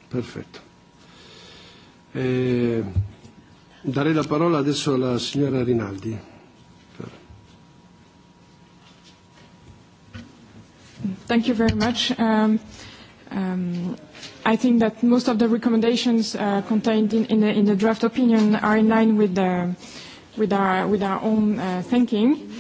Speaker 1: Perfetto. Eh, darei la parola adesso alla signora Rinaldi.
Speaker 13: Thank you very much. Um, um, I think that most of the recommendations uh, contained in, in, the, in the draft opinion are in line with, the, with, our, with our own uh, thinking. Uh,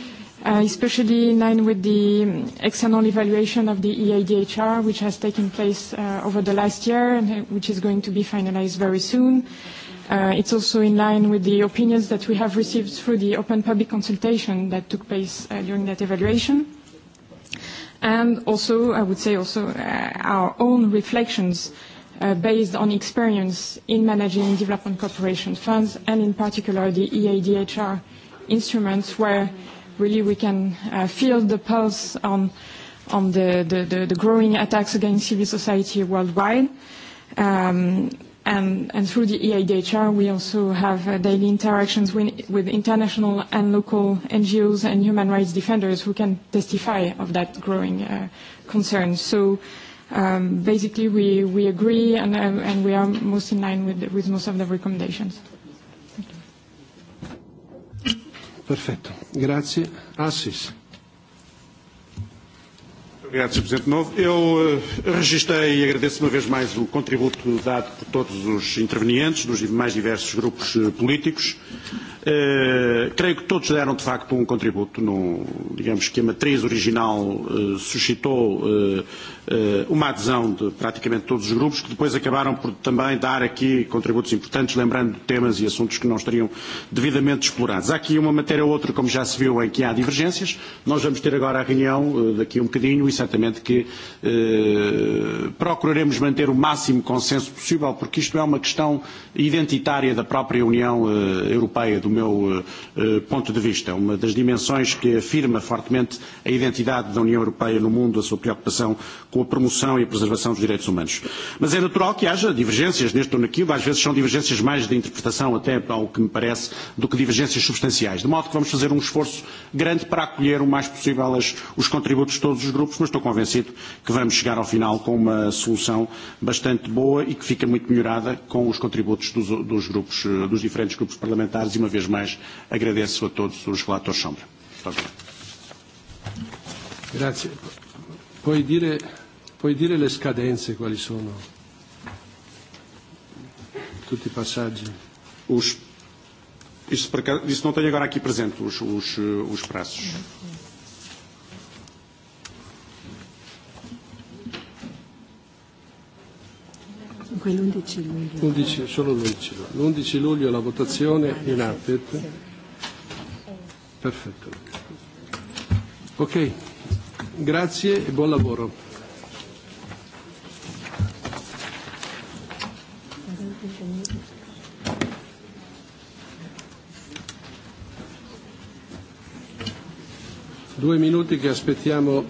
Speaker 13: Uh, especially in line with the external evaluation of the EIDHR, which has taken place uh, over the last year and uh, which is going to be finalized very soon. Uh, it's also in line with the opinions that we have received through the open public consultation that took place uh, during that evaluation. And also, I would say also, our own reflections based on experience in managing development cooperation funds and in particular the EADHR instruments where really we can uh, feel the pulse on, on the, the, the, the growing attacks against civil society worldwide. Um, and, and through the EIDHR, we also have uh, daily interactions with, with international and local NGOs and human rights defenders who can testify of that growing uh, concern. So um, basically, we, we agree and, uh, and we are most in line with, with most of the recommendations.
Speaker 1: Perfetto, grazie. Assis.
Speaker 11: Grazie Presidente Novo. Eu uh, registrei e agradeço uma vez mais o contributo dado por todos os intervenientes dos mais diversos grupos uh, políticos. Eh, creio que todos deram de facto um contributo no, digamos que a matriz original uh, eh, suscitou uh, eh, uma adesão de praticamente todos os grupos que depois acabaram por também dar aqui contributos importantes, lembrando temas e assuntos que não estariam devidamente explorados. Há aqui uma matéria ou outra, como já se viu, em que há divergências. Nós vamos ter agora a reunião daqui um bocadinho e certamente que procuraremos manter o máximo consenso possível, porque isto é uma questão identitária da própria União Europeia, do meu eh, eh, ponto de vista. Uma das dimensões que afirma fortemente a identidade da União Europeia no mundo, a sua preocupação com a promoção e a preservação dos direitos humanos. Mas é natural que haja divergências neste ou naquilo, às vezes são divergências mais de interpretação, até ao que me parece, do que divergências substanciais. De modo que vamos fazer um esforço grande para acolher o mais possível as, os contributos de todos os grupos, mas estou convencido que vamos chegar ao final com uma solução bastante boa e que fica muito melhorada com os contributos dos, dos, grupos, dos diferentes grupos parlamentares. E uma vez mais agradeço a todos os relatores Sombra. Muito obrigado.
Speaker 1: Grazie. Puoi dire Puoi dire le scadenze quali sono? Tutti i passaggi. Os,
Speaker 11: isso, para, isso não tenho agora aqui presente os, os, os prazos.
Speaker 18: L'11 luglio.
Speaker 1: solo l'11 luglio. L'11 luglio la votazione in APET. Perfetto. Ok, grazie e buon lavoro. Due minuti che aspettiamo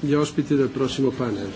Speaker 1: gli ospiti del prossimo panel.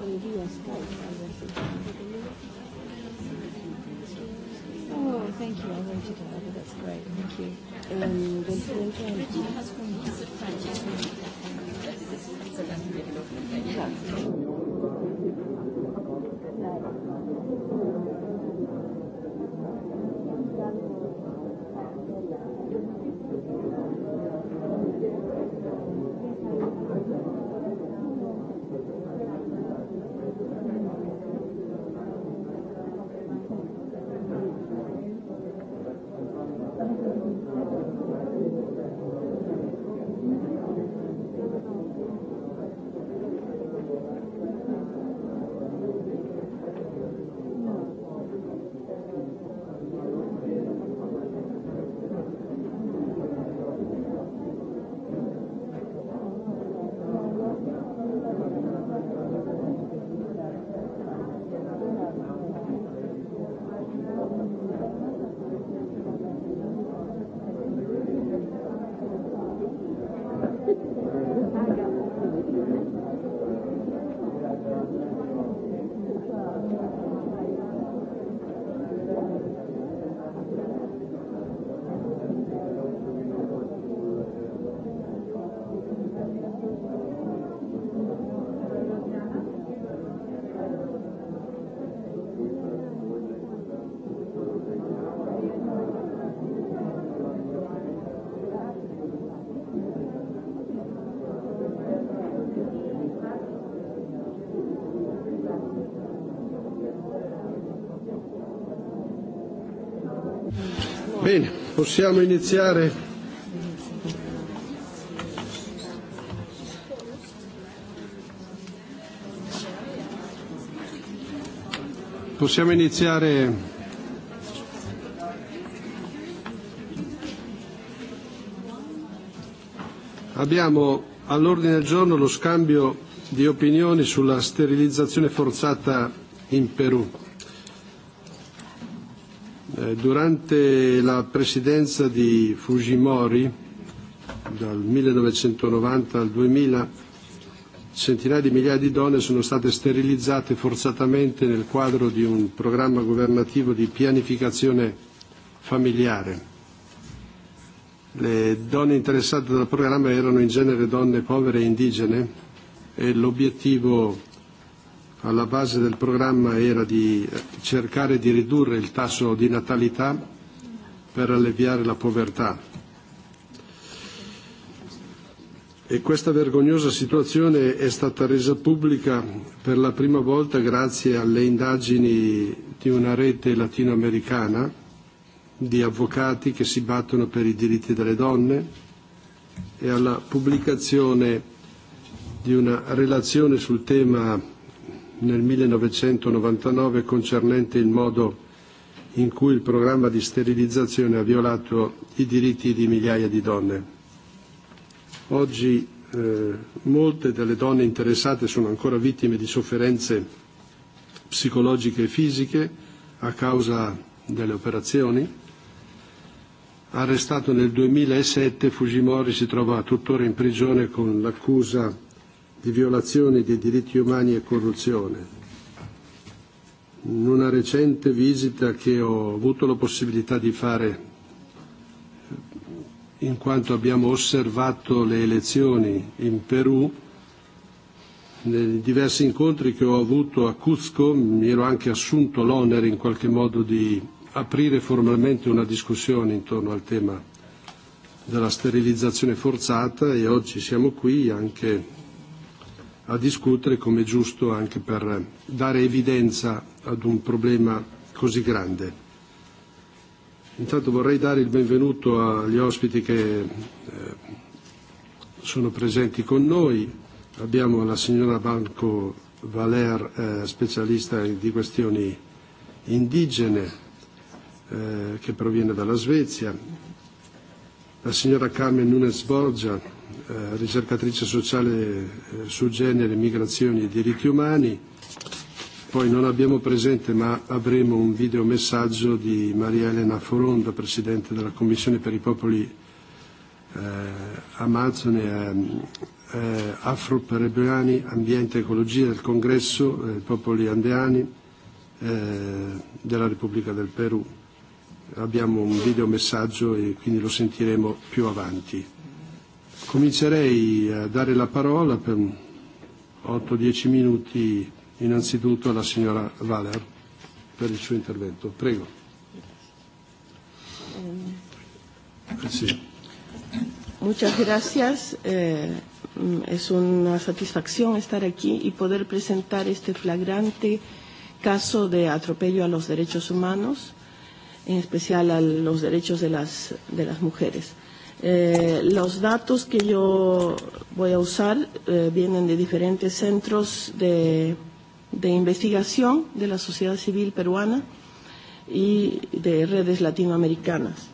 Speaker 18: already via Skype, I guess. Oh, thank you. I wrote it out. That's
Speaker 14: great. Thank you.
Speaker 1: Possiamo iniziare? Possiamo iniziare Abbiamo all'ordine del giorno lo scambio di opinioni sulla sterilizzazione forzata in Perù durante la presidenza di Fujimori, dal 1990 al 2000, centinaia di migliaia di donne sono state sterilizzate forzatamente nel quadro di un programma governativo di pianificazione familiare. Le donne interessate dal programma erano in genere donne povere e indigene e l'obiettivo alla base del programma era di cercare di ridurre il tasso di natalità per alleviare la povertà. E questa vergognosa situazione è stata resa pubblica per la prima volta grazie alle indagini di una rete latinoamericana di avvocati che si battono per i diritti delle donne e alla pubblicazione di una relazione sul tema nel 1999 concernente il modo in cui il programma di sterilizzazione ha violato i diritti di migliaia di donne. Oggi eh, molte delle donne interessate sono ancora vittime di sofferenze psicologiche e fisiche a causa delle operazioni. Arrestato nel 2007, Fujimori si trova tuttora in prigione con l'accusa di violazione dei diritti umani e corruzione. In una recente visita che ho avuto la possibilità di fare in quanto abbiamo osservato le elezioni in Perù, nei diversi incontri che ho avuto a Cuzco mi ero anche assunto l'onere in qualche modo di aprire formalmente una discussione intorno al tema della sterilizzazione forzata e oggi siamo qui anche a discutere, come è giusto, anche per dare evidenza ad un problema così grande. Intanto vorrei dare il benvenuto agli ospiti che eh, sono presenti con noi. Abbiamo la signora Banco Valer, eh, specialista di questioni indigene, eh, che proviene dalla Svezia, la signora Carmen Nunes Borgia, Eh, ricercatrice sociale eh, su genere, migrazioni e diritti umani. Poi non abbiamo presente, ma avremo un videomessaggio di Maria Elena Foronda, Presidente della Commissione per i popoli eh, Amazone, ehm, eh, eh, Afro-Peruviani, Ambiente e Ecologia del Congresso, eh, Popoli Andeani eh, della Repubblica del Perù. Abbiamo un videomessaggio e quindi lo sentiremo più avanti. Comincerei a dare la parola per 8-10 minuti innanzitutto alla signora Valer per il suo intervento. Prego.
Speaker 13: Sì.
Speaker 19: Muchas gracias. Eh, es una satisfacción estar aquí y poder presentar este flagrante caso de atropello a los derechos humanos, en especial a los derechos de las, de las mujeres. Eh, los datos que yo voy a usar eh, vienen de diferentes centros de, de investigación de la sociedad civil peruana y de redes latinoamericanas.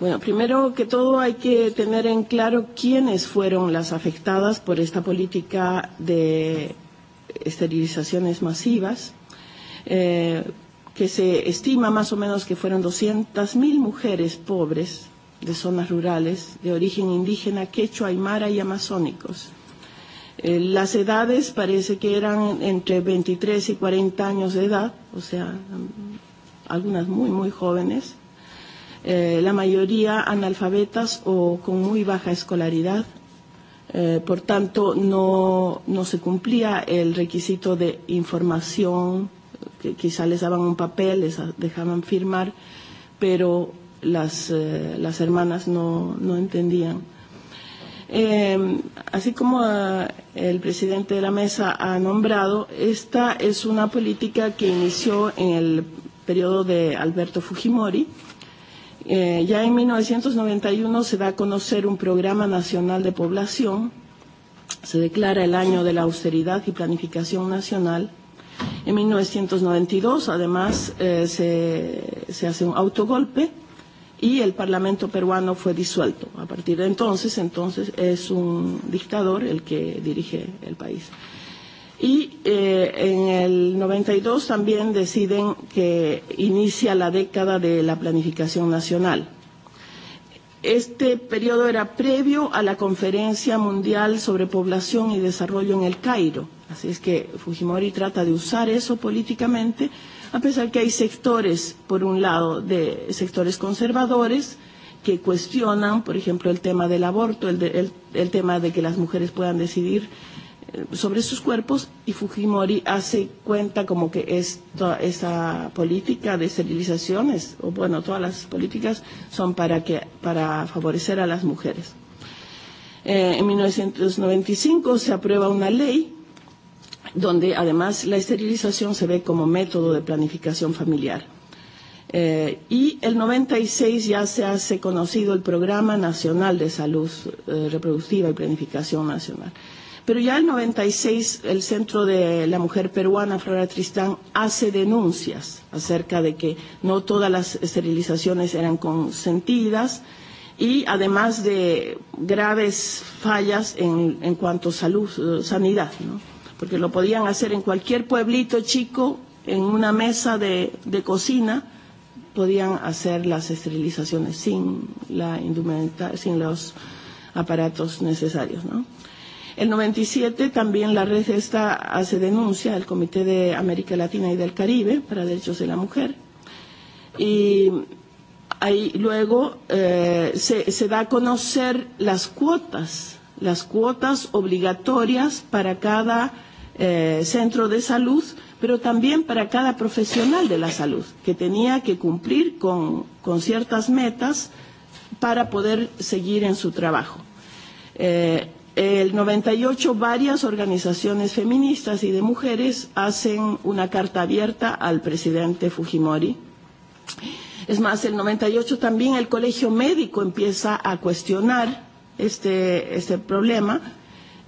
Speaker 19: Bueno, primero que todo hay que tener en claro quiénes fueron las afectadas por esta política de esterilizaciones masivas, eh, que se estima más o menos que fueron 200.000 mujeres pobres de zonas rurales de origen indígena, quechua, aymara y amazónicos. Eh, las edades parece que eran entre 23 y 40 años de edad, o sea, mm, algunas muy, muy jóvenes, eh, la mayoría analfabetas o con muy baja escolaridad. Eh, por tanto, no, no se cumplía el requisito de información, que quizá les daban un papel, les dejaban firmar, pero las, eh, las hermanas no, no entendían. Eh, así como eh, el presidente de la mesa ha nombrado, esta es una política que inició en el periodo de Alberto Fujimori. Eh, ya en 1991 se da a conocer un programa nacional de población, se declara el año de la austeridad y planificación nacional. En 1992, además, eh, se, se hace un autogolpe y el Parlamento peruano fue disuelto. A partir de entonces, entonces es un dictador el que dirige el país. Y eh, en el 92 también deciden que inicia la década de la planificación nacional. Este periodo era previo a la Conferencia Mundial sobre Población y Desarrollo en el Cairo. Así es que Fujimori trata de usar eso políticamente a pesar que hay sectores, por un lado, de sectores conservadores que cuestionan, por ejemplo, el tema del aborto, el, de, el, el tema de que las mujeres puedan decidir eh, sobre sus cuerpos y Fujimori hace cuenta como que esta, esa política de esterilizaciones, o bueno, todas las políticas son para, que, para favorecer a las mujeres. Eh, en 1995 se aprueba una ley donde además la esterilización se ve como método de planificación familiar. Eh, y el 96 ya se hace conocido el Programa Nacional de Salud eh, Reproductiva y Planificación Nacional. Pero ya en el 96 el Centro de la Mujer Peruana, Flora Tristán, hace denuncias acerca de que no todas las esterilizaciones eran consentidas y además de graves fallas en, en cuanto a salud, eh, sanidad. ¿no? porque lo podían hacer en cualquier pueblito chico, en una mesa de, de cocina, podían hacer las esterilizaciones sin la indumenta, sin los aparatos necesarios, ¿no? El 97 también la red esta hace denuncia al Comité de América Latina y del Caribe para Derechos de la Mujer y ahí luego eh, se, se da a conocer las cuotas, las cuotas obligatorias para cada eh, centro de salud, pero también para cada profesional de la salud, que tenía que cumplir con, con ciertas metas para poder seguir en su trabajo. Eh, el 98 varias organizaciones feministas y de mujeres hacen una carta abierta al presidente Fujimori. Es más, el 98 también el colegio médico empieza a cuestionar este, este problema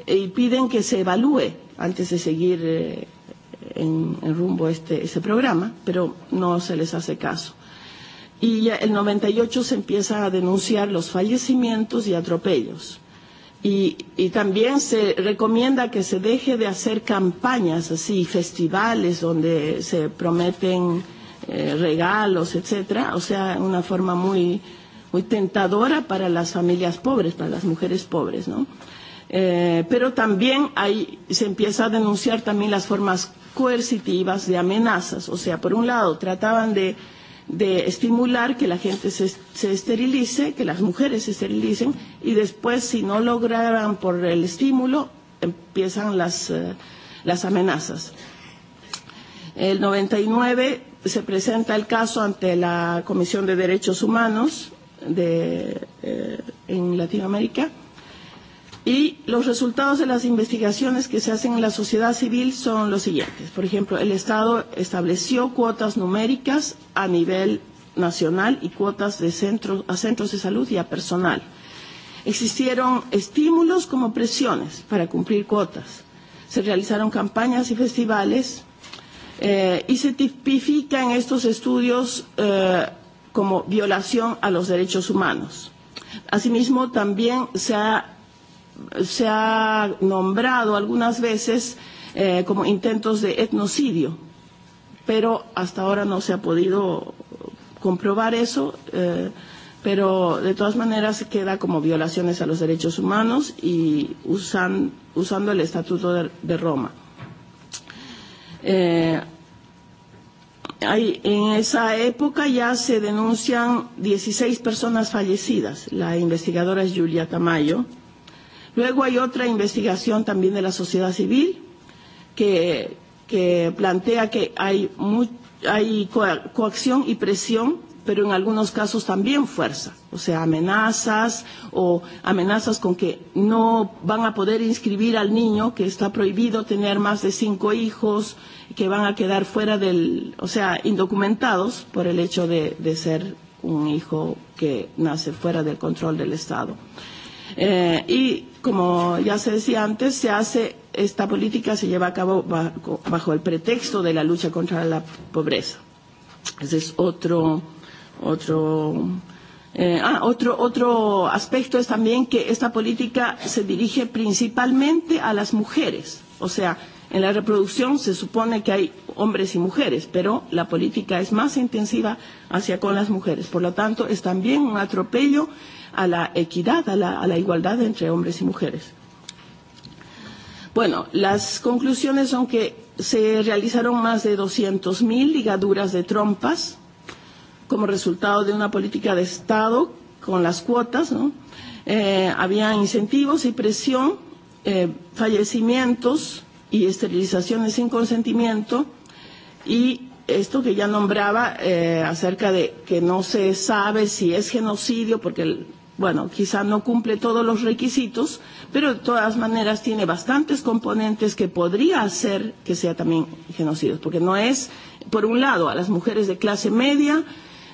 Speaker 19: y piden que se evalúe antes de seguir eh, en, en rumbo este, ese programa, pero no se les hace caso. Y ya el 98 se empieza a denunciar los fallecimientos y atropellos. Y, y también se recomienda que se deje de hacer campañas así, festivales donde se prometen eh, regalos, etcétera, o sea, una forma muy, muy tentadora para las familias pobres, para las mujeres pobres, ¿no? Eh, pero también se empieza a denunciar también las formas coercitivas de amenazas. O sea, por un lado, trataban de, de estimular que la gente se, se esterilice, que las mujeres se esterilicen, y después, si no lograran por el estímulo, empiezan las, eh, las amenazas. El 99 se presenta el caso ante la Comisión de Derechos Humanos de, eh, en Latinoamérica Y los resultados de las investigaciones que se hacen en la sociedad civil son los siguientes. Por ejemplo, el Estado estableció cuotas numéricas a nivel nacional y cuotas de centros, a centros de salud y a personal. Existieron estímulos como presiones para cumplir cuotas. Se realizaron campañas y festivales eh, y se tipifica en estos estudios eh, como violación a los derechos humanos. Asimismo, también se ha se ha nombrado algunas veces eh, como intentos de etnocidio, pero hasta ahora no se ha podido comprobar eso, eh, pero de todas maneras queda como violaciones a los derechos humanos y usan, usando el Estatuto de, de Roma. Eh, hay, en esa época ya se denuncian 16 personas fallecidas. La investigadora es Julia Tamayo Luego hay otra investigación también de la sociedad civil que, que plantea que hay, muy, hay co coacción y presión, pero en algunos casos también fuerza, o sea, amenazas o amenazas con que no van a poder inscribir al niño, que está prohibido tener más de cinco hijos, que van a quedar fuera del, o sea, indocumentados por el hecho de, de ser un hijo que nace fuera del control del Estado. Eh, y como ya se decía antes, se hace esta política se lleva a cabo bajo, bajo el pretexto de la lucha contra la pobreza. Ese es otro otro eh, ah, otro otro aspecto es también que esta política se dirige principalmente a las mujeres, o sea, en la reproducción se supone que hay hombres y mujeres, pero la política es más intensiva hacia con las mujeres. Por lo tanto, es también un atropello a la equidad, a la, a la igualdad entre hombres y mujeres. Bueno, las conclusiones son que se realizaron más de 200.000 ligaduras de trompas como resultado de una política de Estado con las cuotas, ¿no? Eh, había incentivos y presión, eh, fallecimientos y esterilizaciones sin consentimiento y esto que ya nombraba eh, acerca de que no se sabe si es genocidio, porque el, bueno, quizá no cumple todos los requisitos, pero de todas maneras tiene bastantes componentes que podría hacer que sea también genocidio, porque no es, por un lado, a las mujeres de clase media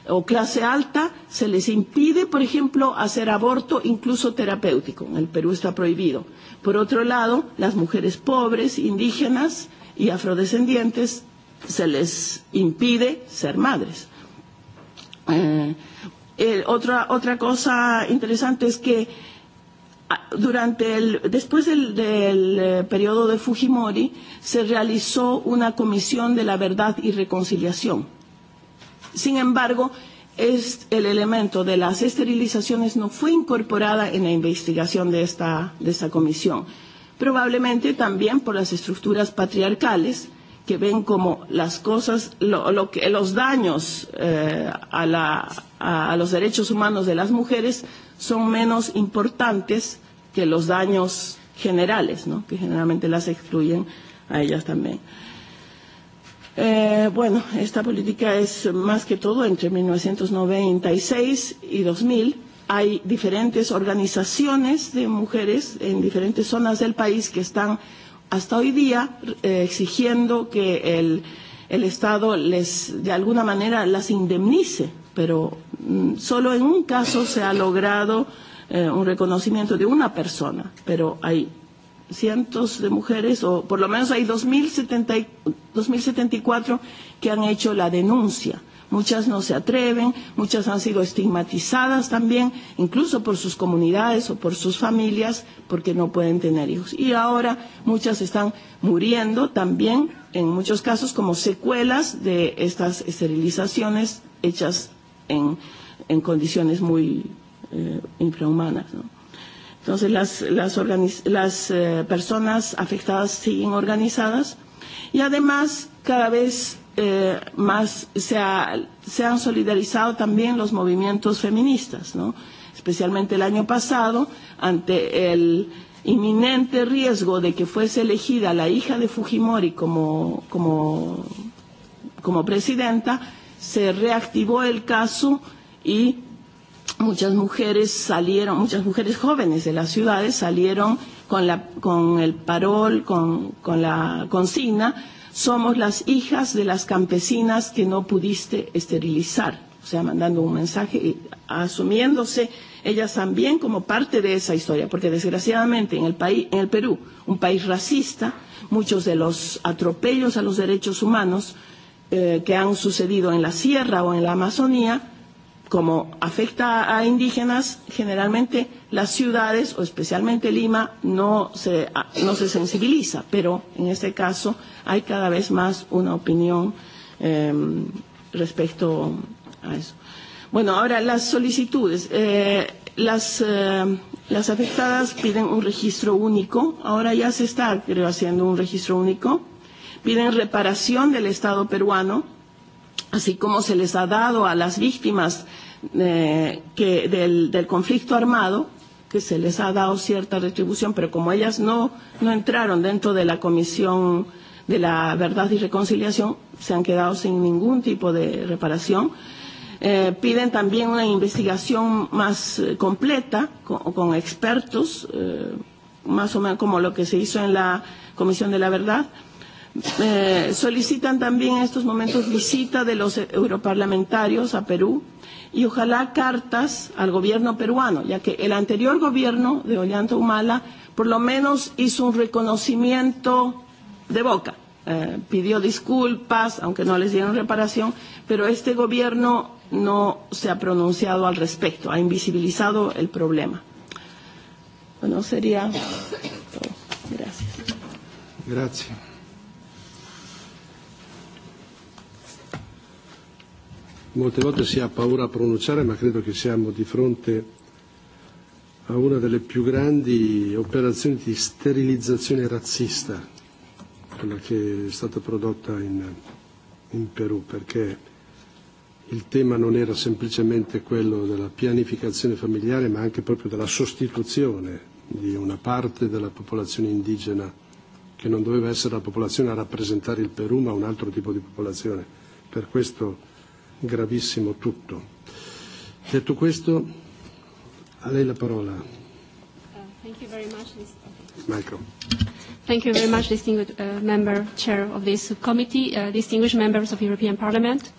Speaker 19: o clase alta se les impide, por ejemplo, hacer aborto incluso terapéutico. En el Perú está prohibido. Por otro lado, las mujeres pobres, indígenas y afrodescendientes se les impide ser madres. Eh, otra, otra cosa interesante es que ah, durante el, después del, del eh, periodo de Fujimori se realizó una comisión de la verdad y reconciliación. Sin embargo, es el elemento de las esterilizaciones no fue incorporada en la investigación de esta, de esta comisión, probablemente también por las estructuras patriarcales que ven como las cosas, lo, lo que, los daños eh, a, la, a, a los derechos humanos de las mujeres son menos importantes que los daños generales, ¿no? que generalmente las excluyen a ellas también. Eh, bueno, esta política es más que todo entre 1996 y 2000. Hay diferentes organizaciones de mujeres en diferentes zonas del país que están hasta hoy día eh, exigiendo que el, el Estado les, de alguna manera, las indemnice, pero mm, solo en un caso se ha logrado eh, un reconocimiento de una persona, pero hay cientos de mujeres, o por lo menos hay 2.074 que han hecho la denuncia muchas no se atreven, muchas han sido estigmatizadas también, incluso por sus comunidades o por sus familias, porque no pueden tener hijos. Y ahora muchas están muriendo también, en muchos casos, como secuelas de estas esterilizaciones hechas en, en condiciones muy eh, infrahumanas. ¿no? Entonces las, las, las eh, personas afectadas siguen organizadas y además cada vez eh, más se, ha, se han solidarizado también los movimientos feministas, ¿no? especialmente el año pasado, ante el inminente riesgo de que fuese elegida la hija de Fujimori como, como, como presidenta, se reactivó el caso y muchas mujeres salieron, muchas mujeres jóvenes de las ciudades salieron con, la, con el parol, con, con la consigna somos las hijas de las campesinas que no pudiste esterilizar. O sea, mandando un mensaje, y asumiéndose ellas también como parte de esa historia, porque desgraciadamente en el, país, en el Perú, un país racista, muchos de los atropellos a los derechos humanos eh, que han sucedido en la sierra o en la Amazonía como afecta a indígenas, generalmente las ciudades, o especialmente Lima, no se, ah, no se sensibiliza, pero en este caso hay cada vez más una opinión eh, respecto a eso. Bueno, ahora las solicitudes. Eh, las, eh, las afectadas piden un registro único. Ahora ya se está, creo, haciendo un registro único. Piden reparación del Estado peruano así como se les ha dado a las víctimas eh, que del, del conflicto armado, que se les ha dado cierta retribución, pero como ellas no, no entraron dentro de la Comisión de la Verdad y Reconciliación, se han quedado sin ningún tipo de reparación. Eh, piden también una investigación más eh, completa con, con expertos, eh, más o menos como lo que se hizo en la Comisión de la Verdad. Eh, eh, solicitan también en estos momentos visita de los europarlamentarios a Perú y ojalá cartas al gobierno peruano, ya que el anterior gobierno de Ollanta Humala por lo menos hizo un reconocimiento de boca. Eh, pidió disculpas, aunque no les dieron reparación, pero este gobierno no se ha pronunciado al respecto, ha invisibilizado el problema. Bueno, sería todo.
Speaker 4: Gracias.
Speaker 1: Gracias. molte volte si ha paura a pronunciare, ma credo che siamo di fronte a una delle più grandi operazioni di sterilizzazione razzista, quella che è stata prodotta in, in Perù, perché il tema non era semplicemente quello della pianificazione familiare, ma anche proprio della sostituzione di una parte della popolazione indigena che non doveva essere la popolazione a rappresentare il Perù, ma un altro tipo di popolazione. Per questo gravissimo tutto. Detto questo, a lei la parola. Uh,
Speaker 20: thank you very much. Michael. Thank you very much, distinguished uh, member, chair of this committee. uh, distinguished members of European Parliament.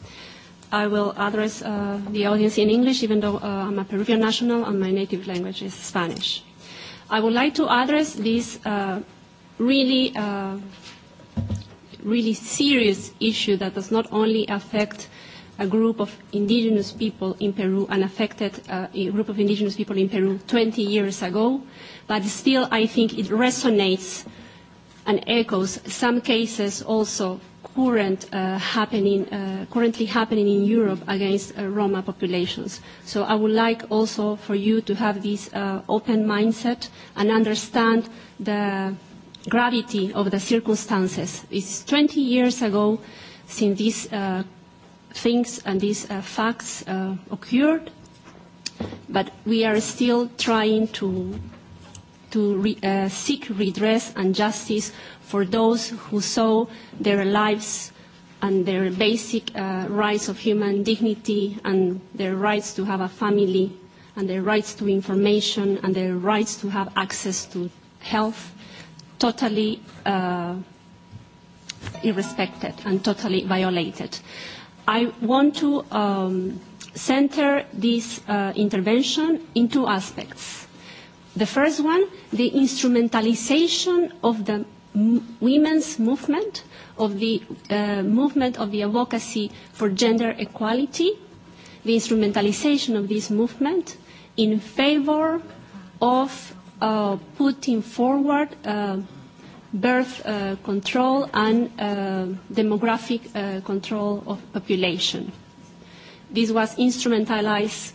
Speaker 20: I will address uh, the audience in English, even though uh, I'm a Peruvian national and my native language is Spanish. I would like to address this uh, really, uh, really serious issue that does not only affect a group of indigenous people in Peru, an affected uh, a group of indigenous people in Peru 20 years ago, but still I think it resonates and echoes some cases also current, uh, happening, uh, currently happening in Europe against uh, Roma populations. So I would like also for you to have this uh, open mindset and understand the gravity of the circumstances. It's 20 years ago since this uh, things and these uh, facts uh, occurred, but we are still trying to, to re, uh, seek redress and justice for those who saw their lives and their basic uh, rights of human dignity and their rights to have a family and their rights to information and their rights to have access to health totally uh, irrespected and totally violated. I want to um, center this uh, intervention in two aspects. The first one, the instrumentalization of the m- women's movement, of the uh, movement of the advocacy for gender equality, the instrumentalization of this movement in favor of uh, putting forward uh, birth uh, control and uh, demographic uh, control of population. This was instrumentalized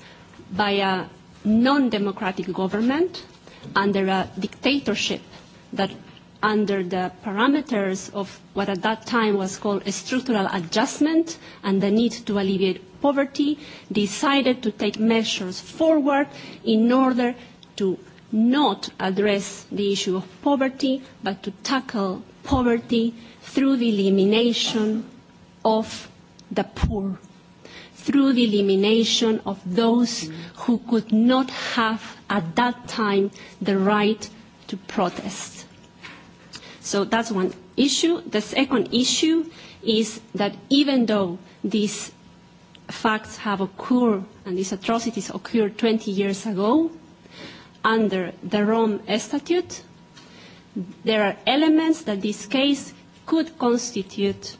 Speaker 20: by a non-democratic government under a dictatorship that under the parameters of what at that time was called a structural adjustment and the need to alleviate poverty, decided to take measures forward in order to not address the issue of poverty, but to tackle poverty through the elimination of the poor, through the elimination of those who could not have at that time the right to protest. So that's one issue. The second issue is that even though these facts have occurred and these atrocities occurred 20 years ago, under the Rome Statute, there are elements that this case could constitute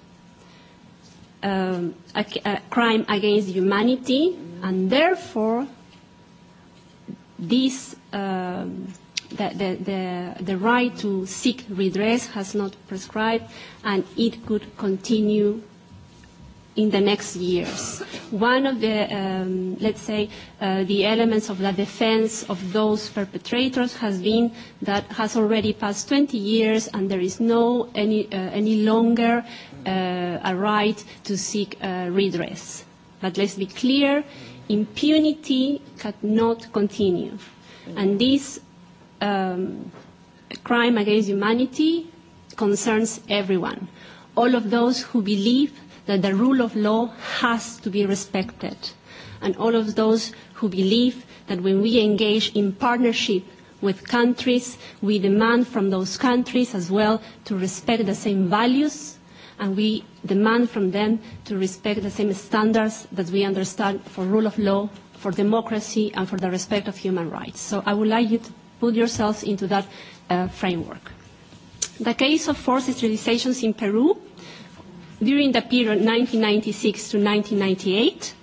Speaker 20: um, a, a crime against humanity, and therefore this, um, the, the, the, the right to seek redress has not prescribed, and it could continue in the next years. One of the, um, let's say, uh, the elements of the defense of those perpetrators has been that has already passed 20 years and there is no any, uh, any longer uh, a right to seek uh, redress. But let's be clear, impunity cannot continue. And this um, crime against humanity concerns everyone. All of those who believe that the rule of law has to be respected. And all of those who believe that when we engage in partnership with countries, we demand from those countries as well to respect the same values and we demand from them to respect the same standards that we understand for rule of law, for democracy, and for the respect of human rights. So I would like you to put yourselves into that uh, framework. The case of forced sterilizations in Peru during the period 1996 to 1998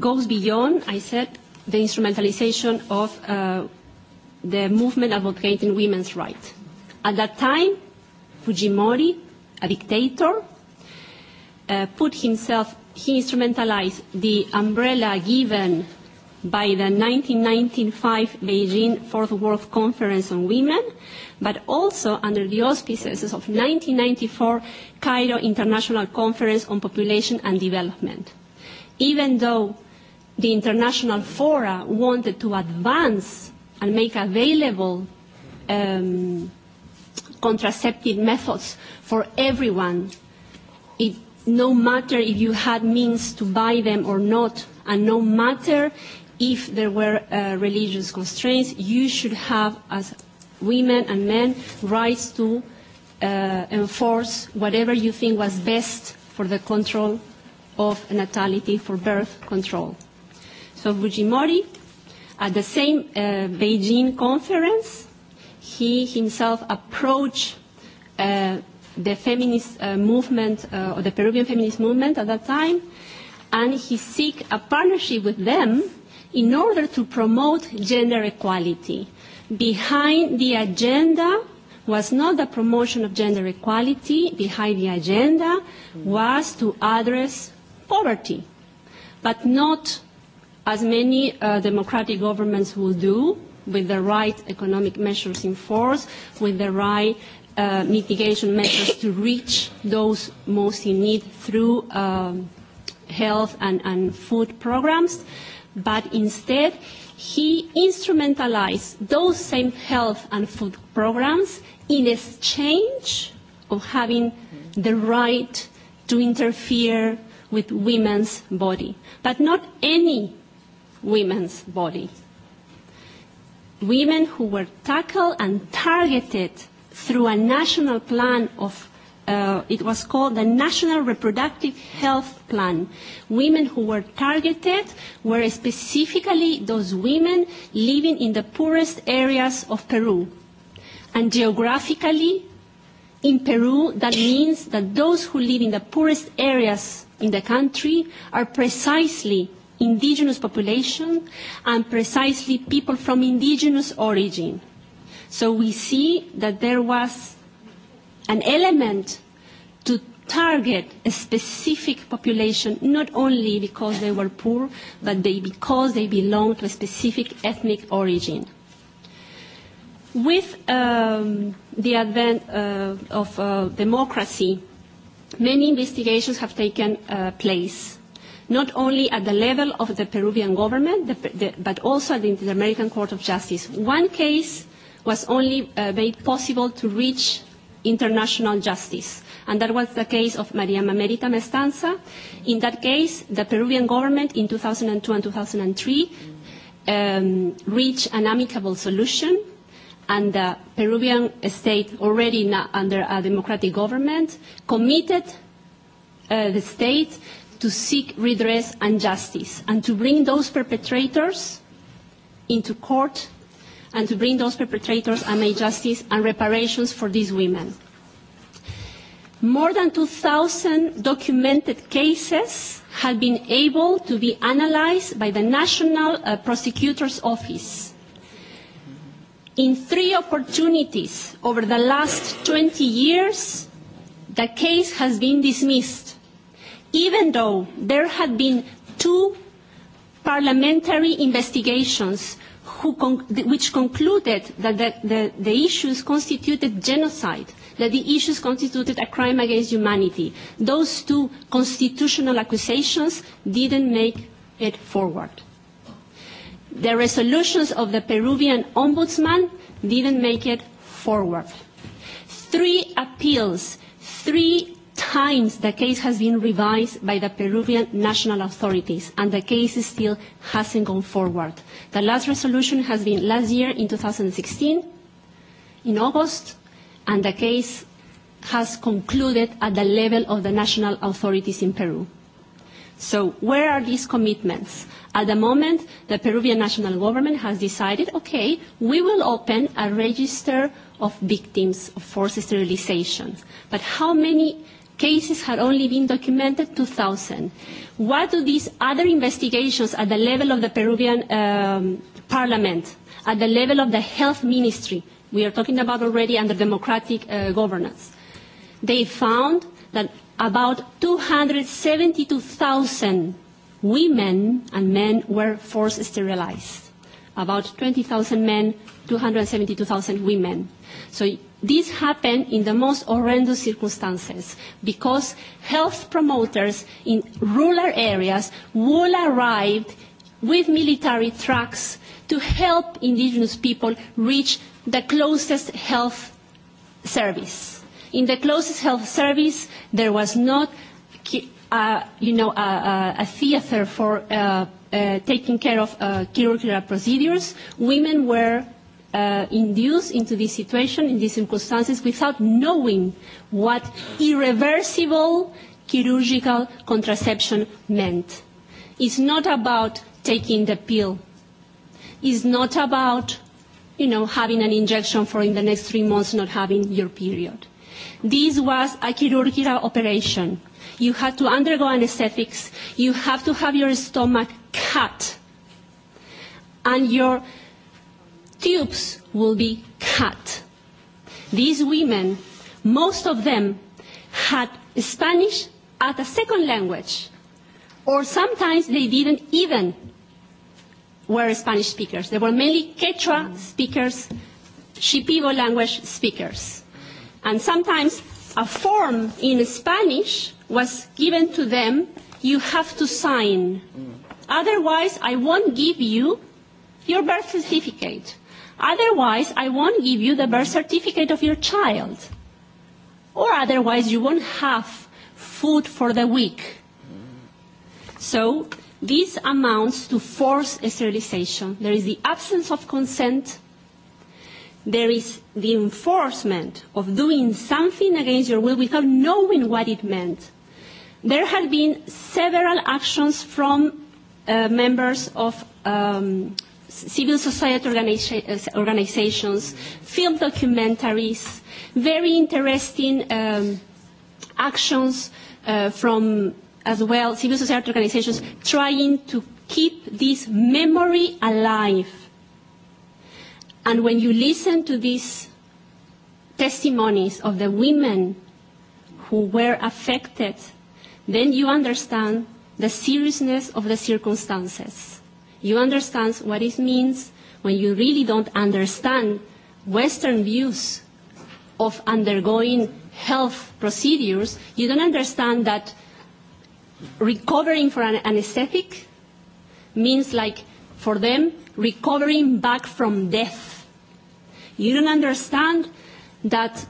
Speaker 20: goes beyond, I said, the instrumentalization of uh, the movement advocating women's rights. At that time, Fujimori, a dictator, uh, put himself, he instrumentalized the umbrella given by the 1995 Beijing Fourth World Conference on Women but also under the auspices of 1994 Cairo International Conference on Population and Development. Even though the international fora wanted to advance and make available um, contraceptive methods for everyone, it, no matter if you had means to buy them or not, and no matter if there were uh, religious constraints, you should have as women and men rights to uh, enforce whatever you think was best for the control of natality, for birth control. So Fujimori, at the same uh, Beijing conference, he himself approached uh, the feminist uh, movement, uh, or the Peruvian feminist movement at that time, and he seek a partnership with them in order to promote gender equality Behind the agenda was not the promotion of gender equality. Behind the agenda was to address poverty, but not as many uh, democratic governments will do with the right economic measures in force, with the right uh, mitigation measures to reach those most in need through um, health and, and food programs, but instead he instrumentalized those same health and food programs in exchange of having the right to interfere with women's body, but not any women's body. Women who were tackled and targeted through a national plan of uh, it was called the National Reproductive Health Plan. Women who were targeted were specifically those women living in the poorest areas of Peru. And geographically, in Peru, that means that those who live in the poorest areas in the country are precisely indigenous population and precisely people from indigenous origin. So we see that there was an element to target a specific population, not only because they were poor, but they, because they belonged to a specific ethnic origin. With um, the advent uh, of uh, democracy, many investigations have taken uh, place, not only at the level of the Peruvian government, the, the, but also at the Inter-American Court of Justice. One case was only uh, made possible to reach international justice. And that was the case of Maria Mamerita Mestanza. In that case, the Peruvian government in 2002 and 2003 um, reached an amicable solution, and the Peruvian state, already not under a democratic government, committed uh, the state to seek redress and justice and to bring those perpetrators into court and to bring those perpetrators and make justice and reparations for these women. More than 2,000 documented cases have been able to be analyzed by the National uh, Prosecutor's Office. In three opportunities over the last 20 years, the case has been dismissed, even though there had been two parliamentary investigations who con which concluded that the, the, the issues constituted genocide, that the issues constituted a crime against humanity. Those two constitutional accusations didn't make it forward. The resolutions of the Peruvian ombudsman didn't make it forward. Three appeals, three times the case has been revised by the Peruvian national authorities, and the case still hasn't gone forward. The last resolution has been last year in 2016, in August, and the case has concluded at the level of the national authorities in Peru. So where are these commitments? At the moment, the Peruvian national government has decided, okay, we will open a register of victims of forced sterilization. But how many cases had only been documented 2,000. What do these other investigations at the level of the Peruvian um, parliament, at the level of the health ministry, we are talking about already under democratic uh, governance, they found that about 272,000 women and men were forced sterilized. About 20,000 men, 272,000 women. So This happened in the most horrendous circumstances because health promoters in rural areas will arrive with military trucks to help indigenous people reach the closest health service. In the closest health service, there was not uh, you know, a, a, a theater for uh, uh, taking care of uh, curricular procedures. Women were uh, induced into this situation, in these circumstances, without knowing what irreversible chirurgical contraception meant. It's not about taking the pill. It's not about, you know, having an injection for in the next three months not having your period. This was a chirurgical operation. You had to undergo anesthetics. You have to have your stomach cut. And your tubes will be cut. These women, most of them, had Spanish as a second language, or sometimes they didn't even were Spanish speakers. They were mainly Quechua speakers, Shipibo language speakers. And sometimes a form in Spanish was given to them, you have to sign. Mm. Otherwise, I won't give you your birth certificate. Otherwise, I won't give you the birth certificate of your child. Or otherwise, you won't have food for the week. So this amounts to forced sterilization. There is the absence of consent. There is the enforcement of doing something against your will without knowing what it meant. There have been several actions from uh, members of um, civil society organizations, film documentaries, very interesting um, actions uh, from as well civil society organizations trying to keep this memory alive. And when you listen to these testimonies of the women who were affected, then you understand the seriousness of the circumstances you understand what it means when you really don't understand Western views of undergoing health procedures, you don't understand that recovering from an anesthetic means like for them recovering back from death. You don't understand that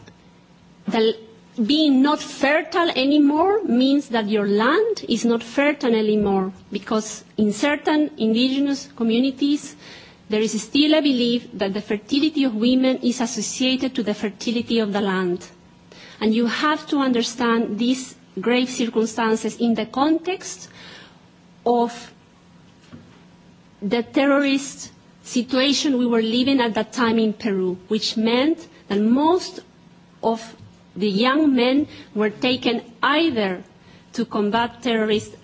Speaker 20: the being not fertile anymore means that your land is not fertile anymore because in certain indigenous communities there is still a belief that the fertility of women is associated to the fertility of the land. And you have to understand these grave circumstances in the context of the terrorist situation we were living at that time in Peru, which meant that most of The young men were taken either to combat terrorists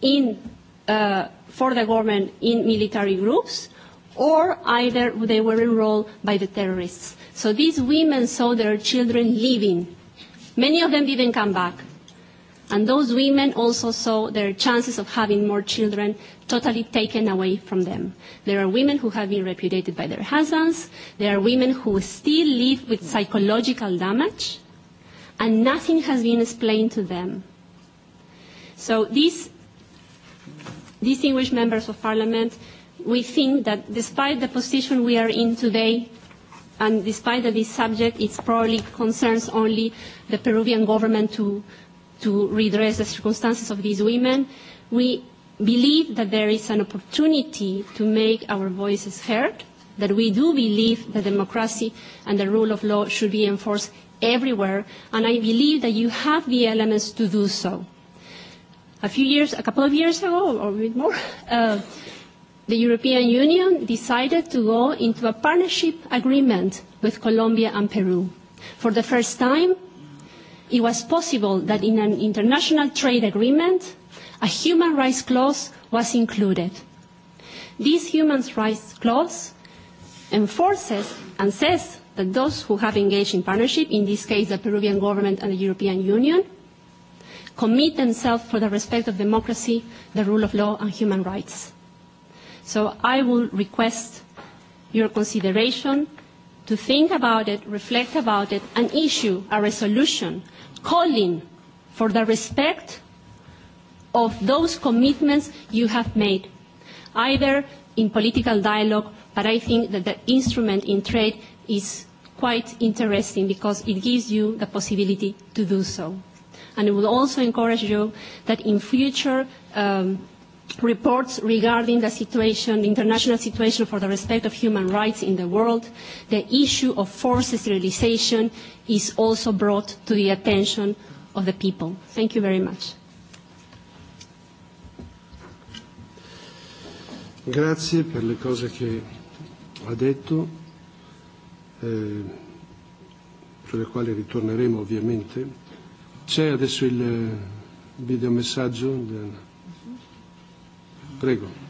Speaker 20: in, uh, for the government in military groups, or either they were enrolled by the terrorists. So these women saw their children leaving. Many of them didn't come back. And those women also saw their chances of having more children totally taken away from them. There are women who have been repudiated by their husbands. There are women who still live with psychological damage and nothing has been explained to them. So these distinguished members of parliament, we think that despite the position we are in today, and despite that this subject is probably concerns only the Peruvian government to, to redress the circumstances of these women, we believe that there is an opportunity to make our voices heard, that we do believe that democracy and the rule of law should be enforced everywhere, and I believe that you have the elements to do so. A few years, a couple of years ago, or a bit more, uh, the European Union decided to go into a partnership agreement with Colombia and Peru. For the first time, it was possible that in an international trade agreement, a human rights clause was included. This human rights clause enforces and says that those who have engaged in partnership, in this case the Peruvian government and the European Union, commit themselves for the respect of democracy, the rule of law and human rights. So I will request your consideration to think about it, reflect about it, and issue a resolution calling for the respect of those commitments you have made, either in political dialogue, but I think that the instrument in trade is quite interesting because it gives you the possibility to do so. And it will also encourage you that in future um, reports regarding the situation, the international situation for the respect of human rights in the world, the issue of forced sterilization is also brought to the attention of the people. Thank you very much.
Speaker 1: Grazie per le cose che ha detto eh, sulle quali ritorneremo ovviamente. C'è adesso il eh, videomessaggio? Del... Prego.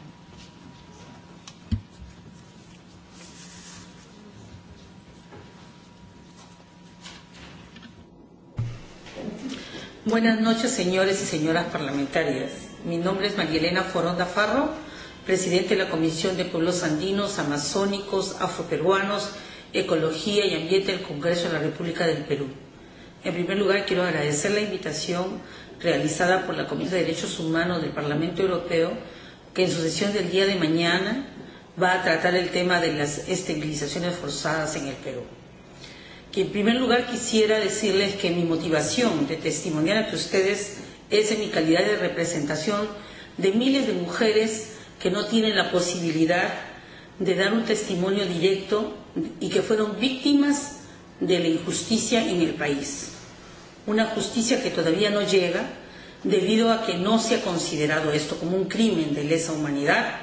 Speaker 21: Buenas noches, señores y señoras parlamentarias. Mi nombre es María Elena Foronda Farro, presidente de la Comisión de Pueblos Andinos, Amazónicos, Afroperuanos Ecología y Ambiente del Congreso de la República del Perú. En primer lugar, quiero agradecer la invitación realizada por la Comisión de Derechos Humanos del Parlamento Europeo, que en su sesión del día de mañana va a tratar el tema de las esterilizaciones forzadas en el Perú. Que en primer lugar quisiera decirles que mi motivación de testimoniar ante ustedes es en mi calidad de representación de miles de mujeres que no tienen la posibilidad de dar un testimonio directo y que fueron víctimas de la injusticia en el país. Una justicia que todavía no llega debido a que no se ha considerado esto como un crimen de lesa humanidad,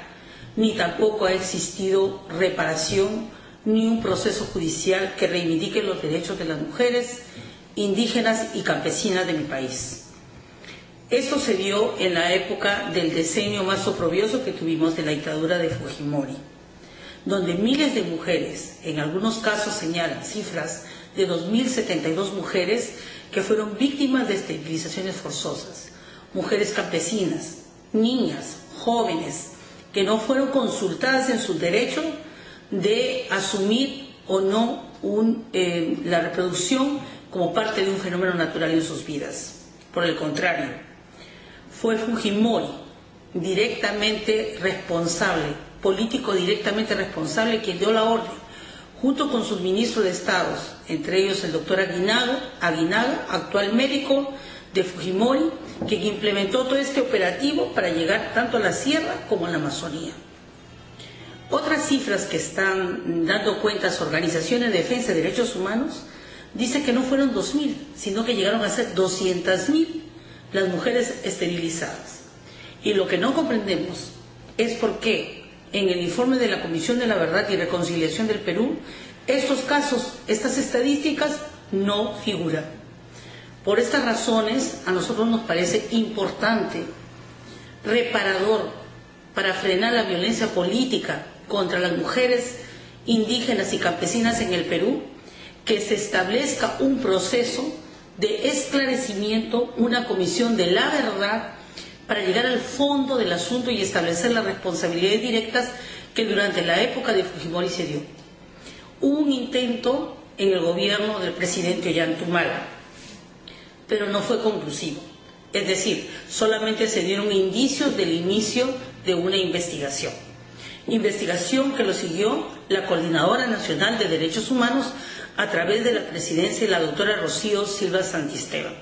Speaker 21: ni tampoco ha existido reparación ni un proceso judicial que reivindique los derechos de las mujeres indígenas y campesinas de mi país. Esto se dio en la época del diseño más oprobioso que tuvimos de la dictadura de Fujimori donde miles de mujeres, en algunos casos señalan cifras de 2.072 mujeres que fueron víctimas de esterilizaciones forzosas, mujeres campesinas, niñas, jóvenes, que no fueron consultadas en su derecho de asumir o no un, eh, la reproducción como parte de un fenómeno natural en sus vidas. Por el contrario, fue Fujimori directamente responsable político directamente responsable quien dio la orden, junto con sus ministros de Estados, entre ellos el doctor Aguinaldo, Aguinaldo actual médico de Fujimori, que implementó todo este operativo para llegar tanto a la sierra como a la Amazonía. Otras cifras que están dando cuentas organizaciones de defensa de derechos humanos dice que no fueron 2.000, sino que llegaron a ser 200.000 las mujeres esterilizadas. Y lo que no comprendemos es por qué en el informe de la Comisión de la Verdad y Reconciliación del Perú, estos casos, estas estadísticas no figuran. Por estas razones, a nosotros nos parece importante, reparador, para frenar la violencia política contra las mujeres indígenas y campesinas en el Perú, que se establezca un proceso de esclarecimiento, una comisión de la verdad para llegar al fondo del asunto y establecer las responsabilidades directas que durante la época de Fujimori se dio. Hubo un intento en el gobierno del presidente Ollantumala, pero no fue conclusivo. Es decir, solamente se dieron indicios del inicio de una investigación. Investigación que lo siguió la Coordinadora Nacional de Derechos Humanos a través de la presidencia de la doctora Rocío Silva Santisteban.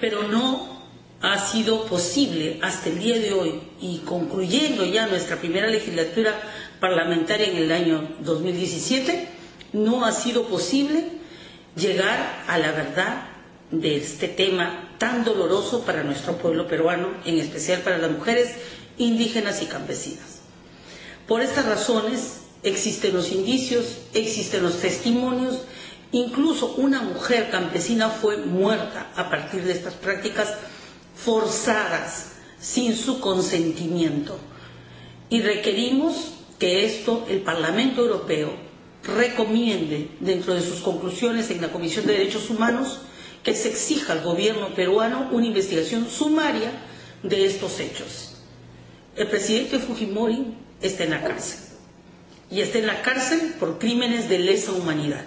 Speaker 21: Pero no ha sido posible hasta el día de hoy y concluyendo ya nuestra primera legislatura parlamentaria en el año 2017, no ha sido posible llegar a la verdad de este tema tan doloroso para nuestro pueblo peruano, en especial para las mujeres indígenas y campesinas. Por estas razones existen los indicios, existen los testimonios, incluso una mujer campesina fue muerta a partir de estas prácticas forzadas sin su consentimiento. Y requerimos que esto el Parlamento Europeo recomiende dentro de sus conclusiones en la Comisión de Derechos Humanos que se exija al gobierno peruano una investigación sumaria de estos hechos. El presidente Fujimori está en la cárcel y está en la cárcel por crímenes de lesa humanidad.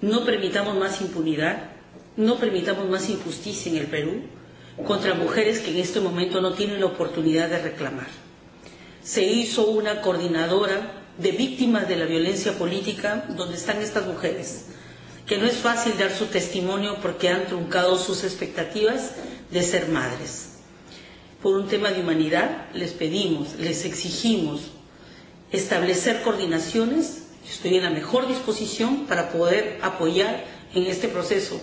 Speaker 21: No permitamos más impunidad, no permitamos más injusticia en el Perú contra mujeres que en este momento no tienen la oportunidad de reclamar. Se hizo una coordinadora de víctimas de la violencia política donde están estas mujeres, que no es fácil dar su testimonio porque han truncado sus expectativas de ser madres. Por un tema de humanidad, les pedimos, les exigimos establecer coordinaciones. Estoy en la mejor disposición para poder apoyar en este proceso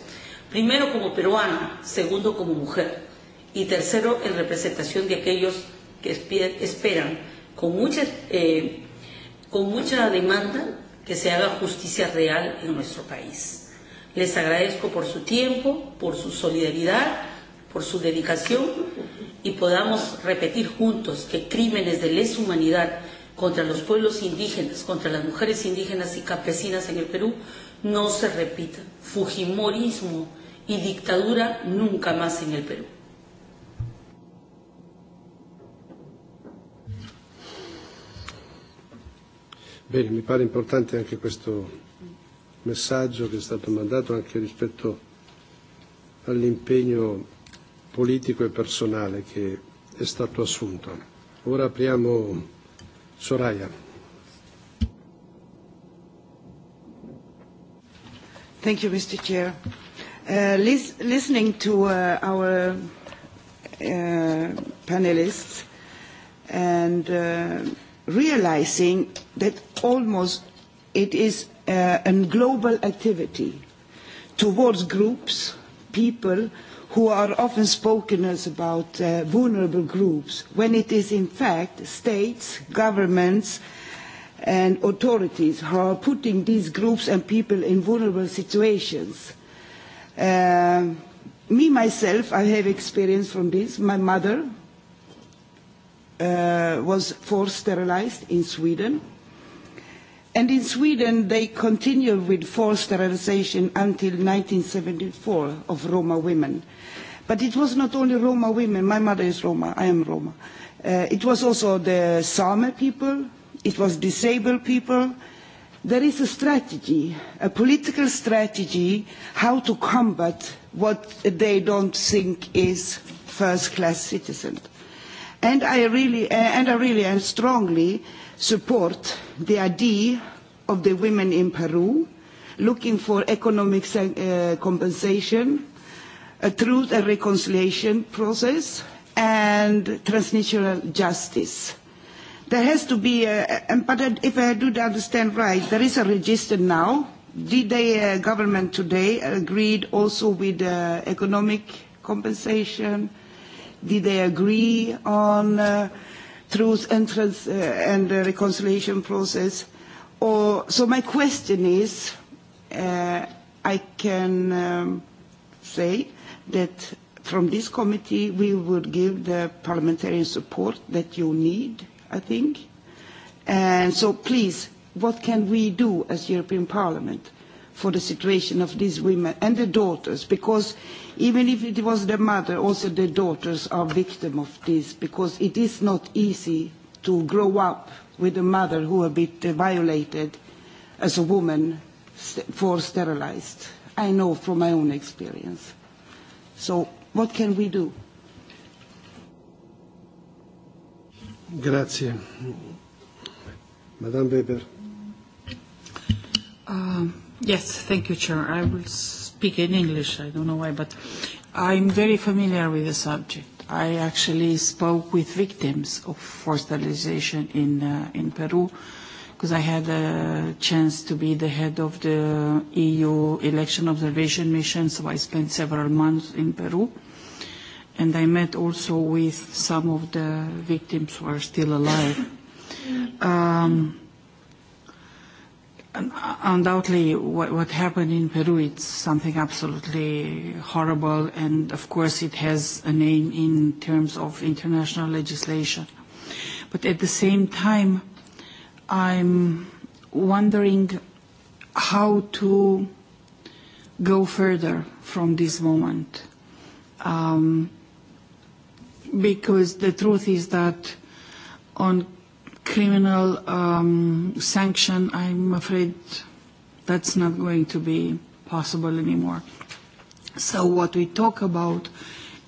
Speaker 21: primero como peruana, segundo como mujer y tercero en representación de aquellos que esperan con mucha, eh, con mucha demanda que se haga justicia real en nuestro país. Les agradezco por su tiempo, por su solidaridad, por su dedicación y podamos repetir juntos que crímenes de lesa humanidad contra los pueblos indígenas, contra las mujeres indígenas y campesinas en el Perú no se repitan. Fujimorismo y dictadura nunca más en el Perú.
Speaker 1: Bene, mi pare importante anche questo messaggio che è stato mandato anche rispetto all'impegno politico e personale che è stato assunto. Ora apriamo Soraya.
Speaker 17: Thank you, Mr. Chair. Uh, lis listening to uh, our uh, panelists and uh, realizing that almost it is uh, a global activity towards groups, people who are often spoken as about uh, vulnerable groups, when it is in fact states, governments, and authorities who are putting these groups and people in vulnerable situations Uh, me, myself, I have experience from this. My mother uh, was forced sterilized in Sweden. And in Sweden, they continued with forced sterilization until 1974 of Roma women. But it was not only Roma women. My mother is Roma. I am Roma. Uh, it was also the Sama people. It was disabled people there is a strategy, a political strategy, how to combat what they don't think is first-class citizens. And I really, eh, and I really and strongly support the idea of the women in Peru looking for economic uh, compensation, a truth and reconciliation process, and transnational justice There has to be, a, and, but if I do understand right, there is a register now. Did the uh, government today agreed also with uh, economic compensation? Did they agree on uh, truth entrance uh, and the uh, reconciliation process? Or, so my question is, uh, I can um, say that from this committee we would give the parliamentary support that you need i think. And so please, what can we do as European Parliament for the situation of these women and the daughters? Because even if it was the mother, also the daughters are victims of this because it is not easy to grow up with a mother who has been violated as a woman for sterilized. I know from my own experience. So what can we do?
Speaker 1: Grazie. Madame Weber.
Speaker 15: Uh, yes, thank you, Chair. I will speak in English. I don't know why, but I'm very familiar with the subject. I actually spoke with victims of forced sterilization in, uh, in Peru because I had a chance to be the head of the EU election observation mission, so I spent several months in Peru. Uh, and I met also with some of the victims who are still alive. Um, undoubtedly, what, what happened in Peru it's something absolutely horrible, and of course, it has a name in terms of international legislation. But at the same time, I'm wondering how to go further from this moment. Um, because the truth is that on criminal um, sanction, I'm afraid that's not going to be possible anymore. So what we talk about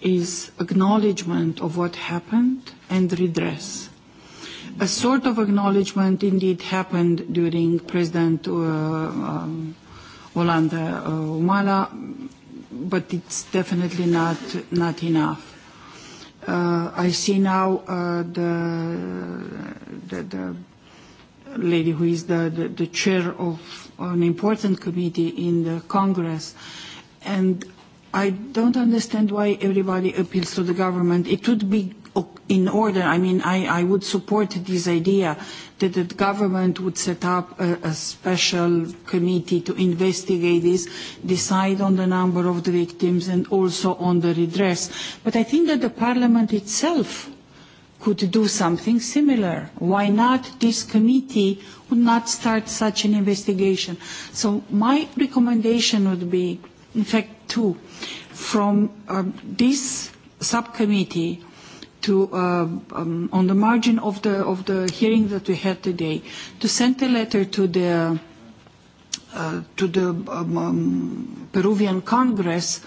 Speaker 15: is acknowledgement of what happened and redress. A sort of acknowledgement indeed happened during President uh, um, Hollande uh, Umala, but it's definitely not, not enough Uh, I see now uh, the, the, the lady who is the, the, the chair of an important committee in the Congress. And I don't understand why everybody appeals to the government. It would be in order, I mean, I, I would support this idea that the government would set up a, a special committee to investigate this, decide on the number of the victims and also on the redress. But I think that the parliament itself could do something similar. Why not this committee would not start such an investigation? So my recommendation would be, in fact, two. From uh, this subcommittee, to uh, um, on the margin of the of the hearing that we had today to send a letter to the uh, to the um, um, Peruvian Congress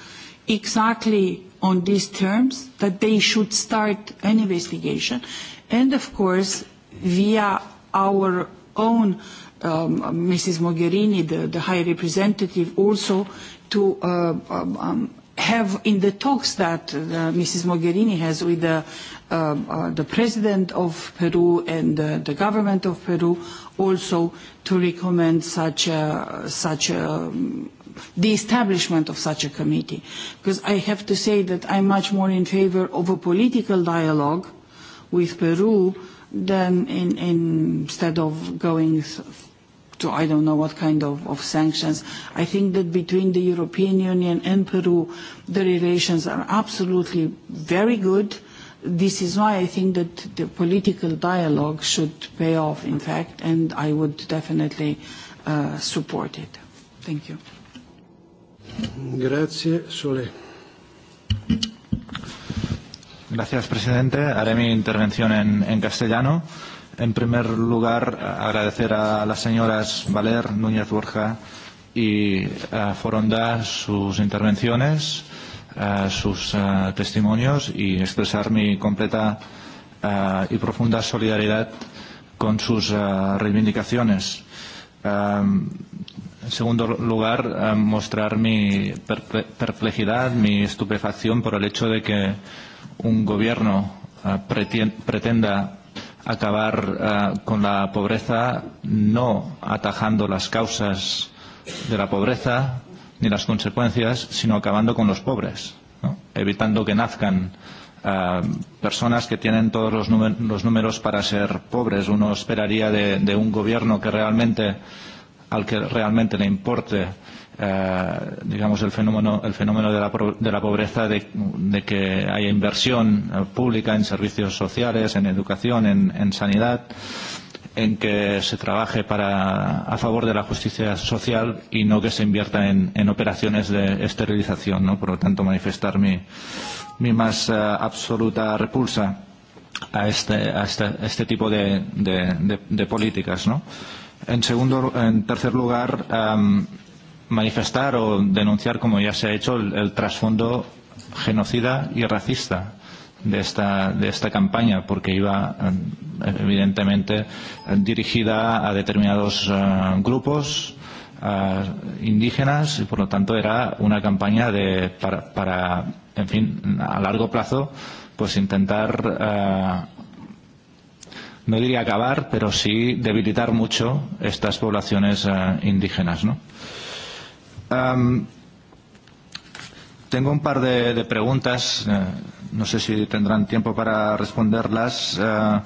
Speaker 15: exactly on these terms that they should start an investigation and of course via our own um, Mrs. Mogherini, the, the High Representative, also to uh, um, um have in the talks that uh, Mrs. Mogherini has with the, uh, uh, the president of Peru and uh, the government of Peru also to recommend such a, such a, the establishment of such a committee. Because I have to say that I'm much more in favor of a political dialogue with Peru than in, in, instead of going th to I don't know what kind of, of sanctions. I think that between the European Union and Peru, the relations are absolutely very good. This is why I think that the political dialogue should pay off, in fact, and I would definitely uh, support it. Thank you.
Speaker 1: Grazie, Sole.
Speaker 7: Gracias, presidente. Haré mi intervención en, en castellano. En primer lugar, agradecer a las señoras Valer, Núñez Borja y eh, Foronda sus intervenciones, eh, sus eh, testimonios y expresar mi completa y profunda solidaridad con sus reivindicaciones. en segundo lugar, mostrar mi perplejidad, mi estupefacción por el hecho de que un gobierno pretenda acabar uh, con la pobreza no atajando las causas de la pobreza ni las consecuencias, sino acabando con los pobres, ¿no? evitando que nazcan uh, personas que tienen todos los, los números para ser pobres. Uno esperaría de, de un gobierno que realmente, al que realmente le importe uh, Eh, digamos el fenómeno el fenómeno de la, de la pobreza de, de que haya inversión pública en servicios sociales en educación en, en sanidad en que se trabaje para, a favor de la justicia social y no que se invierta en, en operaciones de esterilización. ¿no? Por lo tanto, manifestar mi, mi más uh, absoluta repulsa a este, a este, a este tipo de, de, de, de políticas. ¿no? En, segundo, en tercer lugar, um, manifestar o denunciar, como ya se ha hecho, el, el trasfondo genocida y racista de esta, de esta campaña, porque iba eh, evidentemente dirigida a determinados uh, grupos uh, indígenas y por lo tanto era una campaña de, para, para, en fin, a largo plazo, pues intentar uh, no diría acabar, pero sí debilitar mucho estas poblaciones uh, indígenas, ¿no? Uh, Um, tengo un par de, de preguntas. Eh, no sé si tendrán tiempo para responderlas. Eh,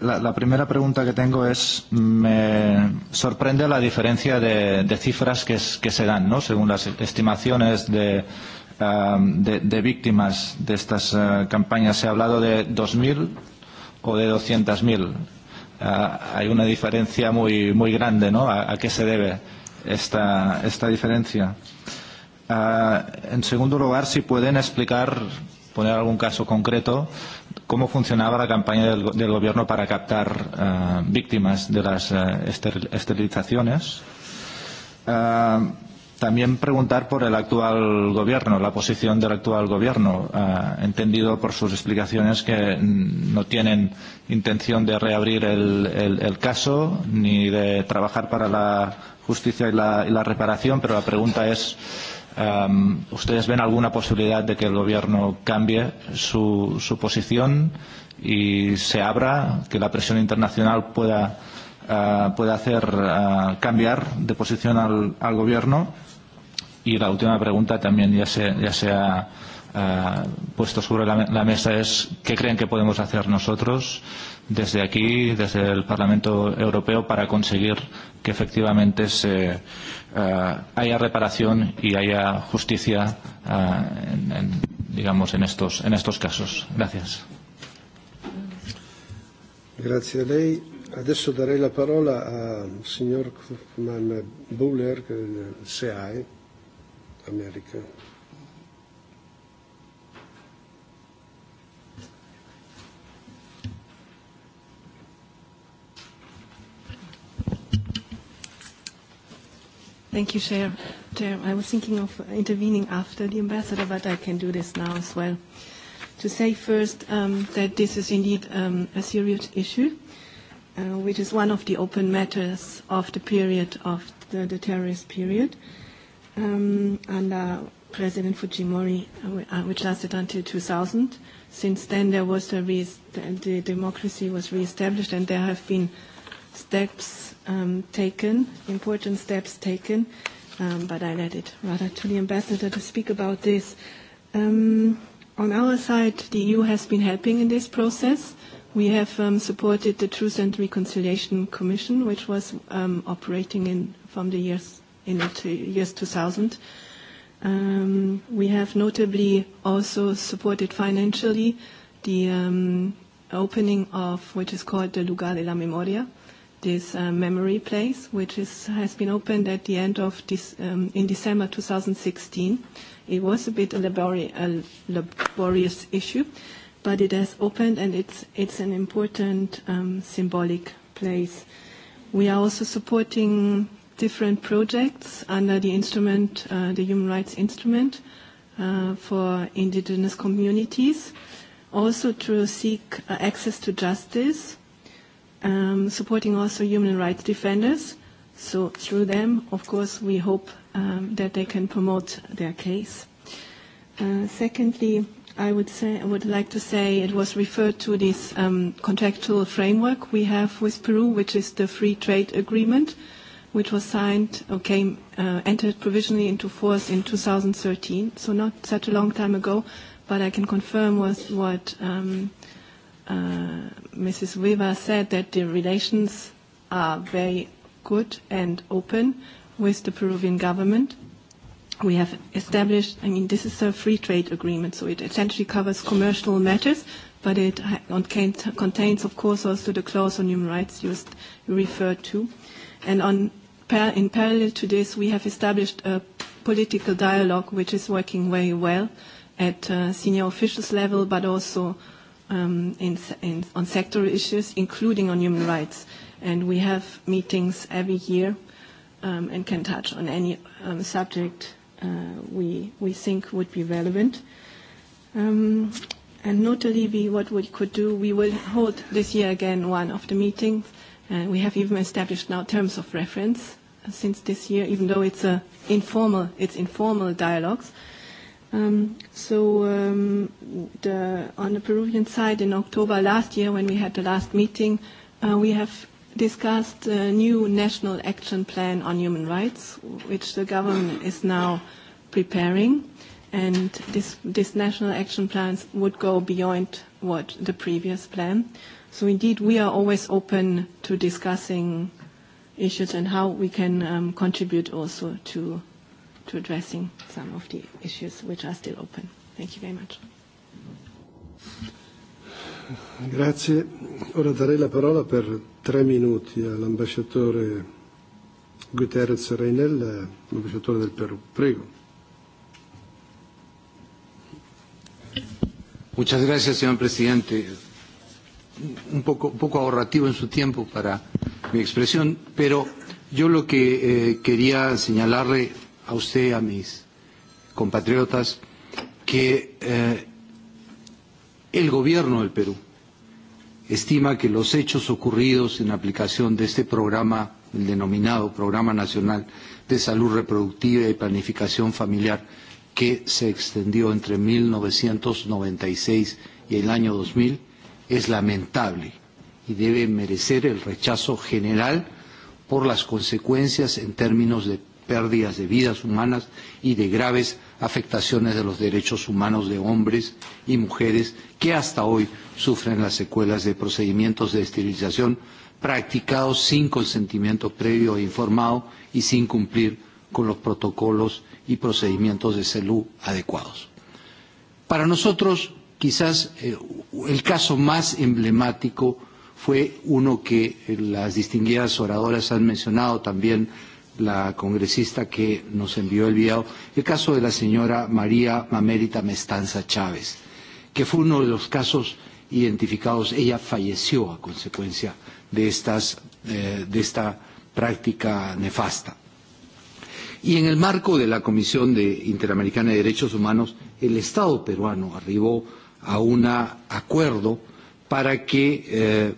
Speaker 7: la, la primera pregunta que tengo es, me sorprende la diferencia de, de cifras que, es, que se dan, ¿no? Según las estimaciones de, de, de víctimas de estas uh, campañas, se ha hablado de 2.000 o de 200.000. Uh, ah, hay una diferencia muy, muy grande, ¿no? ¿A, a qué se debe? esta, esta diferencia. Uh, en segundo lugar, si pueden explicar, poner algún caso concreto, cómo funcionaba la campaña del, del gobierno para captar uh, víctimas de las uh, esterilizaciones. Uh, también preguntar por el actual gobierno, la posición del actual gobierno, uh, entendido por sus explicaciones que no tienen intención de reabrir el, el, el caso ni de trabajar para la justicia y la, y la reparación, pero la pregunta es, um, ¿ustedes ven alguna posibilidad de que el Gobierno cambie su, su posición y se abra, que la presión internacional pueda, uh, pueda hacer uh, cambiar de posición al, al Gobierno? Y la última pregunta también ya se, ya se ha puesto sobre la, la mesa es qué creen que podemos hacer nosotros desde aquí, desde el Parlamento Europeo, para conseguir que efectivamente se, haya reparación y haya justicia en, en, digamos, en estos, en estos casos. Gracias.
Speaker 1: a Adesso darei la parola al signor Buller, America.
Speaker 18: Thank you, Chair. Chair, I was thinking of intervening after the ambassador, but I can do this now as well. To say first um, that this is indeed um, a serious issue, uh, which is one of the open matters of the period of the, the terrorist period um, under President Fujimori, uh, uh which lasted until 2000. Since then, there was a re- the, the democracy was re-established, and there have been steps um, taken, important steps taken, um, but I let it rather to the ambassador to speak about this. Um, on our side, the EU has been helping in this process. We have um, supported the Truth and Reconciliation Commission, which was um, operating in, from the years, in the two, years 2000. Um, we have notably also supported financially the um, opening of what is called the Lugar de la Memoria, this uh, memory place, which is, has been opened at the end of this, um, in December 2016. It was a bit a labori- a laborious issue, but it has opened and it's, it's an important um, symbolic place. We are also supporting different projects under the instrument, uh, the human rights instrument uh, for indigenous communities, also to seek uh, access to justice um, supporting also human rights defenders. So through them, of course, we hope um, that they can promote their case. Uh, secondly, I would say I would like to say it was referred to this um, contractual framework we have with Peru, which is the free trade agreement, which was signed or came uh, entered provisionally into force in 2013, so not such a long time ago. But I can confirm was what um, uh, Mrs. Weaver said that the relations are very good and open with the Peruvian government. We have established, I mean, this is a free trade agreement, so it essentially covers commercial matters, but it contains, of course, also the clause on human rights you referred to. And on, in parallel to this, we have established a political dialogue which is working very well at uh, senior officials level, but also um, in, in, on sector issues, including on human rights. And we have meetings every year um, and can touch on any um, subject uh, we, we think would be relevant. Um, and notably, we, what we could do, we will hold this year again one of the meetings. And uh, we have even established now terms of reference since this year, even though it's a informal, it's informal dialogues. Um, so um, the, on the Peruvian side, in October last year, when we had the last meeting, uh, we have discussed a new national action plan on human rights, which the government is now preparing. And this, this national action plan would go beyond what the previous plan. So indeed, we are always open to discussing issues and how we can um, contribute also to to addressing some of the issues which are still open. Thank you very much.
Speaker 1: Grazie. Ora darei la parola per tre minuti all'ambasciatore Guterres Reynel, l'ambasciatore del Perù. Prego.
Speaker 22: Muchas gracias, señor presidente. Un poco, un poco ahorrativo en su tiempo para mi expresión, pero yo lo que eh, quería señalarle a usted, y a mis compatriotas, que eh, el gobierno del Perú estima que los hechos ocurridos en aplicación de este programa, el denominado Programa Nacional de Salud Reproductiva y Planificación Familiar, que se extendió entre 1996 y el año 2000, es lamentable y debe merecer el rechazo general por las consecuencias en términos de pérdidas de vidas humanas y de graves afectaciones de los derechos humanos de hombres y mujeres que hasta hoy sufren las secuelas de procedimientos de esterilización practicados sin consentimiento previo e informado y sin cumplir con los protocolos y procedimientos de salud adecuados. Para nosotros, quizás eh, el caso más emblemático fue uno que las distinguidas oradoras han mencionado también la congresista que nos envió el video, el caso de la señora María Mamérita Mestanza Chávez, que fue uno de los casos identificados. Ella falleció a consecuencia de, estas, eh, de esta práctica nefasta. Y en el marco de la Comisión de Interamericana de Derechos Humanos, el Estado peruano arribó a un acuerdo para que eh,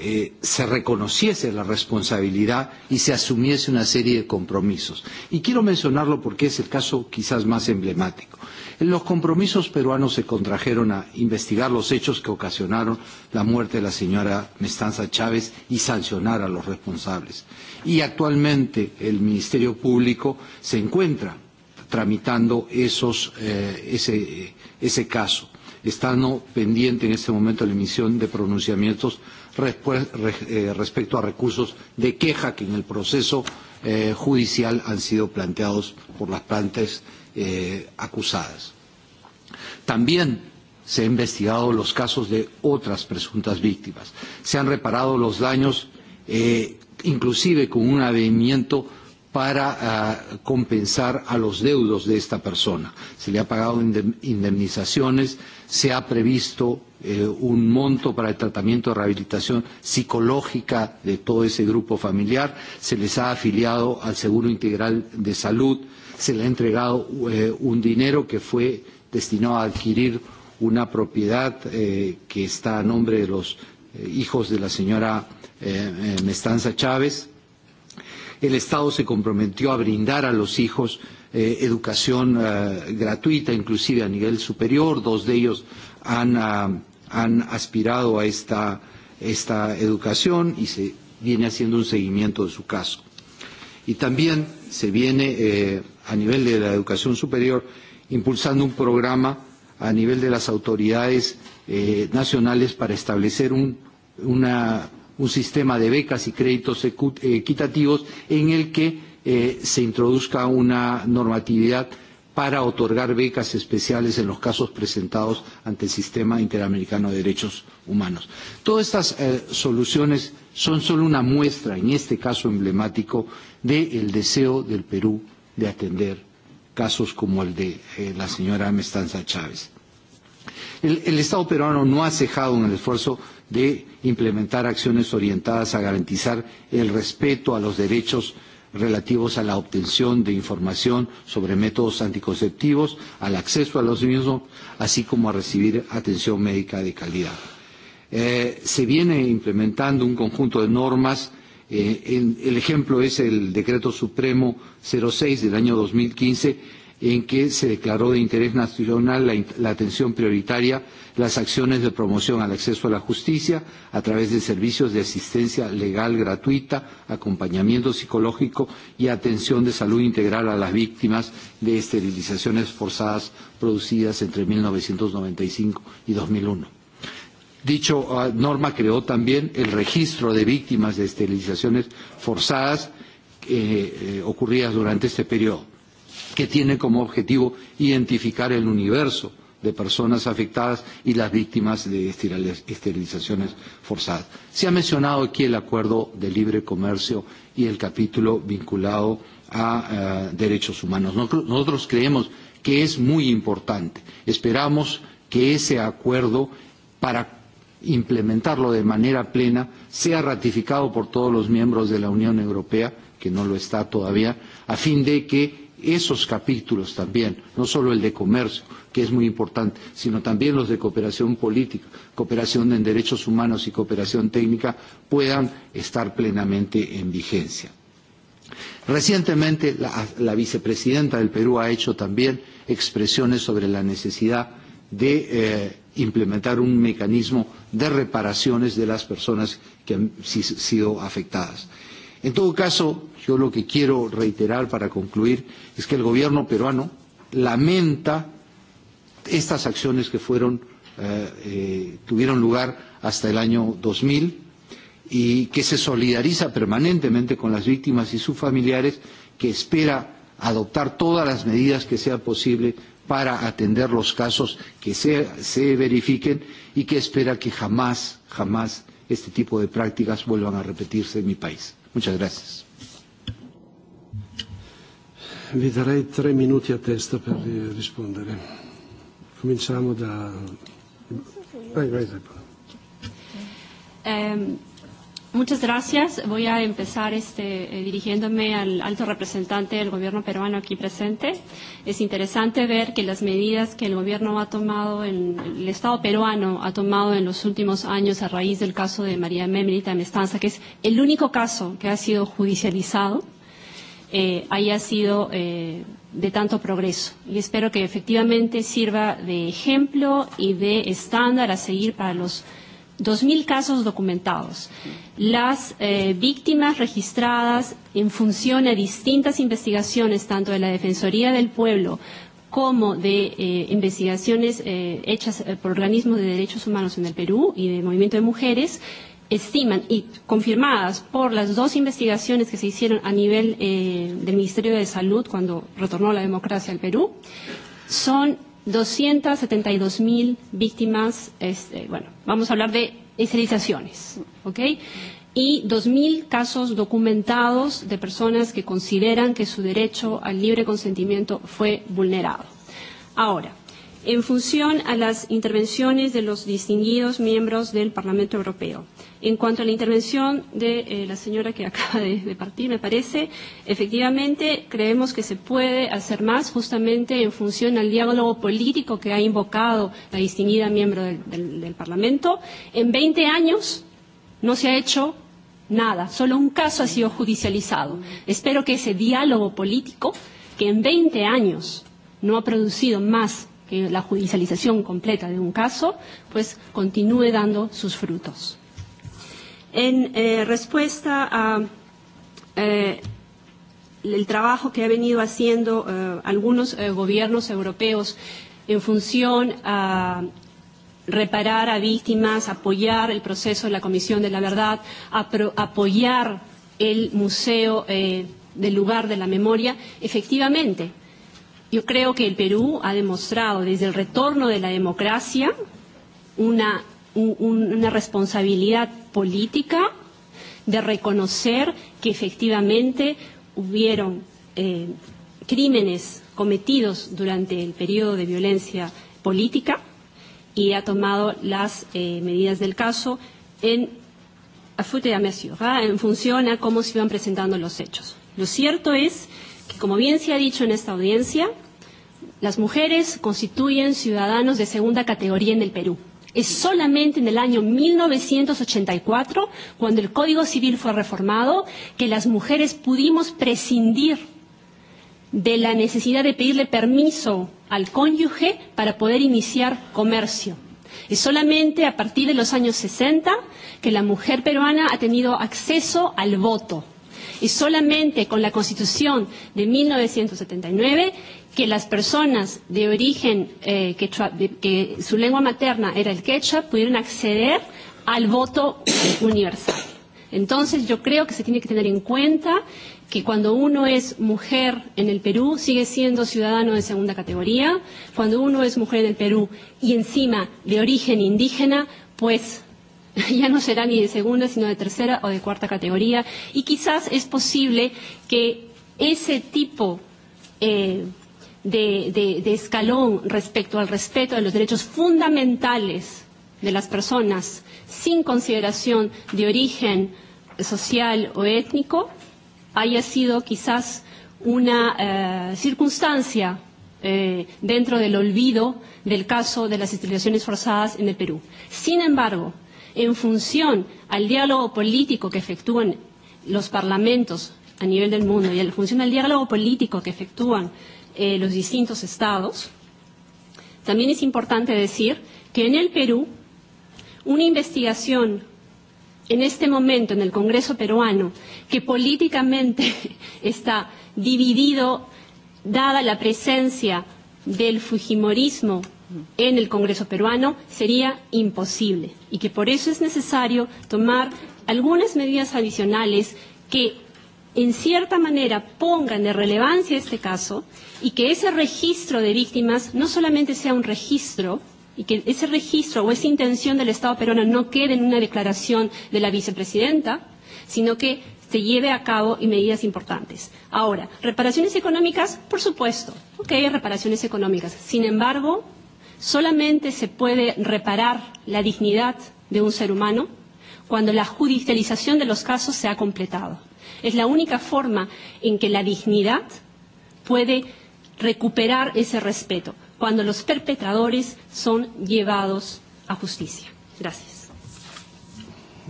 Speaker 22: eh, se reconociese la responsabilidad y se asumiese una serie de compromisos. Y quiero mencionarlo porque es el caso quizás más emblemático. Los compromisos peruanos se contrajeron a investigar los hechos que ocasionaron la muerte de la señora Mestanza Chávez y sancionar a los responsables. Y actualmente el Ministerio Público se encuentra tramitando esos, eh, ese, ese caso, estando pendiente en este momento la emisión de pronunciamientos Eh, respecto a recursos de queja que en el proceso eh, judicial han sido planteados por las plantas eh, acusadas. También se han investigado los casos de otras presuntas víctimas. Se han reparado los daños, eh, inclusive con un avenimiento para uh, compensar a los deudos de esta persona. Se le ha pagado indemnizaciones, se ha previsto eh, un monto para el tratamiento de rehabilitación psicológica de todo ese grupo familiar, se les ha afiliado al Seguro Integral de Salud, se le ha entregado eh, un dinero que fue destinado a adquirir una propiedad eh, que está a nombre de los eh, hijos de la señora eh, Mestanza Chávez El Estado se comprometió a brindar a los hijos eh, educación eh, gratuita, inclusive a nivel superior. Dos de ellos han, ah, han aspirado a esta, esta educación y se viene haciendo un seguimiento de su caso. Y también se viene, eh, a nivel de la educación superior, impulsando un programa a nivel de las autoridades eh, nacionales para establecer un, una un sistema de becas y créditos equitativos en el que eh, se introduzca una normatividad para otorgar becas especiales en los casos presentados ante el Sistema Interamericano de Derechos Humanos. Todas estas eh, soluciones son solo una muestra, en este caso emblemático, del de deseo del Perú de atender casos como el de eh, la señora Mestanza Chávez. El, el Estado peruano no ha cejado en el esfuerzo de implementar acciones orientadas a garantizar el respeto a los derechos relativos a la obtención de información sobre métodos anticonceptivos, al acceso a los mismos, así como a recibir atención médica de calidad. Eh, se viene implementando un conjunto de normas. Eh, en, el ejemplo es el Decreto Supremo 06 del año 2015, en que se declaró de interés nacional la, la atención prioritaria las acciones de promoción al acceso a la justicia a través de servicios de asistencia legal gratuita, acompañamiento psicológico y atención de salud integral a las víctimas de esterilizaciones forzadas producidas entre mil novecientos noventa y cinco y dos mil uno. Dicha uh, norma creó también el registro de víctimas de esterilizaciones forzadas eh, eh, ocurridas durante este periodo que tiene como objetivo identificar el universo de personas afectadas y las víctimas de esterilizaciones forzadas. Se ha mencionado aquí el acuerdo de libre comercio y el capítulo vinculado a eh, derechos humanos. Nosotros creemos que es muy importante. Esperamos que ese acuerdo, para implementarlo de manera plena, sea ratificado por todos los miembros de la Unión Europea, que no lo está todavía, a fin de que esos capítulos también, no solo el de comercio, que es muy importante, sino también los de cooperación política, cooperación en derechos humanos y cooperación técnica, puedan estar plenamente en vigencia. Recientemente la, la vicepresidenta del Perú ha hecho también expresiones sobre la necesidad de eh, implementar un mecanismo de reparaciones de las personas que han sido afectadas. En todo caso, yo lo que quiero reiterar para concluir es que el gobierno peruano lamenta estas acciones que fueron, eh, eh, tuvieron lugar hasta el año 2000 y que se solidariza permanentemente con las víctimas y sus familiares, que espera adoptar todas las medidas que sea posible para atender los casos que se, se verifiquen y que espera que jamás, jamás este tipo de prácticas vuelvan a repetirse en mi país. Muchas gracias.
Speaker 1: Vi darei tre minuti a testa per rispondere. Cominciamo da... Vai, vai, vai.
Speaker 20: Um, Muchas gracias. Voy a empezar este, eh, dirigiéndome al alto representante del gobierno peruano aquí presente. Es interesante ver que las medidas que el gobierno ha tomado, en, el Estado peruano ha tomado en los últimos años a raíz del caso de María Membrita Mestanza, que es el único caso que ha sido judicializado, eh, haya sido eh, de tanto progreso. Y espero que efectivamente sirva de ejemplo y de estándar a seguir para los 2.000 casos documentados. Las eh, víctimas registradas en función a distintas investigaciones, tanto de la Defensoría del Pueblo como de eh, investigaciones eh, hechas eh, por organismos de derechos humanos en el Perú y del Movimiento de Mujeres, estiman y confirmadas por las dos investigaciones que se hicieron a nivel eh, del Ministerio de Salud cuando retornó la democracia al Perú, son 272 mil víctimas, este, bueno, vamos a hablar de esterilizaciones, ¿ok? Y 2.000 casos documentados de personas que consideran que su derecho al libre consentimiento fue vulnerado. Ahora, en función a las intervenciones de los distinguidos miembros del Parlamento Europeo, En cuanto a la intervención de eh, la señora que acaba de, de partir, me parece, efectivamente creemos que se puede hacer más justamente en función al diálogo político que ha invocado la distinguida miembro del, del, del Parlamento. En 20 años no se ha hecho nada, solo un caso ha sido judicializado. Espero que ese diálogo político, que en 20 años no ha producido más que la judicialización completa de un caso, pues continúe dando sus frutos en eh, respuesta a eh, el trabajo que ha venido haciendo eh, algunos eh, gobiernos europeos en función a reparar a víctimas, apoyar el proceso de la Comisión de la Verdad, apro apoyar el museo eh, del lugar de la memoria, efectivamente, yo creo que el Perú ha demostrado desde el retorno de la democracia una un, una responsabilidad política de reconocer que efectivamente hubieron eh, crímenes cometidos durante el periodo de violencia política y ha tomado las eh, medidas del caso en, en función a cómo se iban presentando los hechos. Lo cierto es que, como bien se ha dicho en esta audiencia, las mujeres constituyen ciudadanos de segunda categoría en el Perú Es solamente en el año 1984, cuando el Código Civil fue reformado, que las mujeres pudimos prescindir de la necesidad de pedirle permiso al cónyuge para poder iniciar comercio. Es solamente a partir de los años 60 que la mujer peruana ha tenido acceso al voto. Y solamente con la Constitución de 1979 que las personas de origen eh, que, que su lengua materna era el quechua pudieron acceder al voto universal. Entonces yo creo que se tiene que tener en cuenta que cuando uno es mujer en el Perú sigue siendo ciudadano de segunda categoría, cuando uno es mujer en el Perú y encima de origen indígena, pues ya no será ni de segunda, sino de tercera o de cuarta categoría. Y quizás es posible que ese tipo eh, de, de, de escalón respecto al respeto de los derechos fundamentales de las personas sin consideración de origen social o étnico haya sido quizás una eh, circunstancia eh, dentro del olvido del caso de las instituciones forzadas en el Perú. Sin embargo, en función al diálogo político que efectúan los parlamentos a nivel del mundo y en función al diálogo político que efectúan eh, los distintos estados. También es importante decir que en el Perú una investigación en este momento en el Congreso peruano que políticamente está dividido dada la presencia del Fujimorismo en el Congreso peruano sería imposible y que por eso es necesario tomar algunas medidas adicionales que en cierta manera pongan de relevancia este caso y que ese registro de víctimas no solamente sea un registro y que ese registro o esa intención del Estado peruano no quede en una declaración de la vicepresidenta, sino que se lleve a cabo y medidas importantes. Ahora, reparaciones económicas, por supuesto, que hay okay, reparaciones económicas. Sin embargo, solamente se puede reparar la dignidad de un ser humano cuando la judicialización de los casos se ha completado. Es la única forma en que la dignidad puede recuperar ese respeto cuando los perpetradores son llevados a justicia. Gracias.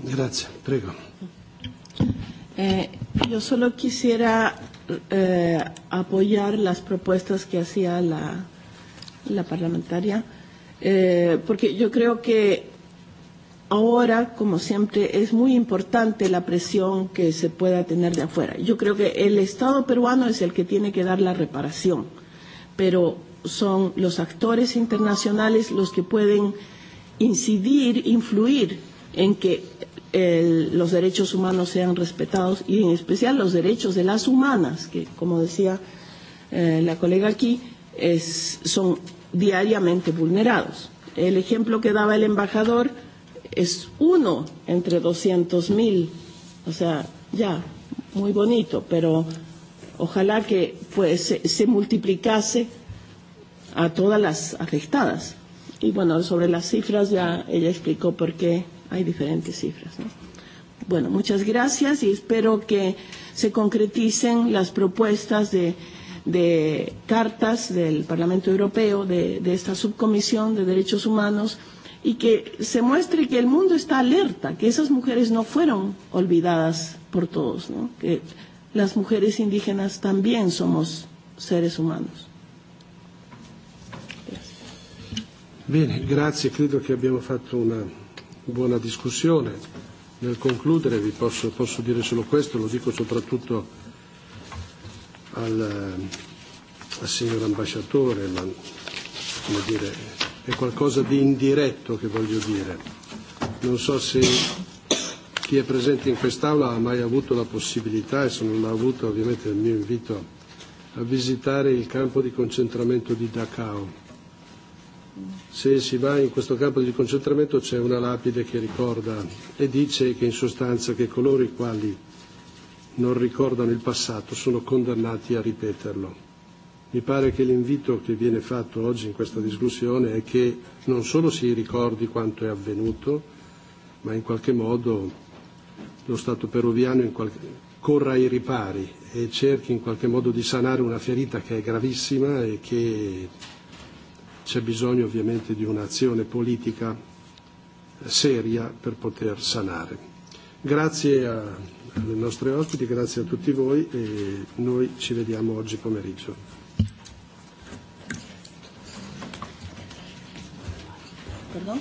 Speaker 1: Gracias. Prego.
Speaker 20: Eh, yo
Speaker 19: solo quisiera eh, apoyar las propuestas que hacía la, la parlamentaria, eh, porque yo creo que Ahora, como siempre, es muy importante la presión que se pueda tener de afuera. Yo creo que el Estado peruano es el que tiene que dar la reparación, pero son los actores internacionales los que pueden incidir, influir en que el, eh, los derechos humanos sean respetados y en especial los derechos de las humanas, que como decía eh, la colega aquí, es, son diariamente vulnerados. El ejemplo que daba el embajador es uno entre mil, O sea, ya, muy bonito, pero ojalá que pues, se, se multiplicase a todas las afectadas. Y bueno, sobre las cifras ya ella explicó por qué hay diferentes cifras. ¿no? Bueno, muchas gracias y espero que se concreticen las propuestas de, de cartas del Parlamento Europeo, de, de esta subcomisión de derechos humanos y que se muestre que el mundo está alerta, que esas mujeres no fueron olvidadas por todos, ¿no? que las mujeres indígenas también somos seres humanos.
Speaker 1: Gracias. Bene, grazie, credo che abbiamo fatto una buona discussione. Nel concludere vi posso, posso dire solo questo, lo dico soprattutto al, al signor ambasciatore, ma come dire, è qualcosa di indiretto che voglio dire. Non so se chi è presente in quest'Aula ha mai avuto la possibilità, e se non l'ha avuto ovviamente il mio invito a visitare il campo di concentramento di Dachau. Se si va in questo campo di concentramento c'è una lapide che ricorda e dice che in sostanza che coloro i quali non ricordano il passato sono condannati a ripeterlo. Mi pare che l'invito che viene fatto oggi in questa discussione è che non solo si ricordi quanto è avvenuto, ma in qualche modo lo Stato peruviano in qualche, corra ai ripari e cerchi in qualche modo di sanare una ferita che è gravissima e che c'è bisogno ovviamente di un'azione politica seria per poter sanare. Grazie a, alle nostre ospiti, grazie a tutti voi e noi ci vediamo oggi pomeriggio.
Speaker 15: Perdón.